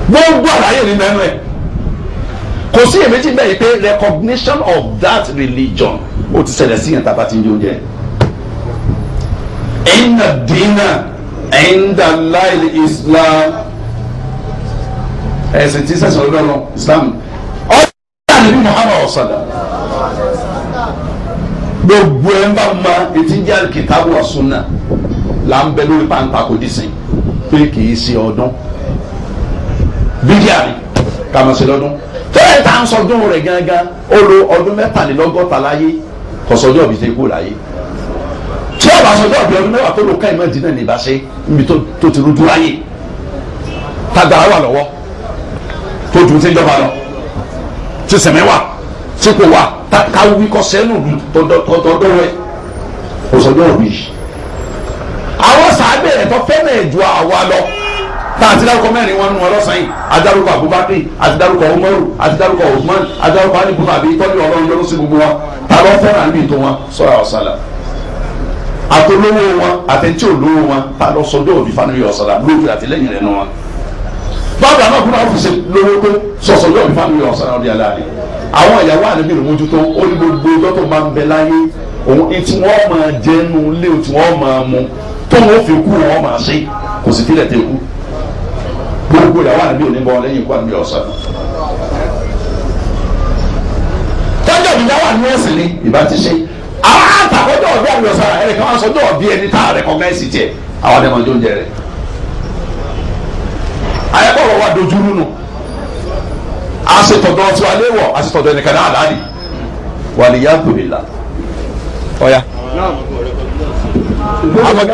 gbogbo àlàyé ní mẹ́nu ẹ̀ kò sí èméjì bẹ́ẹ̀ pé recognition of that religion ó ti ṣẹlẹ̀ sí yẹn tá a bá ti ń di oúnjẹ. inna dina inda láìlì islam ẹ̀sìn tí sẹ́sìn ọ̀dọ́ lọ islam ọ̀dọ́ àlẹ́bí muhammad ọ̀sàdà gbogbo ẹ̀ ń bá ma etí ń jẹ́ kìtàbù wa sunna là ń bẹ lórí pàǹtà kò dísìn pé kì í ṣe ọdún bíbí àmì kàmọ̀sí lọ́dún tẹ́lẹ̀ tá a ń sọdún rẹ̀ gángan ó lo ọdún mẹ́tàlélọ́gọ́ta láyé kò sọjọ́ òbí tẹ́ kú láyé tí ọba sọjọ́ òbí ọdún mẹ́wàá tó lò káyìmọ́ dínà ní ìbáṣe níbi tó ti rújú láyé tagbara wà lọ́wọ́ tó dùn tí ń jọba lọ tí sẹ̀mẹ́ wà tí kò wà káwí kọ́ sẹ́nu tọ́dọ́ rẹ̀ kò sọjọ́ òbí àwọn sàábẹ̀rẹ̀ tó fẹ́ràn ẹ̀dùn àwa lọ tá a ti dárúkọ mẹ́rin wọn nù ọlọ́sàn yìí adarúkọ Abubakar àti dárúkọ Umaru àti dárúkọ Usman àti dárúkọ Ali ibn Abi Talib ọlọ́run lọ́dún sí gbogbo wa ta ló fẹ́ràn àmì ìtò wọn sọ́ra ọ̀sálà àtolówó wọn àtẹ̀ntì olówó wọn ta ló sọdọ́ òbí fanuyé ọ̀sálà lójú àtìlẹ́yìn rẹ̀ nù wọn báwo àwọn ọkùnrin àwọn fèsì lówó tó sọ̀sọ̀ yóò fi fáwọn yóò sọ̀rọ̀ ọdí aláàlẹ́ àwọn ìyàwó àlebi rẹ̀ mójútó ó ní gbogbo ọjọ́ tó máa ń bẹ láyé òun tí wọ́n máa jẹ́ nu ilé tí wọ́n máa mu tó wọ́n fi kú wọ́n máa ṣe kò sì fi lẹ̀ tẹ́ kú gbogbo ìyàwó àná bí òní bọ́ lẹ́yìn ikú àná ọ̀sán. tọ́jọ́ ìdá wà ní ẹ̀sìn ni ìbá ti ṣe àwọn àtàkọ́jọ́ ọ̀bí àná ọ̀sán ẹ̀rẹ̀ kan wá sọ́jọ́ ọ̀bí ẹni tá a rẹ̀kọ́mẹ́sì tiẹ̀ àwọn ọ̀dẹ́mọ̀ tó ń jẹ rẹ̀. ayẹ́kọ̀ọ́ wa dojúrú nù asetọ̀dọ̀ tiwa léwọ̀ asetọ̀dọ̀ ẹnìkan náà láàdì wàlíyá kùbìlà ọ̀ya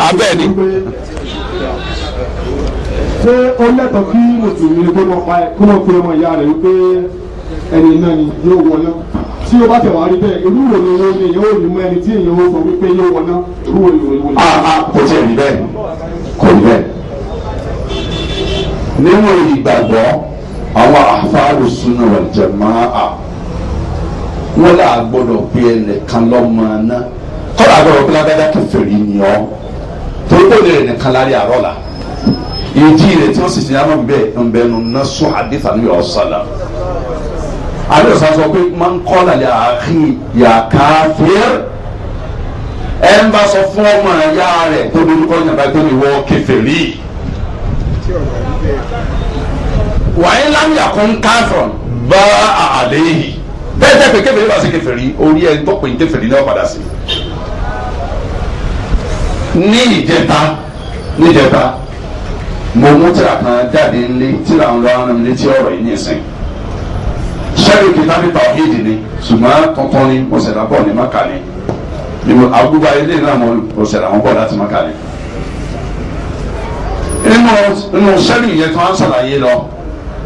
abẹ́ẹ̀ni ṣé ó lẹ́tọ̀ọ́ kí mùsùlùmí lè gbé mọ́ pa ẹ̀ kó mọ̀ pé ọmọ ìyá rẹ̀ wípé ẹni náà ni yóò wọná tí o bá tẹ̀ wá rí bẹ́ẹ̀ irú wo ni o ní èèyàn ò ní ẹni tí èèyàn ó sọ wípé yóò wọná irú wo ni o ní. a a kò tiẹ̀ rí bẹ́ẹ̀ kò rí bẹ́ẹ̀ nínú ìgbàgbọ́ àwọn àfáàrù súnà wal jamaa wọn là gbọ́dọ̀ pé ẹnìkan lọ́mọ náà kọ́lá gbọ́dọ̀ pé lágbádá kẹfẹ́ rí ni ọ́ torí kò lè rìn nìkan lárí àárọ̀ la ìdí rẹ̀ tí ó sì ti yàmọ̀ bẹ́ẹ̀ ń bẹ́ẹ̀ nù ná sọ àdìsá ní ọ̀sálà àdìsá sọ pé máa ń kọ́ lálẹ́ àákì yàká fìr ẹ̀ ń bá sọ fún ọmọ ẹ̀yà rẹ̀ tó lórúkọ yàrá tó ní wọ́ kèfèrí wàyí lámìyà kún káfọ̀n bá àléyìí bẹ́ẹ̀ tẹ́ pé kèfèrí bá sí kèfèrí orí ẹ̀ ń tọ́pẹ̀ ní kèfèrí náà padà sí ní ìjẹta ní ìjẹta mo mú tíra kan jáde nílé tíra ń lọ ara mi létí ọ̀rọ̀ yìí nísìn sẹ́yìn kìtàbí tawhid ni ṣùgbọ́n tuntun ni mo ṣẹ̀dá bọ̀ ní maka ni àbúgbà ilé náà mo ṣẹ̀dá wọn bọ̀ láti maka ni. nínú nínú sẹ́yìn yẹn tí wọ́n á ṣàlàyé lọ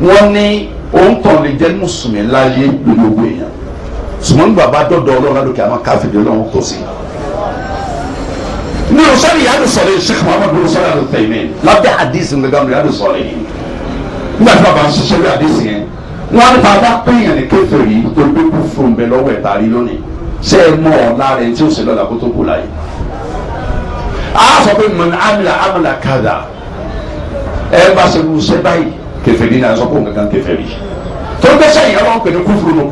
wọ́n ní òǹtọ̀ lè jẹ́ mùsùlùmí láyé gbogbo èèyàn ṣùgbọ́n bàbá dọ̀dọ̀ ọlọ́run lókè àwọn káfíńdé ọlọ́run tó sí ní o sọ ìyá àdùsọ̀rọ̀ yìí sèkè muhammadu bin sọ̀rọ̀ àdùsọ̀rọ̀ lábẹ́ àdìsí nìkan ní àdùsọ̀rọ̀ yìí nígbà tí bàbá ń ṣiṣẹ́ lórí àdìsí yẹn wọn á ní bàbá péyàn ní kéfè yìí tó gbé kú fún bẹ lọ́wọ́ ẹ̀ parí lónìí ṣé ẹ mọ̀ ọ́ lára ẹni tí ó ṣe lọ́la kó tó kú láyé. a sọ pé mọ̀nà amìlà amìlà kàdà ẹ bá ṣe wù ṣe báyìí kéfè ní náà sọ pé òun kankan kéfè rí tó gbẹ́sẹ̀ ìyá wọn pè ní kúfùrù nù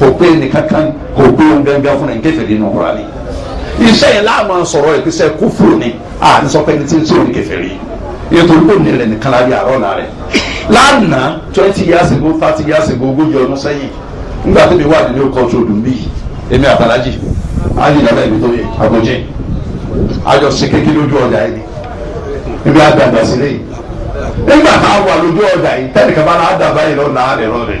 kò pé nìkankan kò pé òun gangan fún ẹ̀ kéfè rí nù iṣẹ́ yẹn láàmú sọ̀rọ̀ ẹ̀ ni a ní sọ pé ní tí ń ṣe òní kẹfẹ́ rí ètò ìbò ní rẹ̀ nìkan lábẹ́ àárọ̀ náà rẹ̀ lánàá twenty years ago thirty years ago ogójì ọdún sẹ́yìn nígbà tó mi wà nínú kọ́ńtò olùmí èmi àbálájì ayélujára ibi tó yẹ àgọ́jì àjọ ṣe kékeré lójú ọjà yìí ibi àgbàgbà nígbà tá a wà lójú ọjà yìí tẹ́lẹ̀ kaba yìí lọ́nà àárẹ̀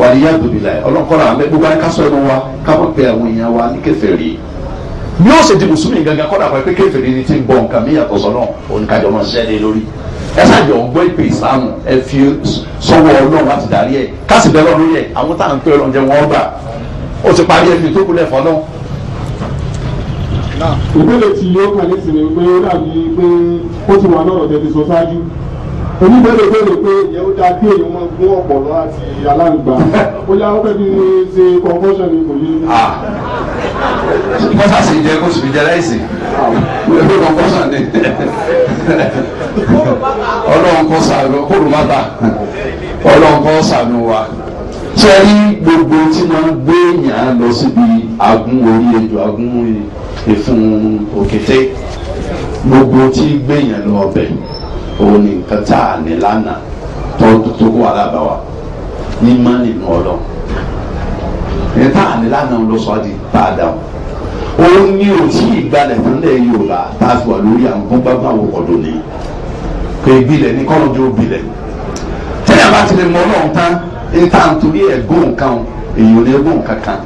wàlíyá dùbìlà ọlọ́kọ́ra àmẹ́ gbogbo ayé kásọ̀ ẹnu wa kámọ́ pé àwọn èèyàn wa ní kèfèrí bí ó ṣe di mùsùlùmí gangan kọ́dà pé pé kèfèrí ni ti ń bọ̀ nǹkan mí yàtọ̀ sọ́nà oníkàjọ́ máa ṣẹ́ lé lórí ẹ ṣàjọ ọgbọ́n ìpè ìsìlámù ẹ fi sọ́wọ́ ọlọ́run láti darí ẹ káàsì bẹ́ẹ̀ lọ́rùn yẹ àwọn táwọn pé ọlọ́run jẹ wọ́n gbà ó ti parí ẹbí tó kú lẹ́fọ́ náà ìbéèrè tí yóò kàn lẹ́sìn rẹ̀ pé ó dàbí pé ó ti wà lọ́rọ̀ tẹ́tí sọ ṣáájú oníbẹ̀rẹ̀ bẹ̀rẹ̀ pé ìyẹn ó dáa kí èèyàn máa gún ọ̀pọ̀lọ́ àti aláǹgbá ó yá ó fẹ́ẹ́ ṣe confusion ni kò yé. bọ́sà ah. sì jẹ kó sì jẹ láìsí ẹgbẹ́ confusion ni ọlọ́run kọ́ sàánú kóòrò má bà ọlọ́run kọ́ sàánú wa sẹ́rí gbogbo tí wọ́n gbé èèyàn lọ síbi agún orí ejò agún ìfún òkété gbogbo tí gbé èèyàn lọ ọbẹ̀ òun ni nǹkan tá a ní lánàá tó kó wà ní má ní tá a ní lánàá ló sọ di bá òun ni ò tí ì gbalẹ̀ fún ilẹ̀ Yorùbá tá a fi wà lórí àwọn gbọ́ngbàgbà wò kọ́dọ̀ ni pé ìbílẹ̀ ní kọ́lọ́dún ó bilẹ̀ tẹ́lẹ̀ bá ti lè mọ ọlọ́run tán ní tá à ń torí ẹ̀ gbóhùn kan èyí ò ní gbóhùn kankan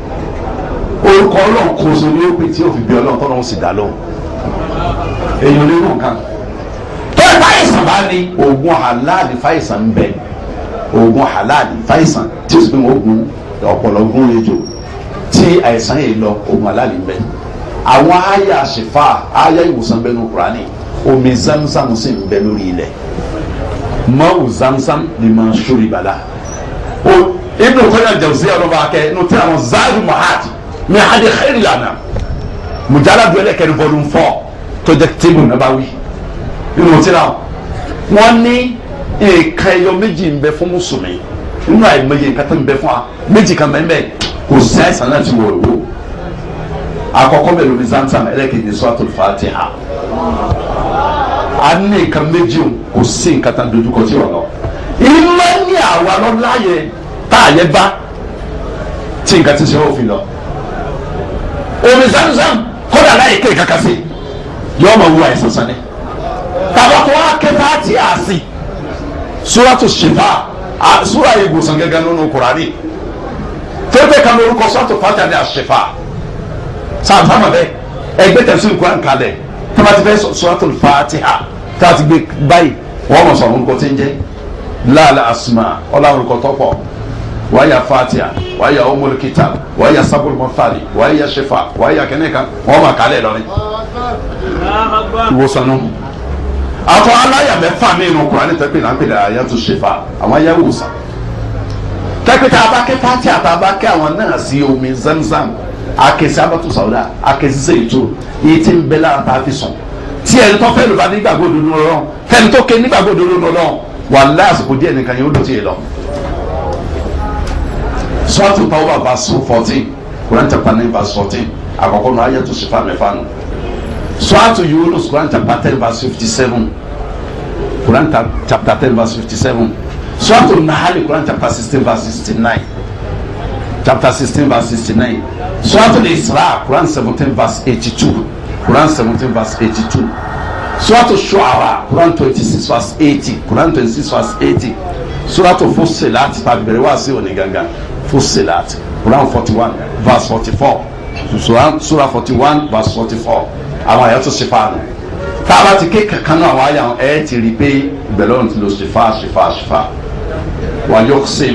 orúkọ ọlọ́run kò so ní ó pè tí ò bí ọlọ́run tọ́lọ́run sì dá lóhùn èyí ní gbóhùn kankan bàbá ni oògùn halali fàìsàn ń bẹ oògùn halali faisan. tí o sì pé oògùn ọpọlọ oògùn ejò tí àìsàn yìí lọ oògùn halali ń bẹ àwọn àyà àṣìfà àyà ìwòsàn bẹ nù Kúránì omi zamzam sì ń bẹ lórí ilẹ̀ mọ́wù zamzam ni mà ń sórí bala o ibnu kọ́nyà jẹ̀wùsí ọlọ́ba akẹ́ nù tí àwọn zaadu mahad mi hadi xeyri lana mujala duwẹ́lẹ̀ kẹ́rin volume four tó jẹ́ tébù nàbáwí nínú tí náà wọ́n ní nǹkan ẹyọ méjì ń bẹ fún mùsùlùmí nínú àìmọye nǹkan tó ń bẹ fún wa méjì kan bẹ́ẹ̀ bẹ́ẹ̀ kò sí àìsàn náà ti wọ̀ ọ́ àkọ́kọ́ bẹ́ẹ̀ lómi zamzam ẹlẹ́kẹ̀ẹ́ ní suratul Fatiha a ní nǹkan méjì kò sí nǹkan tó ń dojúkọ tí ò ìmọ̀ ní àwa lọ láàyè tá a yẹ bá tí nǹkan ti ṣe òfin lọ omi zamzam kódà láyè kéèkà kásì yọọ ma wú àìsàn sani tàbá tó wá ké fàtí àsì suratu shifa sura ìwòsàn gẹ́gẹ́ nínú kurani tẹ́tẹ́ kan lórúkọ suratu fàtí àti àṣìfà sàǹfàmà bẹ́ẹ̀ ẹgbẹ́ tẹ̀sí kuran kalẹ̀ tẹ́lá ti fẹ́ suratu fàtí à tẹ́lá ti gbé báyìí wọ́n mọ̀ sọ̀rọ̀ nǹkan tí ń jẹ́ láàlà àsùnmà ọ̀làwọ̀n nǹkan tọ́pọ̀ wàyà fatiha wàyà ọmọlùkìtà wàyà sábùlùmọ́fàlì wàyà ṣẹfà wàyà kẹ́nẹ́kan wọ́n mọ̀ kalẹ̀ lọ́rin ìwòsàn náà àwọn aláyà mẹ́fà nínú kùránì tẹ́pẹ́ náà ń pèlè àyà tó ṣe fa àwọn ayé wòsàn tẹ́pẹ́ tá a bá ké pátí àtà bá ké àwọn náà sí omi zamzam akẹ́sí abatu sawuda akẹ́sí sèyító iye tí ń bẹ lára tá a fi sùn tí ẹni tó fẹ́ẹ́ lò bá nígbàgbọ́ òdodo lọ́rọ́ fẹ́ni tó ké nígbàgbọ́ òdodo lọ́rọ́ wà láàsìkò díẹ̀ nìkan yẹn ó dòtí yẹn lọ. sọ́ọ̀tù tàwọn bàbá sùn fourteen kùránì tẹ́pẹ́ náà bá sùn fourteen àkọ́kọ́ náà ayé tó ṣe fa Suratu Yunus Quran chapter ten verse fifty seven Quran chapter ten verse fifty seven Suratu Nahali Quran chapter sixteen verse sixty nine chapter sixteen verse sixty nine Suratu Isra Quran seventeen verse eighty two Quran seventeen verse eighty two Suratu Shuara Quran twenty six verse eighty Quran twenty six verse eighty Suratu Fussilat tàbẹ̀rẹ̀ wá sí òní gangan Fussilat Quran forty one verse forty four Surah forty one verse forty four àwọn àyà tó ṣèfà nù tá a bá ti ké kankan náà àwọn àyà wọn ẹ ti rí i pé gbẹlọ́run ti lo ṣèfà ṣèfà ṣèfà wà yóò ṣe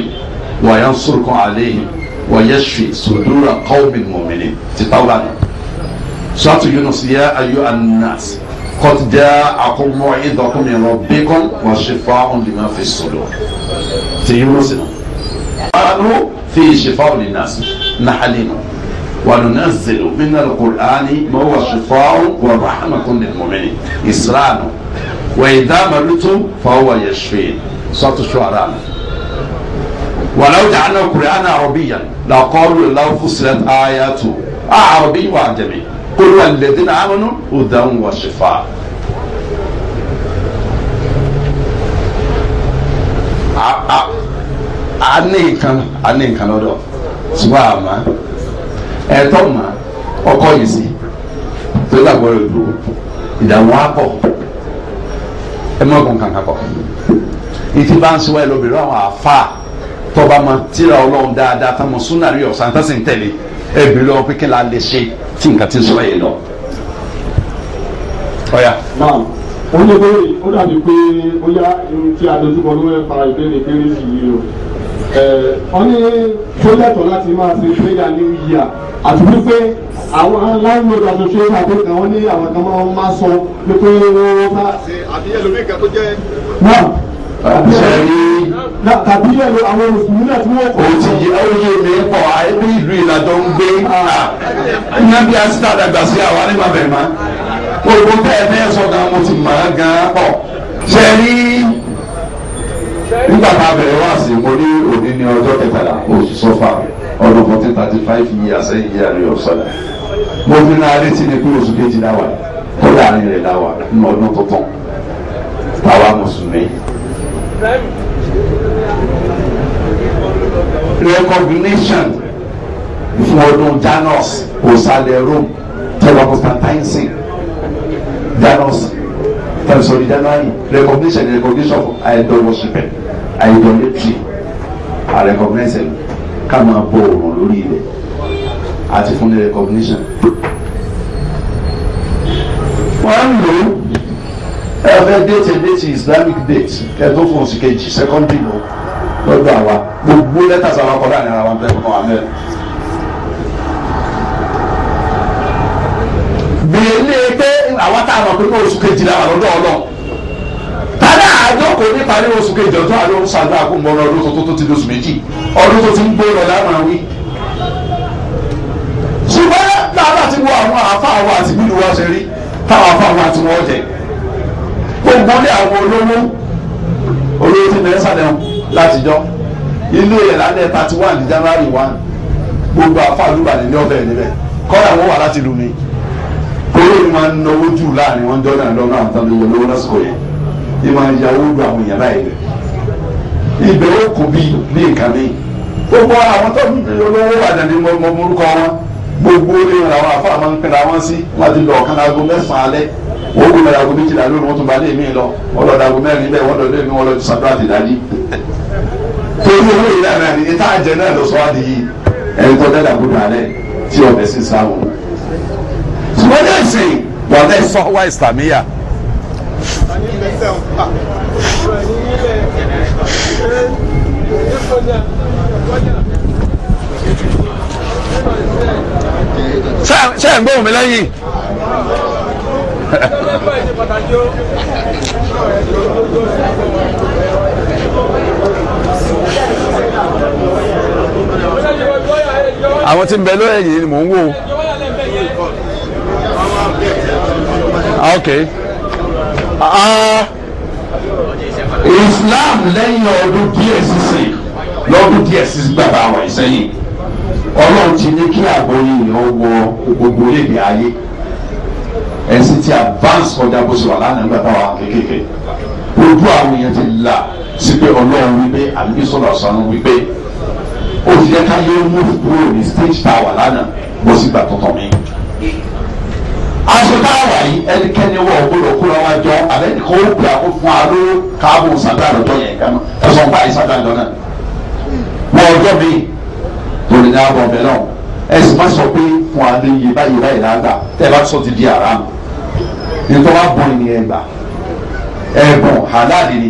wà yà ń sọ̀rọ̀ kan àléhìn wà yẹ ṣe sòdúrà kọ́ọ̀mì mọ̀mìnì ti táwọn àná sọ́tù Yunus yẹ ayọ́ anas kọ́tù jẹ́ ìdọ́kùnmí rọ bíkọ́n wà ṣèfà ọ̀nlìmọ́ fi sọ̀rọ̀ ti Yunus náà. fi ṣèfà ọ̀nlìmọ́ nàá وننزل من القرآن ما هو شفاء ورحمة للمؤمنين إسلام وإذا مرضتم فهو يشفين صوت الشعراء ولو جعلنا القرآن عربيا لقالوا لو فصلت آياته أعربي وعجمي قل الذين آمنوا هدى وشفاء a ní nǹkan a ní nǹkan lọ́dọ̀ ṣùgbọ́n àmọ́ ẹ̀tọ́ mà ọkọ yìí sí tó gbàgbọ́ rẹ̀ dúró ìdààmú akọ ẹ mọ̀ ọkùnrin kankan kọ ìtì bá ń sọ ẹ lóbìnrin àwọn àfa tọba ma tíra ọlọ́run dáadáa tá mo sún náà rí ọ̀sán tá sì ń tẹ̀lé ẹ bìrì lọ pé kí la lè ṣe tí nǹkan ti sọ yìí lọ. ọ̀ya. náà ó ní pé ó dàbí pé ó yá irun tí a dojúkọ ló ń fa ìbéèrè kérésì yìí o wọ́n ní sójẹ́tọ̀ láti máa ṣe prayer new year àti wípé àwọn landlord association àtẹ̀kàn wọ́n ní àwọn kan máa ń máa sọ pé wọ́n bá. àbí ẹlòmíì kan tó jẹ́. náà àbí ẹlòmíì tàbí ẹ̀rọ àwọn mùsùlùmí náà tí wọ́n kọ́. o ti yẹ o yé mi pọ̀ àìpé ìlú ìlàjọ ń gbé ah. ah. nàbí asítà dàgbà sí àwa ní bàbá ẹ̀ má. gbogbo bẹ́ẹ̀ bẹ́ẹ̀ sọ gan mo ti mọ̀ ọ́ gan pọ̀. sẹ́yìn nígbà tá a bẹ̀rẹ̀ wá sí mo ní òní ní ọjọ́ kẹtàlá oṣù sọ́fà ọdún fourteen thirty five years ẹ̀yìn yíyá rí ọ̀sọ́lá mo fi náà létí ni pé oṣù kejì láwà kódà ní rẹ̀ láwà ní ọdún tuntun táwa mùsùlùmí. recognition fún ọdún Janus òsàlẹ̀ Rome tẹ̀wá Constantine Janus tẹ̀sán ìdáná yìí recognition recognition for idol worshiping àìdọ̀lẹ́tì àrẹ̀kọ̀gẹ́sẹ̀ ká máa bọ òòrùn lórí ilẹ̀ àti fún ní recognition. wọ́n ń lò ó ẹ̀fẹ́ déètì déètì islamic date kẹ́tọ́ fún oṣù kejì secondary lọ lọ́dọ̀ àwa gbogbo lẹ́tà sábà kọ́ láàrin ara wa bẹ́ẹ̀ kọ́ wa mẹ́rin. bèèlè pé àwa tá a mọ̀ pé oṣù kejìlá wà lọ́dọ̀ ọlọ́run àjọkò níparí oṣù kejì ọjọ́ àlọ́ ń ṣàdúrà kó mọ́ ọdún tuntun tó ti di oṣù méjì ọdún tó ti ń gbé lọ wí. ṣùgbọ́n láàbà ti wo àwọn àáfàá wa àti bílù wa ṣe rí táwọn àáfàá wa ti wọ́n jẹ. gbogbo ní àwọn olówó olówó ti mẹ́rin sàdẹ̀hùn látijọ́ ilé ẹ̀ lálẹ́ thirty one ní January one gbogbo àáfàá olúbalẹ̀ ní ọ̀fẹ́ níbẹ̀ kọ́dà wọ́n wà láti lù mí. olóyún máa ń náwó jù láàrin wọn jọ́dá lọ́nà àtàlẹ́yẹ lọ́wọ́ lásìkò yẹn yìí máa ya owó lu àwọn èèyàn báyìí ibẹ̀ ó kù bí ní nǹkan mi gbogbo àwọn tó ń lówó àdàní mọ̀mọ́rúkọ wọn gbogbo ìrìn àwọn afọ àwọn pẹ̀lú àwọn sí wọn ti lọ ọ̀kan láago mẹ́sàn-án alẹ́ wọ́n gbé lọ́dọ̀ àgọ́ méjìlá lónìí wọ́n tún bá lé mi lọ wọ́n lọ́dọ̀ àgọ́ mẹ́rin bẹ́ẹ̀ wọ́n lọ́dọ̀ lé mi wọ́n lọ́dọ̀ sàdúrà ti dájú. torí owó yìí náà náà nìyí tá a jẹ náà lọ sọ wá di yìí ẹni tó dẹ́dà kú dàlẹ́ tí ọ̀bẹ sí sáwọn. ṣùgbọ́n ní ẹ̀sìn wà lẹ́sọ̀ wá ìsàmìyà ṣe ń gbóhùn mi lẹ́yìn. àwọn tí ń bẹ lóyè yìí ni mò ń wò. Ah, ok. Ah, Islam lẹ́yìn ọdún díẹ̀ sísìn lọ́dún díẹ̀ sísìn bàbá wọn ìsẹ́yìn ọlọ́run ti ní kí àgbọ̀yìn ìran wọ gbogbo lédè ayé ẹ̀sìn ti advance kọjá bó ṣe wà lánàá nígbà táwa kékeré ojú àwọn èèyàn ti là sí pé ọlọ́run wípé àbíbí sọ̀rọ̀ sọ̀rọ̀ wípé ó ti yẹ ká yẹ mú kúrò ní stage tá a wà lánàá bó sì gbà tuntun mi aṣọ táwa yìí ẹnikẹ́ni wọ̀ gbọ́dọ̀ kó lọ́wọ́ jọ àbẹ́ni kò ó pè àkó fún wa ló káàbù sàdá àlọ́jọ́ yẹn kàn ẹ̀sọ́ ń bá yìí sàdá àlọ́jọ́ náà wọ ọjọ́ mi lórí náà bọ̀ bẹ́ẹ̀ náà ẹ̀sìn má sọ pé fún wa ní yé báyìí báyìí náà gbà tẹ́ ẹ bá sọ ti di àrà mi nítorí wọ́n bọ̀ ní ẹgbà ẹ̀bùn halali ni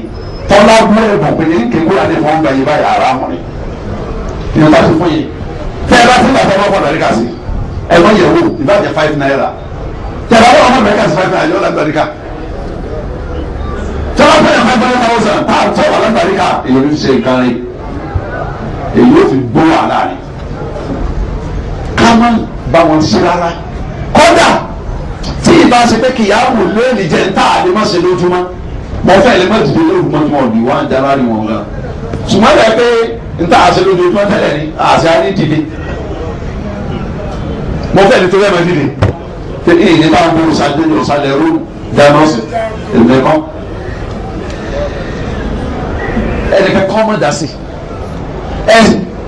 tọ́lá gbọ́ ẹ̀bùn pé ní kékeré àti fún gbà yé báyìí àrà mọ̀ ni ìyọ̀ta ti fún yìí tẹ́ ẹ bá sí bàtà ọmọ fọ̀dà rí kà sí ẹ̀gbọ́n yẹ̀ wò ìbàjẹ́ five naira tẹ̀lé àwọn ọmọ mẹ́ka sí five naira yọ lágbàdìkà tẹ̀lé àwọn ọmọ mẹ́ka five thousand tá a tọ́ wà lágbàdìkà èyí ń ṣe nǹkan rẹ̀ èyí ó fi gbó wàhálà rẹ̀ ká má bá wọn sí rárá kódà tí ìbá ṣe pé kìyàwó lónìí jẹ́ ń tà àlè má ṣe lójúmọ́ mọ fẹ́ lè má dìde lójúmọ́ tí wọ́n bí wọ́n á dára rí wọn gan ṣùgbọ́n lẹ́ pé ń tà àṣẹ lójúmọ́ tẹ́lẹ̀ ni àṣẹ á ní dìde mọ fẹ́ lè tó lẹ́ẹ̀ má dìde pé èyí ní bá ń gbé òsàlẹ̀ òsàlẹ̀ rúù dáná sí èmi kọ́ ẹnìkan kọ́ mọ̀ dá sí ẹ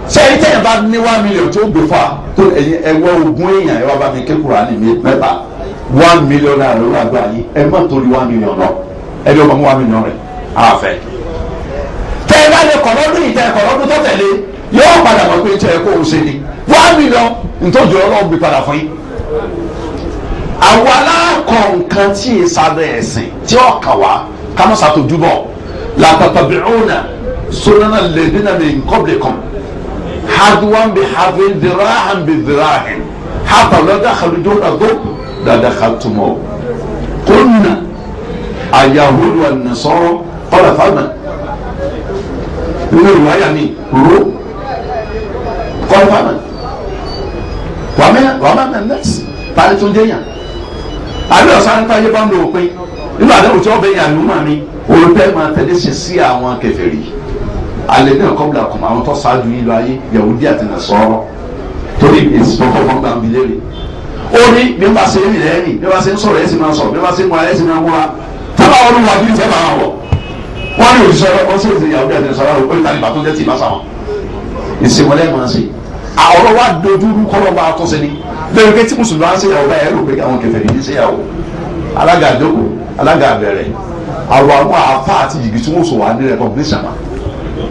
sẹ́yìn tẹ̀yìn bá ní one million tó gbé fún wa tó ẹ̀yin ẹ̀wọ́ ogún èèyàn ẹ̀ wá bá mi ké Kùránì mi mẹ́ta one million naira ló wà gbà yín ẹ̀ mọ̀ torí one million lọ ẹ̀ ló mọ̀ mú one million rẹ̀ àfẹ́ tẹ̀yìn bá lè kọ̀ lọ́dún ìtẹ̀ kọ̀ lọ́dún tó tẹ̀lé yóò padà mọ̀ pé tẹ̀ kó o ṣe ni one million ntọ́jú ọlọ́run gbé padà fún yín àwa aláàkọ nǹkan tí ì sábẹ́ ẹ̀sìn tí ó kà wá kámọ́ sàtòjú bọ̀ làtàtàbíọ́nà sunana lẹ́dínà mi nkọ́bìlì kan haduwan bi hadin dirahan bi dirahin hata lọ́dà kàlùjọ́ dàgbò dàdà kàtúmọ̀ kónà ayahudu wa nasọ́rọ́ kọ́lá fáwọn nínú ìwáyà mi ro kọ́lá fáwọn wàmẹ́ wàmẹ́ mẹ́lẹ́sì tàbí ń jẹ́yàn àbí ọ̀sán táyé bá ń lo òpin nígbà tó tí wọ́n bẹ yàn lùmọ̀ mi òun fẹ́ máa tẹ̀lé ṣe sí àwọn kèfèrí alẹ́ náà kọ́bùlà kùmọ̀ àwọn tó ṣáájú yìí lọ ayé Yahudi àti Nasara torí èsì tó kọ́ fọ́ngbà mi lérè ó ní bí wọ́n bá ṣe ń rẹ̀ ẹ̀yìn bí wọ́n bá ṣe ń sọ̀rọ̀ ẹ̀sìn máa sọ̀rọ̀ bí wọ́n bá ṣe ń múra ẹ̀sìn máa múra tábà wọn lù wá bí ìfẹ́ máa wọ̀ wọ́n ní òṣìṣẹ́ ọ àwọn wa dojú kọ́lọ́ máa tọ́ sẹ́ni bẹ́ẹ̀ kí tí mùsùlùmí á ń ṣèyàwó báyìí ẹ̀rù pé àwọn kẹfẹ́ nìyí ṣèyàwó alága àjókòó alága àbẹ̀rẹ̀ àwọn àwọn àfa àti yìgì tí wọ́n sọ wà ní recognition ma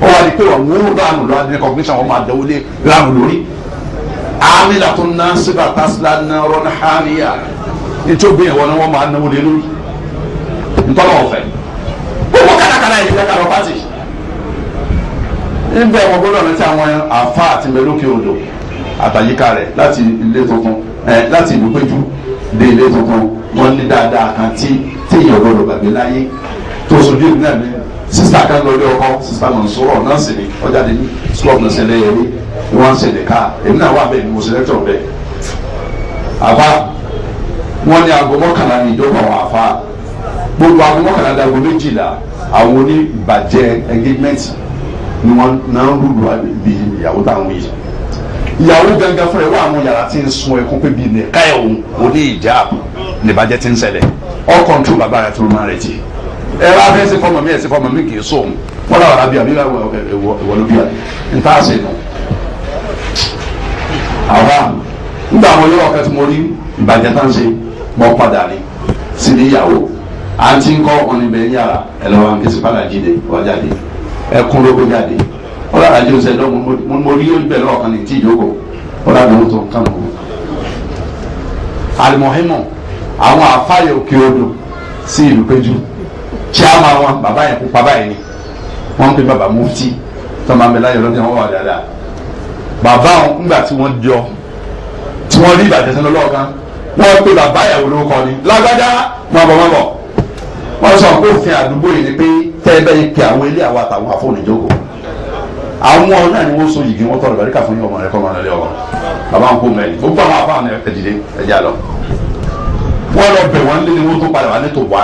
wọ́n wá di pé wọ́n ń ránù lọ́wọ́ ní recognition wọ́n máa dẹ́wọ́lé ránù lórí amílà tó ná síbà tásílà ná rọ́nà hàmíyà ètò ìgbìyànjú wọn ni wọ́n máa náwó níbẹ̀ wọn gbọ́dọ̀ rántí àwọn àfa àti mẹ́lókè odò àtàyíká rẹ̀ láti ilé tuntun láti ìlú péjú dé ilé tuntun wọn ní dáadáa kan tí téèyàn gbọ́dọ̀ gbàgbé láyé tó sojú ìlú náà ní sísá kan lọ ilé ọkọ sísá náà sọ̀rọ̀ náà sì ni ọjà dé ní school of nursing lẹ́yẹ rí wọn sì ní ká èmi náà wà bẹ́ẹ̀ ni mo sẹlẹtọ bẹ́ẹ̀ àfa wọn ní aago mọ́kànlá ní ìjọba àwọn àfa gbogbo aago mọ́kànlá dàgbò méjìlá àwọn oníbàjẹ́ engagement ni wọ́n náà rúdu bí ìyàwó táwọn yìí ìyàwó gangan ẹ wà àwọn yàrá tí ń sun ẹkún pé bíi nìka ẹ òun òní ìjáàbù nìbàjẹ́ ti ń ṣẹlẹ̀ all control bàbá rẹ tó máa rẹ jì ẹ bá fẹ́ fọmọ mi ẹ fọmọ mi kì í àbí ló bí wa n tá ṣe nù. àwa nígbà àwọn yóò ọkẹ tí mo rí ìbàjẹ́ tá ń ṣe padà sí ní ẹkún ló kó jáde ó lára jẹ́ oṣù ẹ̀dọ́ mo rí oúnjẹ lọ́ọ̀kan ní tí ìjókòó ó lára ohun tó ń kàn mọ́. alimọ̀hímọ̀ àwọn àfáyọ̀ òkè odò sí ìlú péjú chairman wọn bàbá yẹn kú bàbá yẹn ni wọ́n ń pè bàbá mufti tó máa ń bẹ láyọ̀ lọ́dẹ̀ wọn wà dáadáa bàbá wọn ńgbà tí wọ́n jọ tí wọ́n rí ìbàjẹ́ sẹ́nu lọ́ọ̀kan wọ́n pe bàbá yẹn olórúkọ ni lágbájá mọ̀ bọ̀ mọ̀ bọ̀ wọ́n sọ pé òfin àdúgbò yìí ni pé tẹ́ẹ̀bẹ́ yìí pé àwọn ilé àwọn àtàwọn àfọ̀nìjókò àwọn náà ni wọ́n so yìgì wọ́n tọrọ ìbàríkà fún yín ọmọ rẹ̀ kọ́ ọmọ rẹ̀ lé ọmọ bàbá ń kó mẹ́rin gbogbo àwọn afáàmì ẹ̀dìdẹ ẹ̀dí àlọ́ wọ́n lọ bẹ̀ wọ́n lé ní wọ́n tó padà wà ní tó wà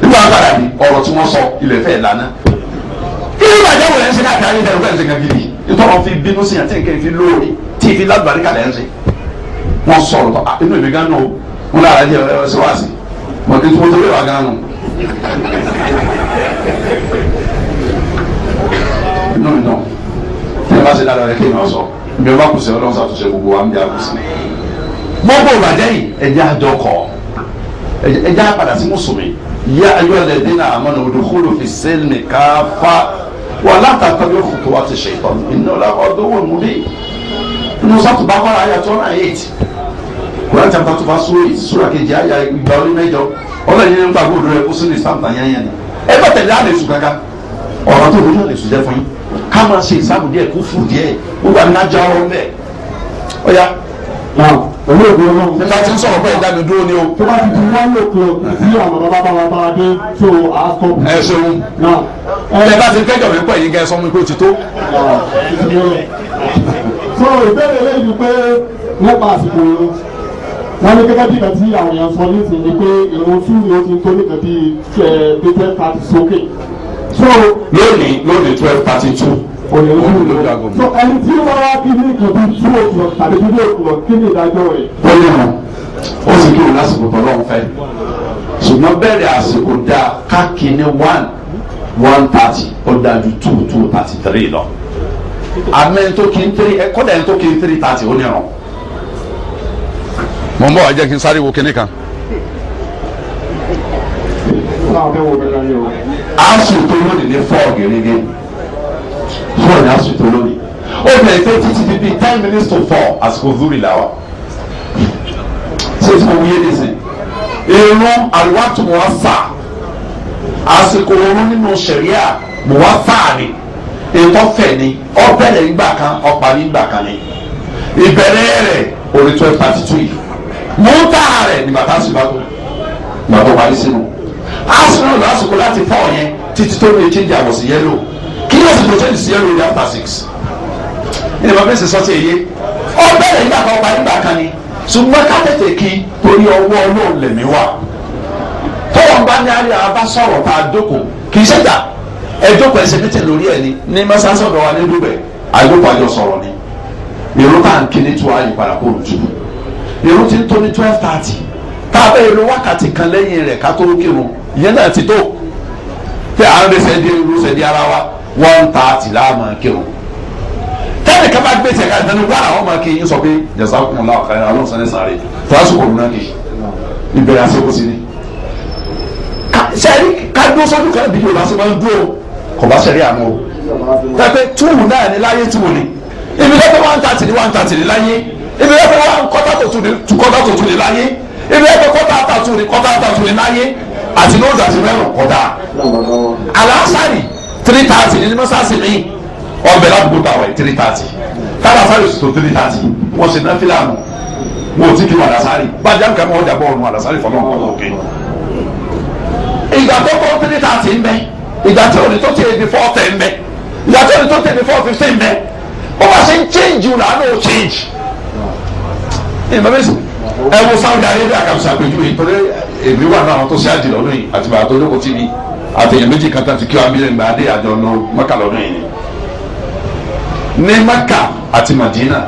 nígbà wọn padà ní ọ̀rọ̀ tí wọ́n sọ ilẹ̀ fẹ́ lánàá kí ló bàjẹ́ wò lẹ́sìn káàkiri ayé inú mi dùn bí ẹ bá ṣe dáadáa rẹ kí èèyàn sọ bí ẹ bá kù sí ọlọ́run ṣàtúnṣe gbogbo wa ń bí àkùsí. gbogbo ìbàjẹ́ yìí ẹ̀jẹ̀ àjọkọ̀ ẹ̀jẹ̀ àpàdà sí mùsùlùmí yá ayọ́ ẹ̀ dínà àmọ́nà òdòkúrò fi sẹ́ẹ̀lì káfá wà látàkọ́ yóò fòkè wá ti ṣe ìtọ́nu ìnáwó ọdún wò mú mi nínú sọ́tù bá kọ́ra ayà tó náà eight kúrẹ́ntì àtàtúfà sórí sórí àkejì ayà ìgbà orí mẹ́jọ ọlọ́run yẹn ń gbàgbọ́ òdòdó rẹ kó sínú ìsáàmù tán yányán ẹ bá tẹ̀lé àlèsù kankan ọ̀rọ̀ tó lójú àlèsù jẹ́ fún yín ká máa ṣe ìsáàmù díẹ̀ kó fún díẹ̀ gbogbo ànájà ọ̀rọ̀ mẹ́ ọ̀ya. Olú òbí ọmọ mi. Nígbà tí ń sọ̀rọ̀ bẹ́ẹ̀ dábì dúró ni o. Tó bá ti di wọ́n lò pé bí àwọn bàbá dé tó a sọ. Ẹ ṣeun. Ẹ bá ti kẹ́jọ̀ mi pẹ̀ yín gẹ́ sọ́mu pé ti tó. So ìbéèrè lẹ́yìn pé nípa àsìkò wọ́n ní gẹ́gẹ́ bí ìgbà tí àwọn èèyàn sọ nísìn ni pé ìrun tún ni ti tó nìkan bí twelve thirty sókè. so lónìí lónìí twelve thirty two òyìnbó ló dàgbò. so ẹni tí wọ́n wá kí ní ìkànnì tí ó lọ tàbí bí ó lọ kí ní ìdájọ́ rẹ̀. ó lè mọ ó sì kí o lásìkò tó lọ́n fẹ́ ṣùgbọ́n bẹ̀rẹ̀ àsìkò dáa kákínní one one thirty ó dájú two two thirty three lọ. àmẹ́ńtókì three ẹ̀kọ́dà ẹ̀ńtókì three thirty ó ní ọ̀rọ̀ mọ̀ n bọ̀ wá jẹ́ kí n sáré wo kinní kan. a lónìí ní fọ́ọ̀ gèrègè fọ́ọ̀ ni a lónìí ó bẹ̀rẹ̀ pé títí bíbí ten minutes to four àsìkò zúrì làwà ṣé ìsìnkú wúyé nísìn irun àríwá tó wọ́n sà àsìkò oorun nínú sẹ̀ríà wọ́n sà ni ètò fẹ̀ ni ọbẹ̀rẹ̀ nígbà kan ọ̀pá nígbà kan ni ìbẹ̀rẹ̀ rẹ̀ orí twelve thirty two yìí múta rẹ̀ ní bàtà sí bàtò bàtò parí sínú arsenal lásìkò láti fọ́ yẹn títí tó lè change àwọ̀ sí yẹ́lò kí ló sì tó change sí yẹ́lò ní after six ní bàbá èsì sọ́tì èyí ọ bẹ̀rẹ̀ nígbà kan parí nígbà kan ni ṣùgbọ́n ká tètè kí torí ọwọ́ Ọlọ́run lẹ̀mí wà tọ́wọ́ ń bá ní àárẹ̀ abá sọ̀rọ̀ tá a dóko kì í ṣèjà ẹjọ́ pẹ̀sẹ̀ mi tẹ̀ lórí ẹ̀ ni ní mọ́sásọ̀dọ̀ wa ní dùbẹ̀ àjọpọ̀ àjọ sọ̀rọ̀ ni èrò ń kí ní tiwa padà kó lùtùbù irun ti ń tó ní twelve thirty tá a bẹ́ẹ̀ irun wákàtí kan lẹ́yìn rẹ̀ ká tó kírun ìyẹn náà ti tó tẹ à ń rẹsẹ̀ di irun rẹsẹ̀ di ara wa one thirty láàmú kírun tẹ́lẹ̀ ká bá gbé tẹ̀ ká dẹnu wá àwọn ọmọ kìí sọ pé jazakumullahu khairan alonso sani sáré tàásùkò lónà kìí ìbẹ̀rẹ̀ àṣekù sí ni sẹ́ẹ̀rí ká dúró sọ́dún kan bí yorùbá ṣe máa ń dúró kò bá sẹ́ẹ̀rí àmọ́ o pẹpẹ túwù náà ní láyé túwù ni ibi tó tó one thirty ní one thirty ní láyé ibi yẹn kọ́ kọ́tà tó tún ní kọ́tà tó tún ní láyé ibi yẹn kọ́ kọ́tà tó tún ní kọ́tà tó tún ní láyé àti ní oṣù àti mẹ́rin kọ́tà. alásàrì three thirty ní mọ́sáàsì mi ọbẹ̀ ládùúgbò tàwọn ẹ̀ three thirty kálásàrì oṣù tó three thirty wọ́n ṣe náà fílà nù wọ́n ò tí kí wọ́n alásàrì bàjẹ́ nǹkan mọ́ ọjà bọ́ọ̀nù alásàrì fọlọ́ọ̀ ìgbà tó change information ẹ wo Saudi Arabia kà sí àpèjúwe torí èmi wà náà tó ṣe àjì lọ́dún yìí àti bàbá tó lóko tì mí àtẹ̀yìn méjì kan tàbí kí wọ́n abílẹ̀ ń gba adé àjọ lọ Mẹ́kà lọ́dún yìí ní Mẹ́kà àti Madina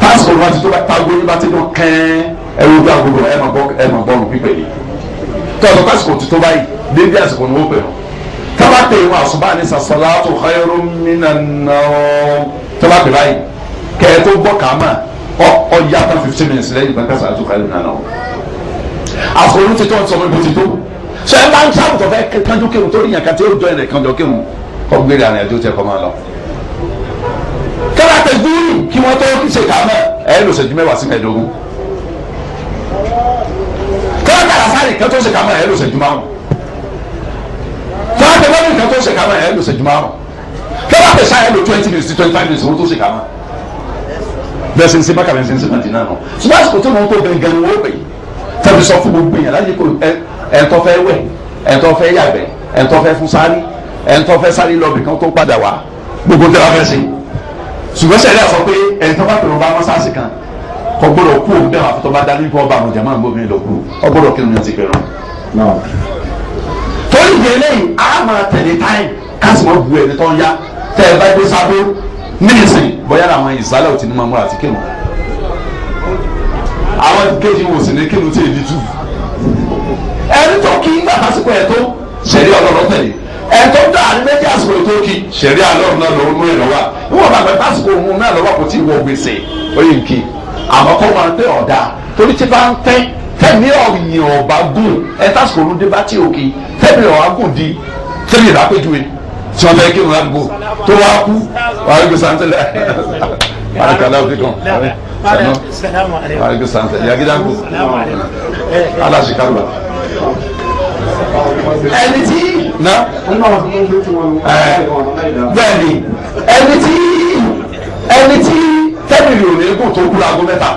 pásítọ̀ wa ti tó bá tagbó ní bá ti dán kẹ́ẹ́ ẹ wo bí agogo ẹ mọ̀ bọ́ ẹ mọ̀ bọ́ọ̀lù pípẹ́ yìí tọ́lọ̀ pásítọ̀ ti tó báyìí débi àsìkò ni wọ́n pè wọ́n tọ́ba pè wọ́n àsùbá ní sàṣọ́lá tó kẹ́ẹ̀ tó gbọ́ kàá máa ọ yà tán fifteen minutes lẹ́yìn gbọ́n kásá àtúkà lè nànà o àforí ti tó ọtí ọmọ ibi ti tó sọ ẹ bá ń sábà tó fẹ́ kánjú kéwù tó yàn kàtí ó jọ ẹ̀ kánjú kéwù kọ́ gbére àrùn ẹ̀dó tẹ kọ́ máa lọ. kẹ́lá tẹ gbúrú kí wọ́n tó ṣe ká mẹ́ ẹ̀ lọ sẹ́jú mẹ́wàá sí mẹ́ẹ̀ẹ́dógún kẹ́lá tẹ àlàsáre kẹ́ tó ṣe ká mẹ́ ẹ̀ lọ sẹ́jú márùn kẹ́lá tẹ lọ́dún kẹ́ tó ṣe ká mẹ́ ẹ̀ lọ sẹ́jú márùn kẹ́lá tẹ ṣáà ẹ̀ lọ twenty minutes twenty five minutes owó tó ṣe ká mẹ́ bẹ́ẹ̀ sì ń ṣe bákàrẹ̀ ṣe ń ṣe màdínà nù ṣùgbọ́n àsìkò tí wọ́n tó bẹ̀ gan wọ́n pè tẹ́bi sọ fún gbogbo yẹn láti kó ẹ̀ńtọ́ fẹ́ wẹ̀ ẹ̀ńtọ́ fẹ́ yàgbẹ́ ẹ̀ńtọ́ fẹ́ fún sáré ẹ̀ńtọ́ fẹ́ sáré lọ bìkan tó padà wá gbogbo tẹ́lá fẹ́ ṣe ṣùgbọ́n sẹ́dá sọ pé ẹ̀ńtọ́ bá pèrò bá mọ́sáàsì kan kò gbọ́dọ̀ kú òun bẹ́ẹ̀ wà fún tó bá dání kó ọba àmọ̀jà máa ń bómi lọ kú ọ gbọ́dọ̀ kí ni wọ́n ti pèrò. torí ìdílé yìí a máa tẹ̀lé táyì ká sì mọ̀ bu ẹni tó ń yá tẹ́ bá dé sábẹ́ nísìn bóyá àwọn ìsàlẹ̀ ò ti ní máa múra àti kéwù àwọn kéjì wò sí ní kéwù tí èyí tù ẹni tó kí ń gbà lásìkò ẹ̀ tó ṣẹ̀rí ọlọ́rọ̀ tẹ̀lé ẹ̀ tó dá àrí méjì àsìkò ètò kí ṣẹ̀rí àlọ́run náà lọ́wọ́ mú ìrọ̀wà níwọ̀n bá bẹ lásìkò òun náà lọ́wọ́ kò tí ì wọ gbèsè oyin kí àmọ́ kó máa ń tẹ ọ̀dà torí tí bá ń tẹ́ tẹ̀mí ọ̀yìn ọ̀bá gùn ẹ̀ tásìkò olùdé bá tí òkè tẹ̀mí ọ̀bá gùn di tẹ̀mí ìrápẹ́jùwe tí wọn bẹ kí wọn gbó tó wá kú wà á gbé santẹlẹ alakala fi kàn sanu wà á gbé santẹlẹ yagida kú ala si kárò la. ẹni tí. na bẹ́ẹ̀ni ẹni tí ẹni tí tẹbili ò ní kó tó kú aago mẹ́ta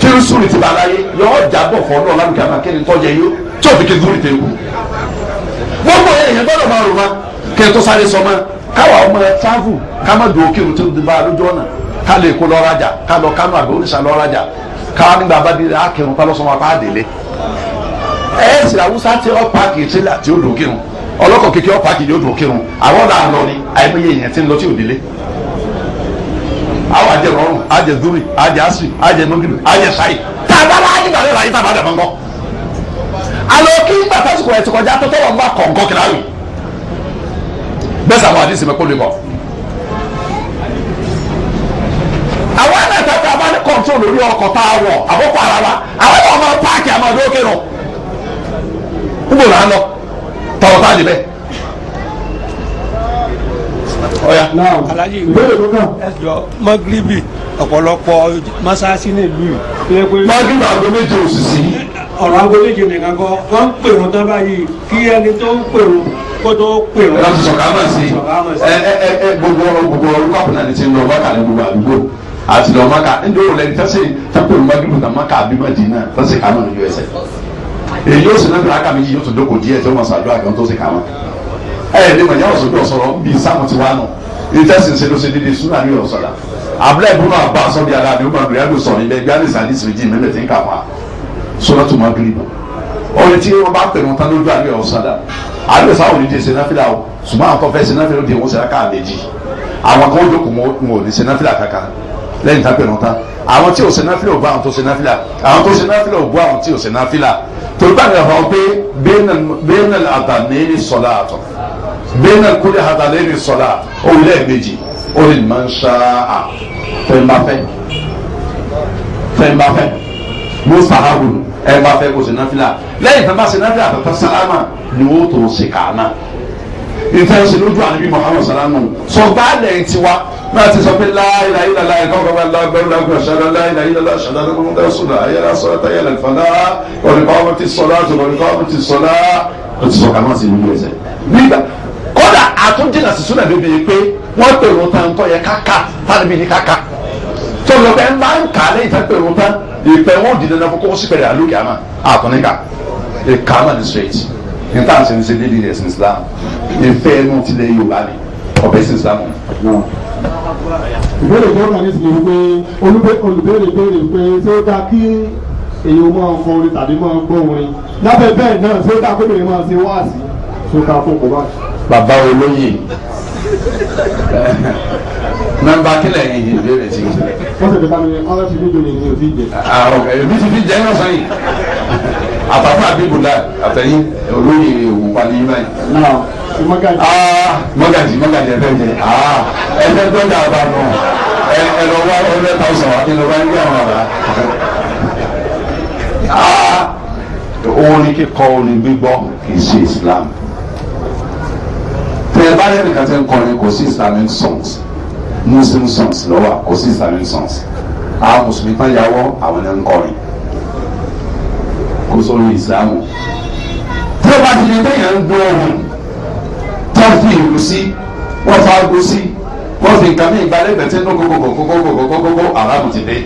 tí n sùn ní ti bàlá yé yọ ọjà bọ fọdọ lánàá kí a máa kí ni tọjẹ yó tí o fi kí n sùn ní ti kú gbogbo yẹn yẹn gbọ́dọ̀ máa rò wá kẹ́ ẹ tó sáré sọmọ káwa ọmọ travel ká má dùn òkè òtún ti bá a lójú ọ̀nà ká lè kó lọ rajà ká lọ kánú àbí oníṣà lọ rajà káwa nígbà bá dìde akẹrun pa lọ́sọ̀mọ́ apá àdèlé ẹ̀ẹ́sì àwùsá tí ọ paaki tírélà tí ó dùn kírun ọlọ́kọ̀ kékeré ọ paaki yóò dùn kírun àwọn ọ̀dà àlọ́ ni àìmọye èèyàn ti ń lọ tí ò délé àwọn àjẹ rọrùn àjẹ zuri àjẹ asiri àjẹ nọgìrì àjẹ sáyì tábàlà àjẹgbà rẹ láyé tábàdà mọ́ ń kọ́ alọ́ kí gbàtàsíkò ẹ̀ ti kọjá tó tọ́wọ́ ń bá kọ̀ǹkọ́ kìláàrù bẹ́ẹ̀ sàwọn àdìsí mi kó lè bọ̀. àwọn ẹ̀rọ ìtàkùn abá ní kọ̀ǹtún lórí ọkọ̀ tá a wọ̀ àkókò ara wa àwọn ọmọ ọmọ páàkì àmàdé òkè nù. níbo là ń lọ tọ̀wọ̀ tá a lè bẹ́ẹ̀. ọ̀ya alájí ìwé ẹ̀jọ̀ mọ́gìlíbì ọ̀pọ̀lọpọ̀ mọ́sáàsì nílùú yìí. mọ́gìlíbì àgọ́ méje òṣìṣì. ọ̀rọ̀ àgọ́ méje nìkan kọ́ wọ́n ń pèrò tán báyìí kí ẹni tó ń pèrò kótó pè wọn. láti sọ̀kà mọ̀ sí ẹ ẹ ẹ gbogbo gbogbo olùkọ́ àpònà ni ti ń lọ wákà ní gbogbo àdúgbò àti lọ maka ndé wòlé ní tẹ́sí tẹ́pẹ́ olùmọ́gbìmù tà maka àbímọ dì náà tẹ́sí kàmọ́ ní usa èyí yóò sì náà kàmí yìí yóò tún dóko díẹ̀ tí wọ́n sọ àdúrà kan tó sì kàmọ́ ẹ ẹ nígbà yàrá sọdọ̀ sọ̀rọ̀ bí sáfù ti wá nù ní tẹ́sí ń sẹ́dọ̀ sẹ́dọ̀ sùnà ní ọ̀sọ̀ la abúlé ìbúná àbá sọ́dí ara ni ó máa gbé yàtọ̀ sọ̀rọ̀ ibẹ̀ gbé sọ́dọ̀ tó máa gbé ibà ọ̀rẹ́ tí wọ́n bá pẹ̀lú tán lójú àlẹ́ ọ̀sán dáa àdúgbò sáwọn onídìí ṣe náfìlà o ṣùgbọ́n àwọn tó fẹ́ ṣe náfìlà òde wọn ṣẹlá káà méjì àwọn kan jókòó wọn ò ní ṣe náfìlà kankan lẹ́yìn tá a pèrò tán àwọn tí ò ṣe náfìlà ò bá àwọn tó ṣe náfìlà àwọn tó ṣe náfìlà ò bá àwọn tí ò ṣe náfìlà torí bá mi hàn pé bẹ́ẹ̀nà àtàlẹ́ ní sọ̀lá àtọ̀ bẹ́ẹ̀nà kúrẹ́ àtàlẹ́ ní sọ̀lá òun lẹ́ẹ̀mejì ó lè máa ń ṣá à fẹ́ẹ́ bá fẹ́ fẹ́ẹ́ bá fẹ́ẹ́ musahabu ẹ bá fẹ́ kó ṣe náfìlà lẹ́yìn tó bá ṣe náfìlà tó tán sálámà ni wọ́n tó ṣe kàánà ìfẹ́ ṣe lójú àníbí muhammad salamu sọ gbàlẹ̀ tiwa náà ti sọ pé láìla ìlà láì kọ́ kọ́kọ́ lágbẹ́rù lágbẹ́rù ṣáda láìla ìlà láì ṣáda lọ́kọ́ sọ̀dà ayélujára sọ̀rọ̀ táyà lẹ́nu fàdá ọ̀nìkọ́ ọmọ ti sọ̀dá ọ̀nìkọ́ ọmọ ti sọ̀dá ó ti sọ kàmá sí ìlú ẹ̀sẹ̀. nígbà kódà àtúndínà sísúnà bíbí pé wọ́n pèrò tàǹtọ̀ yẹ káká tàbí ní káká sọlọ bẹ n bá ń kà lẹ́yìn tá pẹ̀lú tán ìpẹ wọn di dandan fún kókó sípẹrẹ àlùkè àmà àtọ̀nìkà ìkà àmà ní straight ní tá à ń sẹ ní sẹ lédi sin Islam ìfẹ́ inú tilẹ̀ Yorùbá ni ọbẹ̀ sin Islam. ìbéèrè tó kàn ní sinmi pé olùbéèrè béèrè pé ṣé ó dáa kí èyí ó máa kọ orin tàbí máa gbọ́ orin lábẹ́ bẹ́ẹ̀ náà ṣé ó dáa kóbìnrin máa ṣe wáàsí ṣó ká fún nọ́mbà kílẹ̀ yìí yìí béèrè sí. wọ́n ti bẹ̀rẹ̀ mi ọ̀rẹ́ ti bíbélì ni o ti jẹ. àwọn ah, ah, èmi ti fi jẹ náà sẹ́yìn àtàkùn àbíbùdá àtẹ̀yìn olóyè òun pa ní yín báyìí. Ah, mọ́gàjì mọ́gàjì ẹ̀fẹ́ jẹ ẹ̀fẹ́ tó ń dàgbà nù ẹ lọ wá ọ̀rẹ́ tàwùsàn wá kí ló bá ń gbé àwọn àrà. orin kíkọ orin gbígbọ́ kì í ṣe Islam tẹ ẹ bá rẹ nìkan tẹ ń kọrin kò sí Islamic songs muslim songs lọ́wọ́ kò sí islamic songs àwọn mùsùlùmí tán yàwọ́ àwọn náà ń kọrin kó sórí ìsìlámù tí ó bá ti lè bẹ́yàn ń dún ohun tó fi ìlú sí wọ́n fa ago sí wọ́n fi nǹkan mí ìgbàlẹ̀ bẹ̀tẹ̀ ní kókókókókókókókókókó aráàmù ti dé.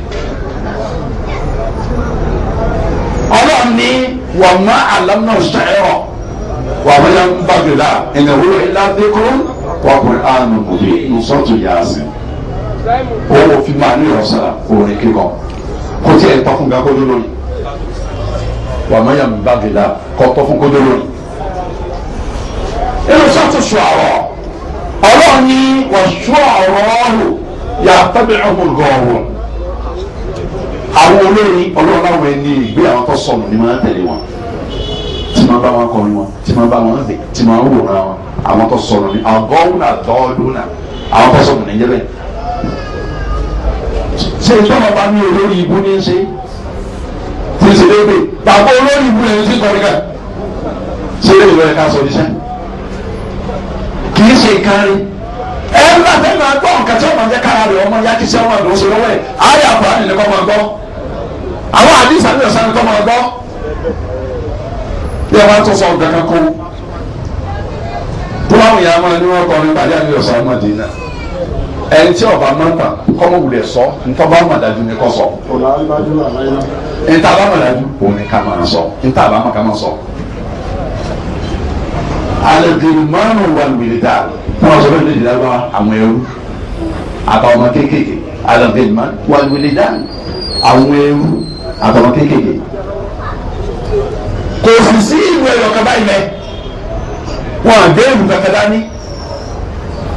ọlọ́run ní wàá má àlámù náà ṣàyẹ̀wò wàá wọlé ń bàbí la ìnáwó ìlà dẹ́kọ̀ọ́ wọ́pọ̀ àánú mòbí nùsọ́tù yaasin owó fi máa ní ìrọ̀sára orin kíkọ kò tí ẹ̀ tọ́ fún gakójó lórí wàmọ́yà mbàgìlà kọ́ tọ́ fún kójó lórí. inú sọ́tù ṣùọ̀rọ̀ ọlọ́run ní wàṣùọ̀rọ̀ ọ̀hún yàtọ̀bẹ̀ ọ̀hún gọ̀ọ̀rọ̀ àwọn olórin ọlọ́run láwọn ẹni ìgbé àwọn tó sọnù ni máa ń tẹ̀lé wọn máa bá wọn kọrin wọn tí máa bá wọn lè tí máa wòran wọn àwọn tó sọ̀rọ̀ ní àgọ́wùnà dọ́ọ̀dúnà àwọn tó sọ̀rọ̀ níjẹ́ bẹ́ẹ̀. ṣé ìtọ́nà bá ní olórí ibú ní í ṣe ti ṣe lébe bàbá olórí ibú lẹ́yìn sí kọrin kan ṣé lè lọ́ọ́ ká sọ níṣẹ́ kì í ṣe kárí ẹ ń bá fẹ́ máa gbọ́ nǹkan tí wọ́n máa jẹ́ kára rẹ̀ ọmọ yá kí sẹ́ wọn àdó ṣe lọ́wọ́ ẹ̀ àyà àbúrò ànínẹ́kọ́ máa gbọ́ àwọn àdìsàn ní ọ̀sán ni kọ́ máa bí a bá tó sọ ọ̀gá kan kó tó àwọn yàrá máa ní wọn kọ ní pàdé àbí ọ̀sán ọmọdé náà ẹni tí ọba máa ń tà kọ́mọ wulẹ̀ sọ ntọ́ bá mà dájú ni kò sọ ntà bá mà dájú òun ni ká máa sọ ntà bá mà ká máa sọ. alẹ́gbẹ̀rúmánu wà lùwìlì dà fún ọ̀sọ́ bẹ́ẹ̀ lèdè lábá àwọn ẹrú àtàwọn kéékèèké alẹ́gbẹ̀rúmánu wà dà àwọn ẹrú àtàwọn kéékèèké. kò sì sí ìlú ẹ̀rọ kaba ilẹ̀ wọn àgbẹ̀rù kankan dání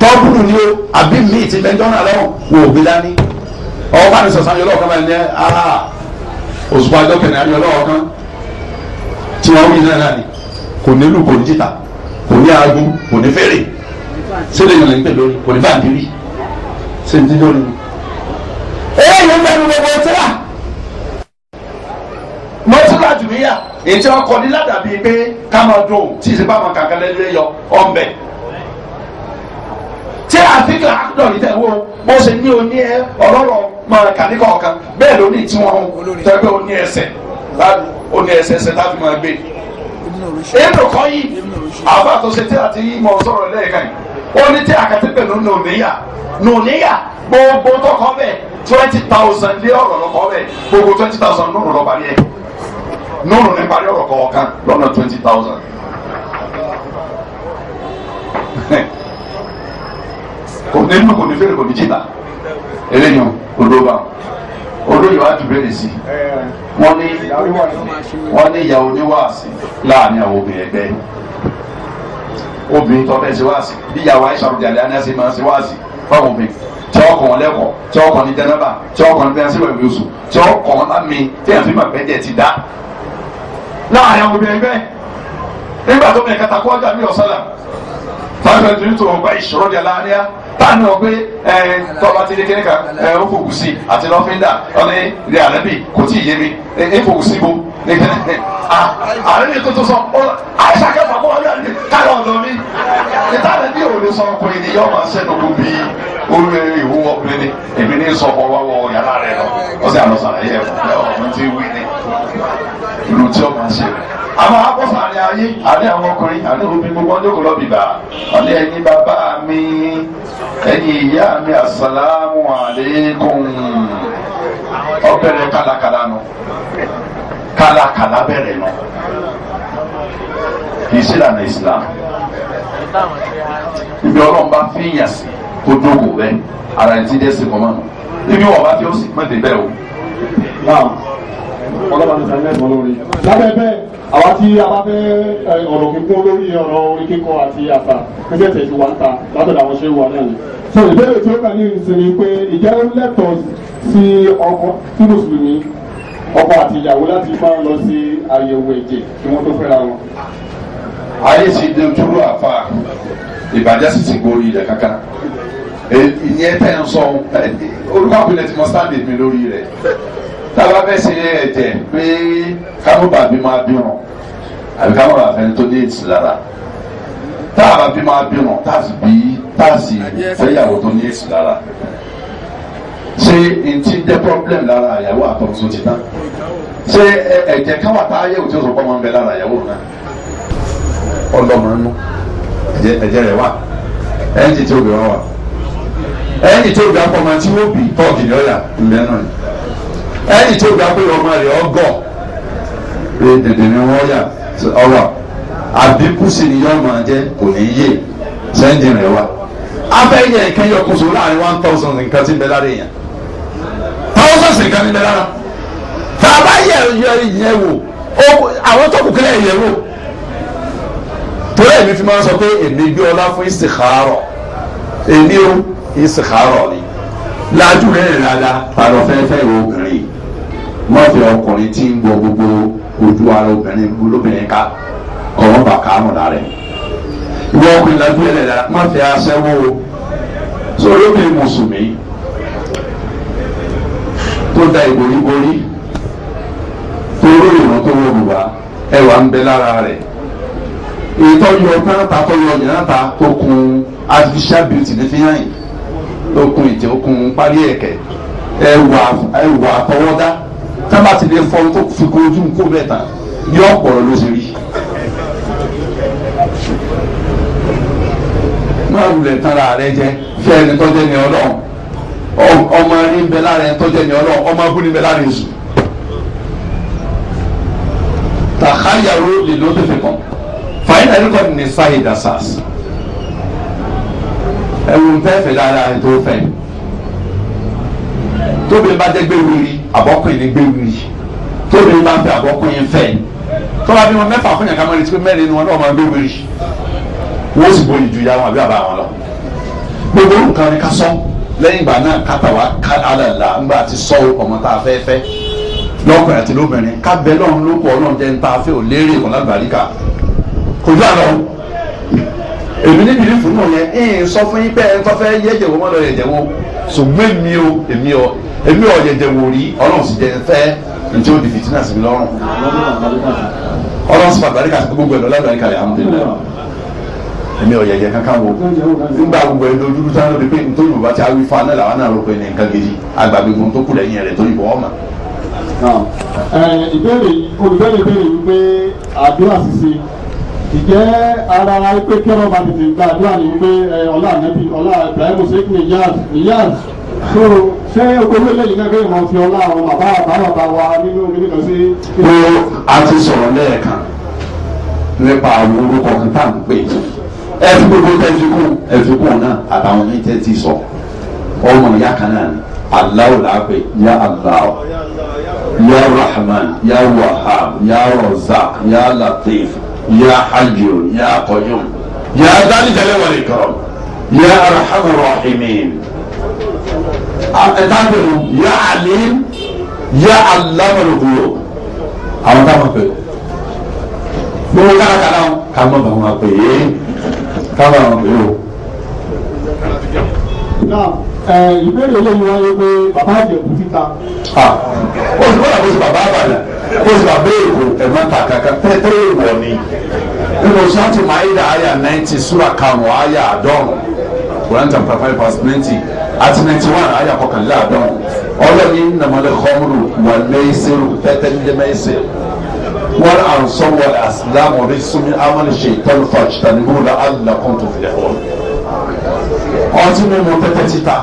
tọ́bùrù ni o àbí míì ti bẹ́ńtọ́nà lọ́wọ́ wò ó gbé dání ọwọ́ bá ní sọ̀sán yọ lọ́wọ́ kaba ilẹ̀ ara òṣùpá ẹjọ́ kẹ̀nẹ́ ayọ̀ lọ́wọ́ kan tí wọ́n wí náà ni kò nílù kò ní jìtà kò ní aago kò ní fèrè sílẹ̀ yìí lè ń pè lórí kò ní bàǹdírì ṣe ń dín lórí mi. èyí ń bẹnu gbogbo tíra mọ́tíra jùlọ yà ètò ọkọ ní ládàbí pé ká máa dùn tí ìsìn bá máa kàkà lẹ́lẹ́ yọ ọ̀nbẹ. tí àfikà àdọ̀rí tẹ̀ wo bó ṣe ní oní ẹ ọlọ́rọ̀ máa kà ní kọ̀ọ̀kan bẹ́ẹ̀ ló ní tí wọ́n ń tẹ́gbẹ́ oní ẹsẹ̀ oní ẹsẹ̀ ẹsẹ̀ láti máa gbé. èmi ò kọ́ yìí àwọn àtúnṣe tí àti mọ̀ sọ̀rọ̀ lẹ́ẹ̀kan yìí ó ní tí àkàtí pẹ̀lú nòníyà nòníyà gbogbo tó kọ́ bẹ́ẹ̀ twenty thousand lé ọ̀rọ̀ lọ́kọ́ bẹ́ẹ̀ gbogbo twenty thousand lọ́rọ̀ lọ́ba yẹn nùrù ní parí ọ̀rọ̀ kọ̀ọ̀kan lọ́nà twenty thousand. kò ní inú kò ní fèrè kò ní jìnnà eléyìí olóba olóyè wa ju bẹ́ẹ̀ sí wọ́n ní wọ́n ní ìyàwó ní wáàsí láàrin àwọn obìnrin ẹgbẹ́ obìnrin tó fẹ́ ṣe wáàsí bí ìyàwó Aisha ọ̀dẹ̀ àlẹ́ àná ṣe máa ṣe wáàsí fáwọn obìnrin tí wọ́n kọ̀ wọ́n lẹ́kọ̀ọ́ tí wọ́n kọ̀ ní jẹ́nẹ́bà tí wọ́n kọ̀ ní bẹ́ẹ̀ síwẹ̀ wíwúsù tí wọ́n kọ̀ wọ́n lámì láàrin àwọn obìnrin bẹ́ẹ̀ nígbà tó mẹ́ẹ̀ka takú ọjà mi ọ̀sálà fáwọn ẹ̀dùn ní tòun gba ìṣòro di aláàríyá táàmì ọgbẹ́ ẹ tọ́ba ti dé kíníkà ẹ ó fòkù sí àti lọ́fíńdà ọ̀lẹ́ ilé àlẹ́bì kò tí ì yé mi ẹ fòkù sí bo ní kíníkà àárín ní tuntun sọ àìsàn akẹ́kọ̀ọ́ kó wọlé àdé káyọ̀ ọ̀dọ́ mi ìtàlẹ̀ ní òde sọ ọkùnrin ni yọ̀ọ́ máa sẹ́nu kú bí orí ìwú ọkùnrin ni èmi ní sọ ọkọ̀ wáwọ yàrá rẹ lọ ó sì àlọ́ sàlàyé ẹ̀ fún ẹ̀ ọ̀hún ti wí ni ìlú tí ó máa ṣe rẹ̀ àwọn akọ́sà ni ayé àní àwọn ọkùnrin àní obìnrin gbogbo ọdún kò lọ bìbà àní ẹ̀yin bàbá mi ẹ̀yin ìyá mi àsàlámù àlékún ọbẹ̀rẹ̀ kálákálá nu kálákàlá bẹ̀rẹ̀ nù kì í sílànà islam ibi ọlọ́run bá fìyàn sí tó dógò rẹ ara ẹni tí dẹ́ sí kọ́mọ́nù ibi wọ́n bá fi ó sì mọ̀tẹ́ bẹ́ẹ̀ o. ọlọ́run ti sáré mọ́ lórí. lábẹ́ bẹ́ẹ̀ àwa tí a bá fẹ́ ọ̀rọ̀ kíkún lórí ọ̀rọ̀ orí kíkọ àti àṣà ẹgbẹ́ tẹ̀ ti wà ń ta látọ̀dọ̀ àwọn ṣé wà náà ni. so ìbéèrè tí ó kàn ní ìsinmi pé ìjẹ́ lẹ́tọ̀ọ́ sí ọkọ sí mùsùlùmí ọkọ àti ìyàwó láti máa lọ sí àyẹ̀wò ẹ̀jẹ̀ kí wọ́n tó fẹ́ra wọn. ayé ti dé ojúlù àfa ìbàjẹ́ sì ti gorí rẹ̀ kankan e, ìyẹn tẹ̀ ń sọ orúkọ àpilẹ̀ tí mo sáàdì mi lórí rẹ̀ tábà bẹ́ẹ̀ ṣe ẹ̀jẹ̀ pé kámúbà bí máa bí wọn àbí kámúbà fẹ́ni tó ní èsì lára táàbà bí máa bí wọn táàsì bí táàsì fẹ́yàwó tó ní èsì lára ṣé n ti jẹ́ problem lára ìyàwó àtọ̀tún ti tán ṣé ẹ̀jẹ̀ kan wà táyé òtí òsòpọ̀ máa ń bẹ lára ìyàwó náà ọlọ́mọ nínú ẹ̀jẹ̀ rẹ̀ wà ẹ̀yìn tí tí obì wá wà ẹ̀yìn tí obì apọ̀ máa ti wó bì tọ́ọ̀kì ní ọ̀yà ìgbẹ́ náà ni ẹ̀yìn tí obì apọ̀ ọmọ rẹ̀ ọgọ̀ pé dèdè ni wọ́n yà ọwà àbíkú sì ni yọ́ọ̀ máa jẹ́ kò ní yé sẹ́ńdìn rẹ̀ wà abẹ́yẹ ìkẹyọ̀ kóso láàrin one thousand nǹkan tí ń bẹ lára èèyàn ṣe nǹkan níbẹ̀ lára bàbá yẹ ìyẹn wò àwọn tó kù kílẹ̀ ìyẹn wò torí èmi fi máa ń sọ pé èmi gbé ọlá fún ìsìkàárọ̀ èmi ò ìsìkàárọ̀ ni lájú rẹ̀ rárá parọ́ fẹ́fẹ́ ìwọ obìnrin wọ́n fi ọkùnrin tí ń gbọ́ gbogbo ojú ara obìnrin lóbìnrin ká ọ̀rọ̀ bà kánú lára ẹ̀ ìwọ ọkùnrin lájú rẹ̀ rárá wọ́n fi aṣẹ́wó sórí obìnrin mùsùlùmí tó da ìbòrí borí torí ìran tó wọ bùbá ẹwà ń bẹ lára rẹ̀ ìtọ́jú ọ̀tá náà ta tọ́jú ọjà náà ta tó kun artificial beauty ní fi hàn yìí tó kun ìtẹ́ ó kun parí ẹ̀kẹ́ ẹwà ẹwà àtọwọ́dá tábà ti lè fọ́ tó fi kun ojú kó bẹ́ẹ̀ tán bí ọ̀pọ̀rọ̀ ló ṣe rí. máa wulẹ̀ tán ra rẹ jẹ fẹ́ ẹni tọ́jú ẹni ọlọ́run ọmọ ní bẹ lára ẹni tọ́jú ẹni ọlọ́run ọmọ abúlé bẹ lára èzù tàkáyàwó lè ló tẹ̀fẹ̀ kan fàyínà ẹni kọ́ni ní sáyidà sars ẹ̀wù ń fẹ́ fẹ́ dáadáa ẹni tó fẹ́ tóbi bá jẹ́ gbéwìrì àbọ́kùnrin ní gbéwìrì tóbi bá fẹ́ àbọ́kùnrin fẹ́ tọ́ba bí wọn mẹ́fà fún yàn ká mọ́ létí pé mẹ́rin ni wọn náà máa gbéwìrì wọ́n sì bóyì ju ìyá wọn àbí àbá wọn lọ gbogbo nǹkan ni ká sọ́ọ́ lẹ́yìn ìgbà náà kátàwá alàlà ńgbà ti sọ ọmọ tá a fẹ́ fẹ́ lọ́kùnrin àti lóbìnrin kábẹ́ lọ́run ló pọ̀ ọlọ́run jẹ́ ń ta afẹ́ ò léèrè ìkànnà àgbàríkà kò dá lọ. èmi níbi ìlú fún yẹn ẹ̀ ń sọ fún yín pé ẹ̀ ń tọ́fẹ́ yẹ̀jẹ̀ wọ́n lọ yẹ̀jẹ̀ wọn ṣùgbọ́n èmi o èmi o èmi ò yẹ̀jẹ̀ wò rí ọlọ́run sì jẹ́ fẹ́ ǹjẹ́ ó di fìtínà sí mi lọ́rùn ọlọ́run sì fà àgbàríkà gbogbo ẹ̀ lọ́lá àgbàríkà yà á èmi ò yẹ̀yẹ̀ kankan wo nígbà gbogbo ẹ̀ lójú sáà lórí pé nítorí yorùbá tí a wí fa náà làwọn náà rò pé ní nǹkan gidi agbàgbégun tó kù lẹ́yìn rẹ̀ tó yìnbọn ọ̀mà. ìbéèrè olùbẹ̀rẹ̀ ìbéèrè wípé àdúrà ṣíṣe ìjẹ́ ara pé kẹ́rọ̀ máa tètè gba àdúrà ni wípé ọlá ànábì ọlá Ibrahim Sheikh Niyaz Niyaz so ṣé okòwò eléyìí náà kéèyàn máa fi ọlá àwọn bàbá bàbá bàbá wa nínú omi lọ sí. a ti sọ̀rọ̀ lẹ́ẹ̀kan nípa àwọn orúkọ kan tá à ń pè é ẹfi gbogbo tẹfi kù ẹfi kù náà àtàwọn mi tẹ ti sọ ọmọ ìyá kan náà ni aláwọ làápẹ yá aláwọ yá rahman yá wahab yá rozak yá latif yá hajjo yá kọyọm yá dání tẹlẹ wàlẹ yá arahama rahimin yá alim yá alámọ̀lùkúrò àwọn táwọn pẹ̀lú gbogbo kárakára kà mọ̀ bá wọn káwọn àwọn obìnrin o. ìbéèrè eléyìí wáyé pé bàbá àjẹkù títa. Ah, ó sì bọ́lá kó sì bàbá àbàlẹ̀ kó sì bàbá èkó ẹ̀gbọ́n ta kankan tẹ́tẹ́ èèwọ̀ ni nínú sọ́ọ̀tì máyídà àyà náìtì súrà karùn-ún àyà one time five five past ninety àti ninety one àyà kọkànlélàádọ́rùn ọlọ́ọ̀ni nàmọ́lẹ́ wà lẹ́yìn sẹ́rù tẹ́tẹ́ ní lẹ́mẹ́sẹ̀rù wal ansab wal aslam rijsun min amali shaytan fajtanibuhu la'allakum tuflihun. ọtí mímu tẹ́tẹ́ títa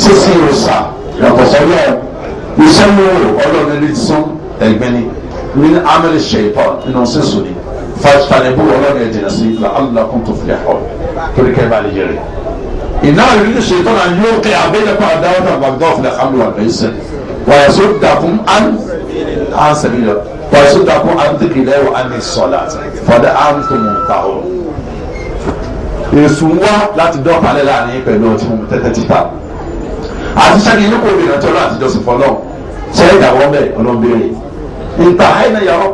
sísè òòsà yàtọ̀ sọ́yọ́ iṣẹ́ mi wò ọlọ́run ní sún ẹ̀gbẹ́ni min amali shaytan nínú sísun ni fajtanibuhu ọlọ́run ẹ̀jẹ̀ sí la'allakum tuflihun torí kẹ́ bá lè yẹrẹ iná ìrírí ṣètò náà yóò kẹ́ abẹ́lẹ́pọ̀ àdáwọ̀tà bagdọ́ọ̀fù lẹ́kàmù wà lẹ́sẹ̀ wàyà sódà fún án án sẹ́mi lọ wàsúdàkú àǹtìkìlẹ̀ wà ní sọ̀lá fọdẹ àǹtìmùtàwọ̀ èsù ń wá láti dọ́palẹ̀ láàrin pẹ̀lú ọtí mímu tẹ́tẹ́ títà àti sẹ́ni inú kò rí ìrántí ọlọ́ àtijọ́ sí fọlọ́ sẹ́yìn ìdàwọ́ mẹ́ ọlọ́mbẹ́rẹ́ ìta àìnà yàrá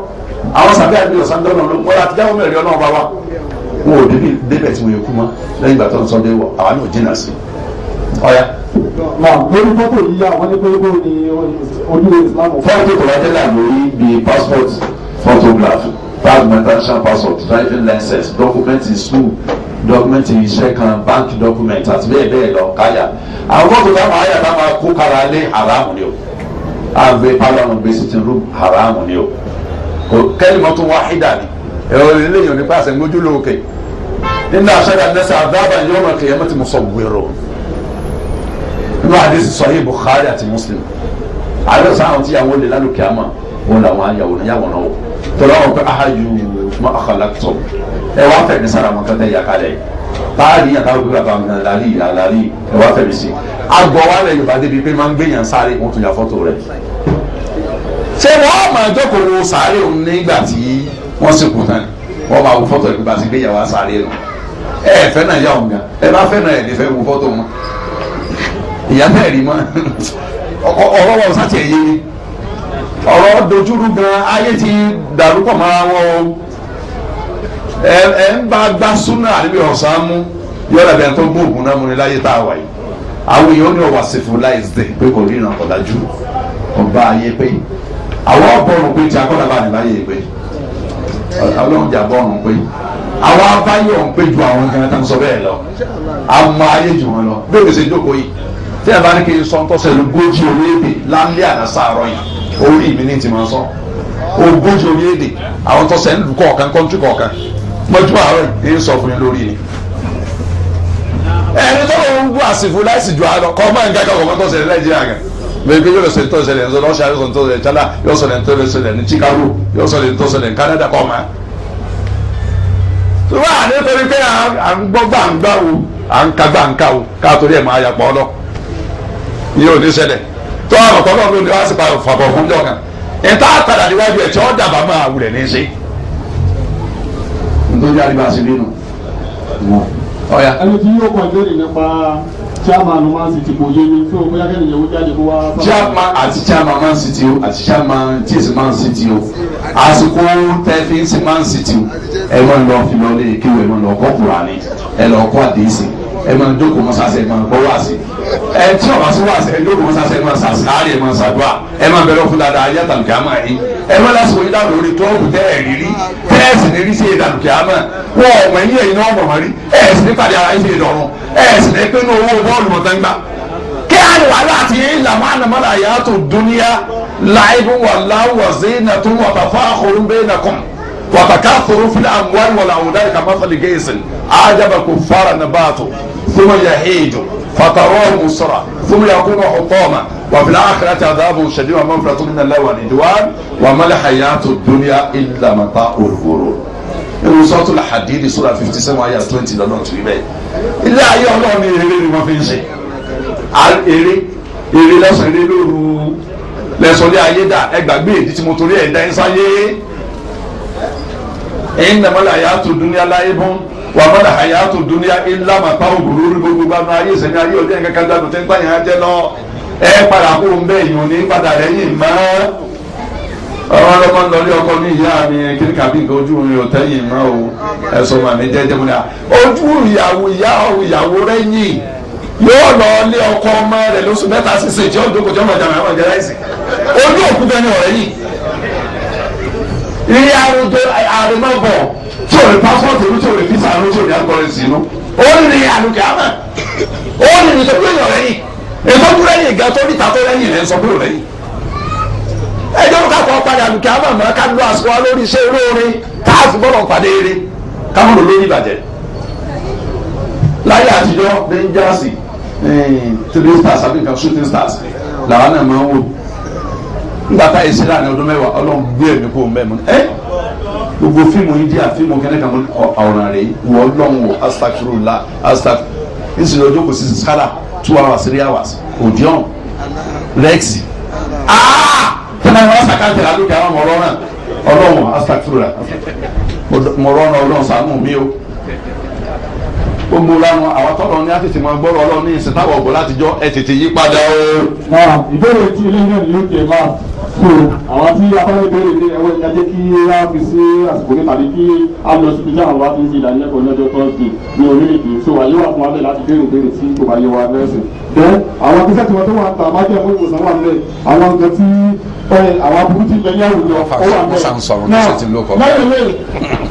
àwọn sàbẹ́ àbí ọ̀sán dọ́nà ló wọ́n láti jáwọ́ mẹ́rin ọlọ́run bá wá wọn ò débi débẹ̀ tí mo yẹ kú mọ́ lẹ́yìn ìgbà tó ń sọ dé wọ àwa náà jìnnà sí ọ̀ya lórí fọ́tò yìí àwọn onígbòógbò ni ojú islam. fọ́tò tó bá jẹ́ làlórí bíi passport photograph fragmentation passport driving license document in school document iṣẹ́ kan bank document àti bẹ́ẹ̀ bẹ́ẹ̀ lọ káyà àwọn fọ́tò táwọn àyà táwọn kó kára lé haramu ni o àgbẹ̀ pálọ̀nù gbèsè ti rú haramu ni o kalimatu wahida ni ẹ̀rọ eléyìí ò ní pàṣẹ mójúlò òkè nínú àṣẹ àdẹ́sẹ̀ àdábà yọ̀ọ̀mọ̀ kìyàmẹ́tì mùsọ̀gbẹ̀rọ̀ inú àdéhùn sọyìn Bukhari àti Muslim àdéhùn sáwọn tí yàwó lè lálùkẹ́ àmà wọn làwọn yàwó náà yàwó náà wò tọ́lá wọn pé ahaju ma akhalaqtum ẹ wá fẹ̀mí sára wọn kẹtẹ yà kalẹ̀ báàlì yàtọ̀ àwọn gbéra bàmí náà làlí àlàlí ẹ wá fẹ̀mí sí agbọ̀ wa lẹ̀ yorùbá débi pé máa ń gbéyàn sáré wọn tún yà fọ́tò rẹ̀ ṣé wọ́n máa jókòó wo sáré òun nígbà tí wọ́n sì tán wọ́n máa wo fọ́tò rẹ̀ bí ba gbéyàwó sáré nù ẹ fẹ́ náà yà ìyá náà rí mọ́ ọ̀rọ̀ wọn sá tiẹ̀ yé ọ̀rọ̀ dojúrú gan ayé ti dàrú pọ̀ mọ́ra wọn o ẹ ẹ ń bá gbá súnà àdébí ọ̀sán mú yọ̀ọ́dà bí ẹni tó gbóògùn náà mú ni láyé tá a wà yìí àwọn èèyàn ní ọwà civilized day pé kò ríran ọ̀dájú ọba ayé pé àwọn ọ̀bọ̀rùn pé tí akọ́dà bá ní láyé pé ọlọ́run jà bọ́ọ̀rùn pé àwọn abáyọ̀ ń pé ju àwọn gan tán sọ bẹ́ẹ̀ lọ àmọ́ ayé jù wọn lọ bí òwe ṣe jókòó yìí tí a bá ní kí n sọ ntọ́sẹ̀ lógójì orílẹ̀-èdè lálẹ́ àdásá àárọ̀ yẹn orí mi ní ti máa sọ ogójì orílẹ̀-èdè àwọn ntọ́sẹ̀ ń dùkọ̀ ọ̀kan kọ́ńtù kọ̀ọ̀kan mọ́jú àárọ̀ yìí ń sọ fún yín lórí ni. ẹni tó lọ ń wú àsìfò láìsí ju àárọ̀ kọ́ máa ń gàgà kọ́ máa tọ́sẹ̀ nàìjíríà gan mẹ́gbẹ́ yóò sọ ntọ́sẹ̀ lẹ̀ ńsọ lọ́sà yóò sọ ntọ́sẹ̀ lẹ̀ China yóò sọ ntọ́sẹ̀ lẹ̀ ní Chicago yóò sọ ntọ́sẹ̀ lẹ̀ ní Canada kọ́ máa. tó bá àdé torí pé à ń wo à ka gbàǹkà wo káà torí ẹ̀ máa yà pọ̀ yóò ní ṣẹlẹ̀ tó àwọn kọ́ náà ló ní wá sí fàbọ̀ fún jọ kan ẹ̀ tá a padà níwájú ẹ̀ tí ó dàbà máa wulẹ̀ ní í ṣe. nítorí àríwá sí nínú. ọ̀ya. ẹni tí yóò kọ ìbéèrè nípa chairman man city kò yé mi fún bóyá kẹ́ni ìyẹ̀wò jáde kó wá. chairman àti chairman man city o àti chairman tíìsì man city o àsìkò tẹ́fíǹsì man city o ẹ máa ń lọ fi lọ lé kéwì àdéhìsì ẹ máa jókòó mọ́sáàsì ẹ máa gbọ́ wáàsì ẹ tí ọ̀bá sí wáàsì ẹ jókòó mọ́sáàsì ẹ máa sàṣàárẹ̀ ẹ máa ṣàdúrà ẹ máa bẹ̀rẹ̀ fún dáadáa ayé àtàlùkẹ́ àmọ́ yìí ẹ máa lásìkò yín dáàbò lórí tọ́ọ̀bù tẹ́ ẹ̀ rí rí tẹ́ ẹ̀ sì ní rí sí ìdàlùkẹ́ àmọ́ wọ́n ọ̀mọ̀ yín ẹ̀yin náà mọ̀mọ́ rí ẹ̀ ní pàdé ara yín ìdọ̀rùn ẹ̀ ní pínu owó bọ́ọ̀lù mọ̀tán gbà kí á ní wàhálà ìlànà ànàmọ́lá yàtọ̀ dúníyà láìbù وتكاثر في الأموال والأولاد كمثل جيس أعجب كفار نباته ثم يهيج فتراه مصرا ثم يكون حطاما وفي الآخرة عذاب شديد ومغفرة من الله ورضوان وما الحياة الدنيا إلا متاع الغرور nínú sọ́tò làhàdìdì sura fifty seven ayah twenty lọ́nà tó ibẹ̀ ilé ayé ọlọ́run ní eré ni wọ́n fi ń ṣe eré eré lọ́sàn eré lóru lẹ́sọ̀ọ́ ní ayé dà ẹgbàgbé èdè tí mo torí ẹ̀ dá ẹ sáyé ẹ̀yin nàmọ́lẹ̀ àyàtò dúnìá láyé bọ́n wà mọ́lẹ̀ àyàtò dúnìá ilá màtá òbòrò orí gbogbo gbanú ayé ìsẹ̀yìn ayé ọjọ́ nǹkan kájá tó ti ń gbà yẹn jẹ́ lọ ẹ padà kó ń bẹ́ èèyàn ní padà lẹ́yìn mọ́ ọmọ ọlọ́mọ ń lọrí ọkọ ní ìyá mi kiri kàbí nǹkan ojú mi ò tẹ́yìn mọ́ o ẹ̀sùn màmí jẹ́jẹ́ mu ni à ojú ìyàwó ìyàwó rẹ̀ yìn yóò lọ ilé ọkọ ọmọ rẹ lóṣù mẹ́ta sísè jẹ́ láìsí ojú ilé àrùn tó àrùn náà bọ̀ tí o lè pásọ̀tì inú tí o lè fisa inú tí o lè agbọ̀rẹ̀sì inú ó rìn àrùn kìámà ó rìn sọ pé èèyàn lẹ́yìn èèyàn kú lẹ́yìn ìgbà tó níta tó lẹ́yìn lẹ́yìn sọ pé ò lẹ́yìn ẹjọ́ ká kọ́ padà àrùn kìámà mọ́ ká lọ àsùnwá lórí iṣẹ́ olóore tá a fi bọ́lọ̀ pàdé eré ká mọ̀ lórí ìbàjẹ́ láyé àtijọ́ dangers eh, three stars àbí nǹkan shooting stars làwọn náà máa ń wò nígbà tá yìí sí láàrin ọdún mẹ́wàá ọlọ́run gbé èmi kó mbẹ́ mu ẹ́ gbogbo fíìmù yìí díà fíìmù kẹ́nẹ́ kan ọ̀ràn rẹ̀ wọ́ ọlọ́run wò astagfirullah astag ìsìn lọ́jọ́ kò sí sára two hours three hours odeon lexi aa ah! tẹ́lẹ̀ wọn sàkántẹ̀ lálùkẹ́ àwọn ọmọ ọlọ́run ọlọ́run astagfirullah mọ̀rọ́nà ọlọ́run ṣàánú mi o gbogbo lanu àwọn tọ́lọ ní àtẹ̀tẹ̀ máa gbọ́rọ̀ ọlọ́run ní ìsìn táwọn ọ̀gbọ́n látijọ́ ẹ tètè yí padà o. ìbéèrè tí ilé náà ní uk máa so àwọn tí afárá ìbéèrè ní ẹwọ́ ẹ̀ka jẹ́ kí á fi sí àsìkò ní tàbí kí á lọ síbi tí àwọn àti ń ṣe ìdánilẹ́kọ̀ọ́ lọ́jọ́ tọ́sí ní orílẹ̀-èdè so àyè wà fún abẹ́ láti béèrè béèrè tí kò bá yẹ wa lẹ́sìn. then àwọn akíṣẹ́ tí wọ́n tó wà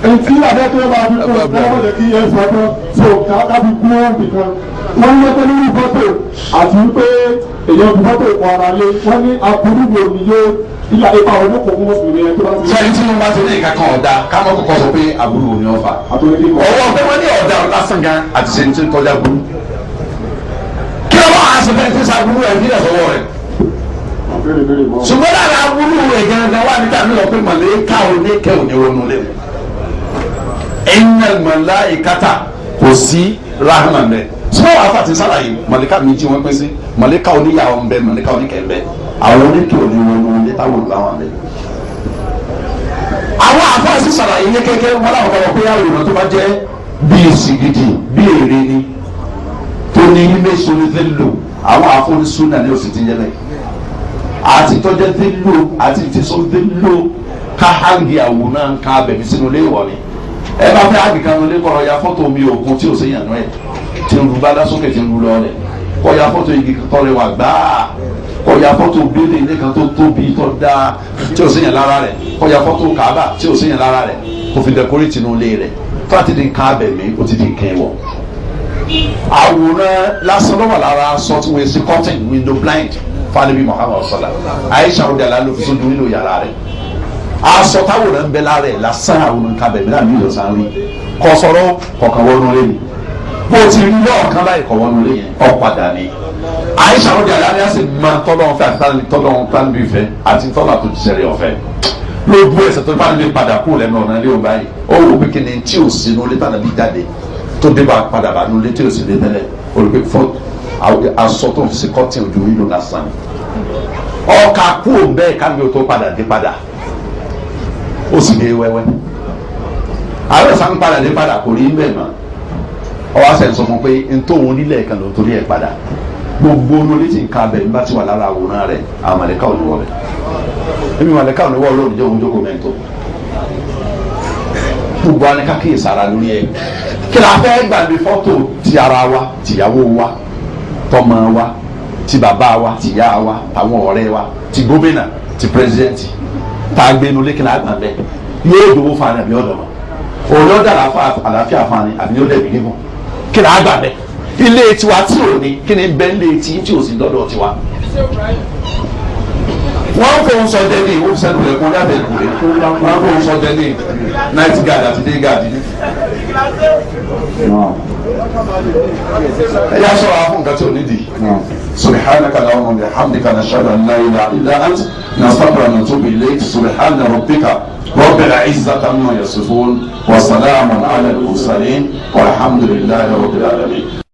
Ètí àdẹ́tọ́ bá fi kún ọmọ jẹ́ kí ẹ sọ tán so ká fi kún ọ̀hún nìkan. Wọ́n ní ẹgbẹ́ lórí fọ́tò àti wípé èèyàn fi fọ́tò ìpọ̀ ara lé wọ́n ní aburú wo ni yé ilà ipa ọdún kò mú sùn ní ẹ tó bá ti. Sẹ́yìn tí wọ́n bá ti ní nǹkan kan ọ̀dà ká mọ́ kọ́kọ́ sọ pé aburú wo ni wọ́n fa. Ọwọ́ ọ̀gbẹ́ wọn ní ọ̀dà lásán gan àti sẹ́yìn tí ń kọjá burú. Kí ló bá wàá sọ fẹ́ẹ́ tí sàbúrú rẹ̀ nílẹ̀ sọ́wọ́ rẹ̀? Ṣùgbọ́n lára aburú rẹ̀ gan-an wà nígbà mílọ̀ pé màlẹ́ ká òní kẹ́ òní ronú lẹ́nu innal malaikata kò sí rahma mbẹ sọ́wọ́ afa ti malika màlíkà méjì wọ́n pín sí màlíkà oníyàwó mbẹ màlíkà oníkẹ́ mbẹ àwọn oníkè òní wọn ni wọn ní táwọn olùwà wọn mbẹ. àwọn afa ti sálàyé ní kékeré wọn làwọn kọ́ pé àwọn ìrìnà tó bá jẹ́ bíi sìgìdì bíi èrè ni tó ní ilé sọ́ni fẹ́ lò àwọn afọ́nisúnà ni òsì ti yẹ àti tọ́jẹ́ fẹ́ lò àti ìfisọ́ fẹ́ lò ká hàngì àwòrán ká abẹ̀mí sínú ilé ìwọ̀ ni ẹ bá fẹ́ àgbìkan ló lé kọ̀ọ̀rọ̀ ya fọ́tò mi òkun tí ò séyàn náà ẹ̀ tí ń ru bàdá sókè tí ń ru lọ́ọ̀lẹ̀ kọ́ ya fọ́tò igi tó rẹwà gbáà kọ́ ya fọ́tò gbélé ilé kan tó tóbi tó dáa tí ò séyàn lára rẹ̀ kọ́ ya fọ́tò kàábà tí ò séyàn lára rẹ̀ kò fi dẹkórìtì nù lé rẹ̀ fàtìdí nǹkan abẹ̀mí ó ti di nǹkan ẹ̀wọ̀ àwòrán lásán lọ́wọ́ lára aṣọ tí wọ́n ṣe curtain window blind fún anabi muhammadu sallam aisha ọ̀dàlá ló fi sójú nínú yàrá rẹ̀ aṣọ táwòrán ń bẹ lára ẹ̀ lásán àwọn nǹkan bẹ̀rẹ̀ náà ní ìlọsàn rí kọ sọ̀rọ̀ kọ̀ọ̀kan wọnú lé mi bó ti rí lọ́ọ̀kan báyìí kọ̀ wọnú lé yẹn ọ̀ padà ni àyíṣà ọ̀dẹ̀ àdáni àṣẹ máa tọ́lọ́run fẹ́ àti tọ́lọ́run tánbí fẹ́ àti tọ́lọ́ àtúnṣe rẹ̀ ọ̀fẹ́ lójú ẹsẹ̀ tó bá lè padà kú lẹ́nu ọ̀nà ilé ọba yìí ó wò pé kíni tí ò sínú ilé tànà bí jáde tó dé bá padà bá nulẹ̀ tí ò sínú ilé tẹ́lẹ̀ olùgbé fún aṣọ tó ń sekọ́ tí ojú rírun lásán ọkà kú òun bẹ́ẹ̀ kámi ò tó padà dé padà ó sì gé wẹ́wẹ́ àárọ̀ sá ń padà dé padà kò rí bẹ́ẹ̀ mọ́ ọwọ́ àṣẹ sọ fún pé ntòun nílẹ̀ kan ló torí ẹ̀ padà gbogbo onúlé ti ń ka bẹ̀ nígbà tí wà lára àwòrán rẹ̀ àwọn mọ̀lẹ́kà ò ní wọ̀ bẹ̀ èmi mọ̀lẹ́kà ò ní wọ̀ lónìí jẹ́ òun jókòó mẹ́tò gbogbo anika kì í sara lórí ẹ̀ kí la fẹ́ gbàgbé fọ́tò ti ara wa tìyàwó wa tọmọ wa ti bàbá wa tìyá wa tàwọn ọ̀rẹ́ wa ti gómìnà ti pírẹsidẹ́ǹtì tá a gbé inú ilé kíni àgbà bẹ yóò dòwó fún àná àbí ọ̀dọ̀ wọn òun yóò dára fún àlàáfíà fún àná àbí yóò dẹ̀bi gígùn kíni àgbà bẹ ilé tiwa tí ò ní kíni bẹ́ńlẹ̀ tí tí ò tiwa wọ́n kò ń sọ dẹ́ni ó fi sẹ́nu rẹ̀ kó dábẹ́ kù rẹ̀ wọ́n kò ń sọ dẹ́ni night guard àti day guard ni. ẹ yà sọ̀rọ̀ àwọn nǹkan tí ò ní di. سبحانك اللهم وبحمدك نشهد ان لا اله الا انت نستغفرك ونتوب اليك سبحان ربك رب العزه عما يصفون وسلام على المرسلين والحمد لله رب العالمين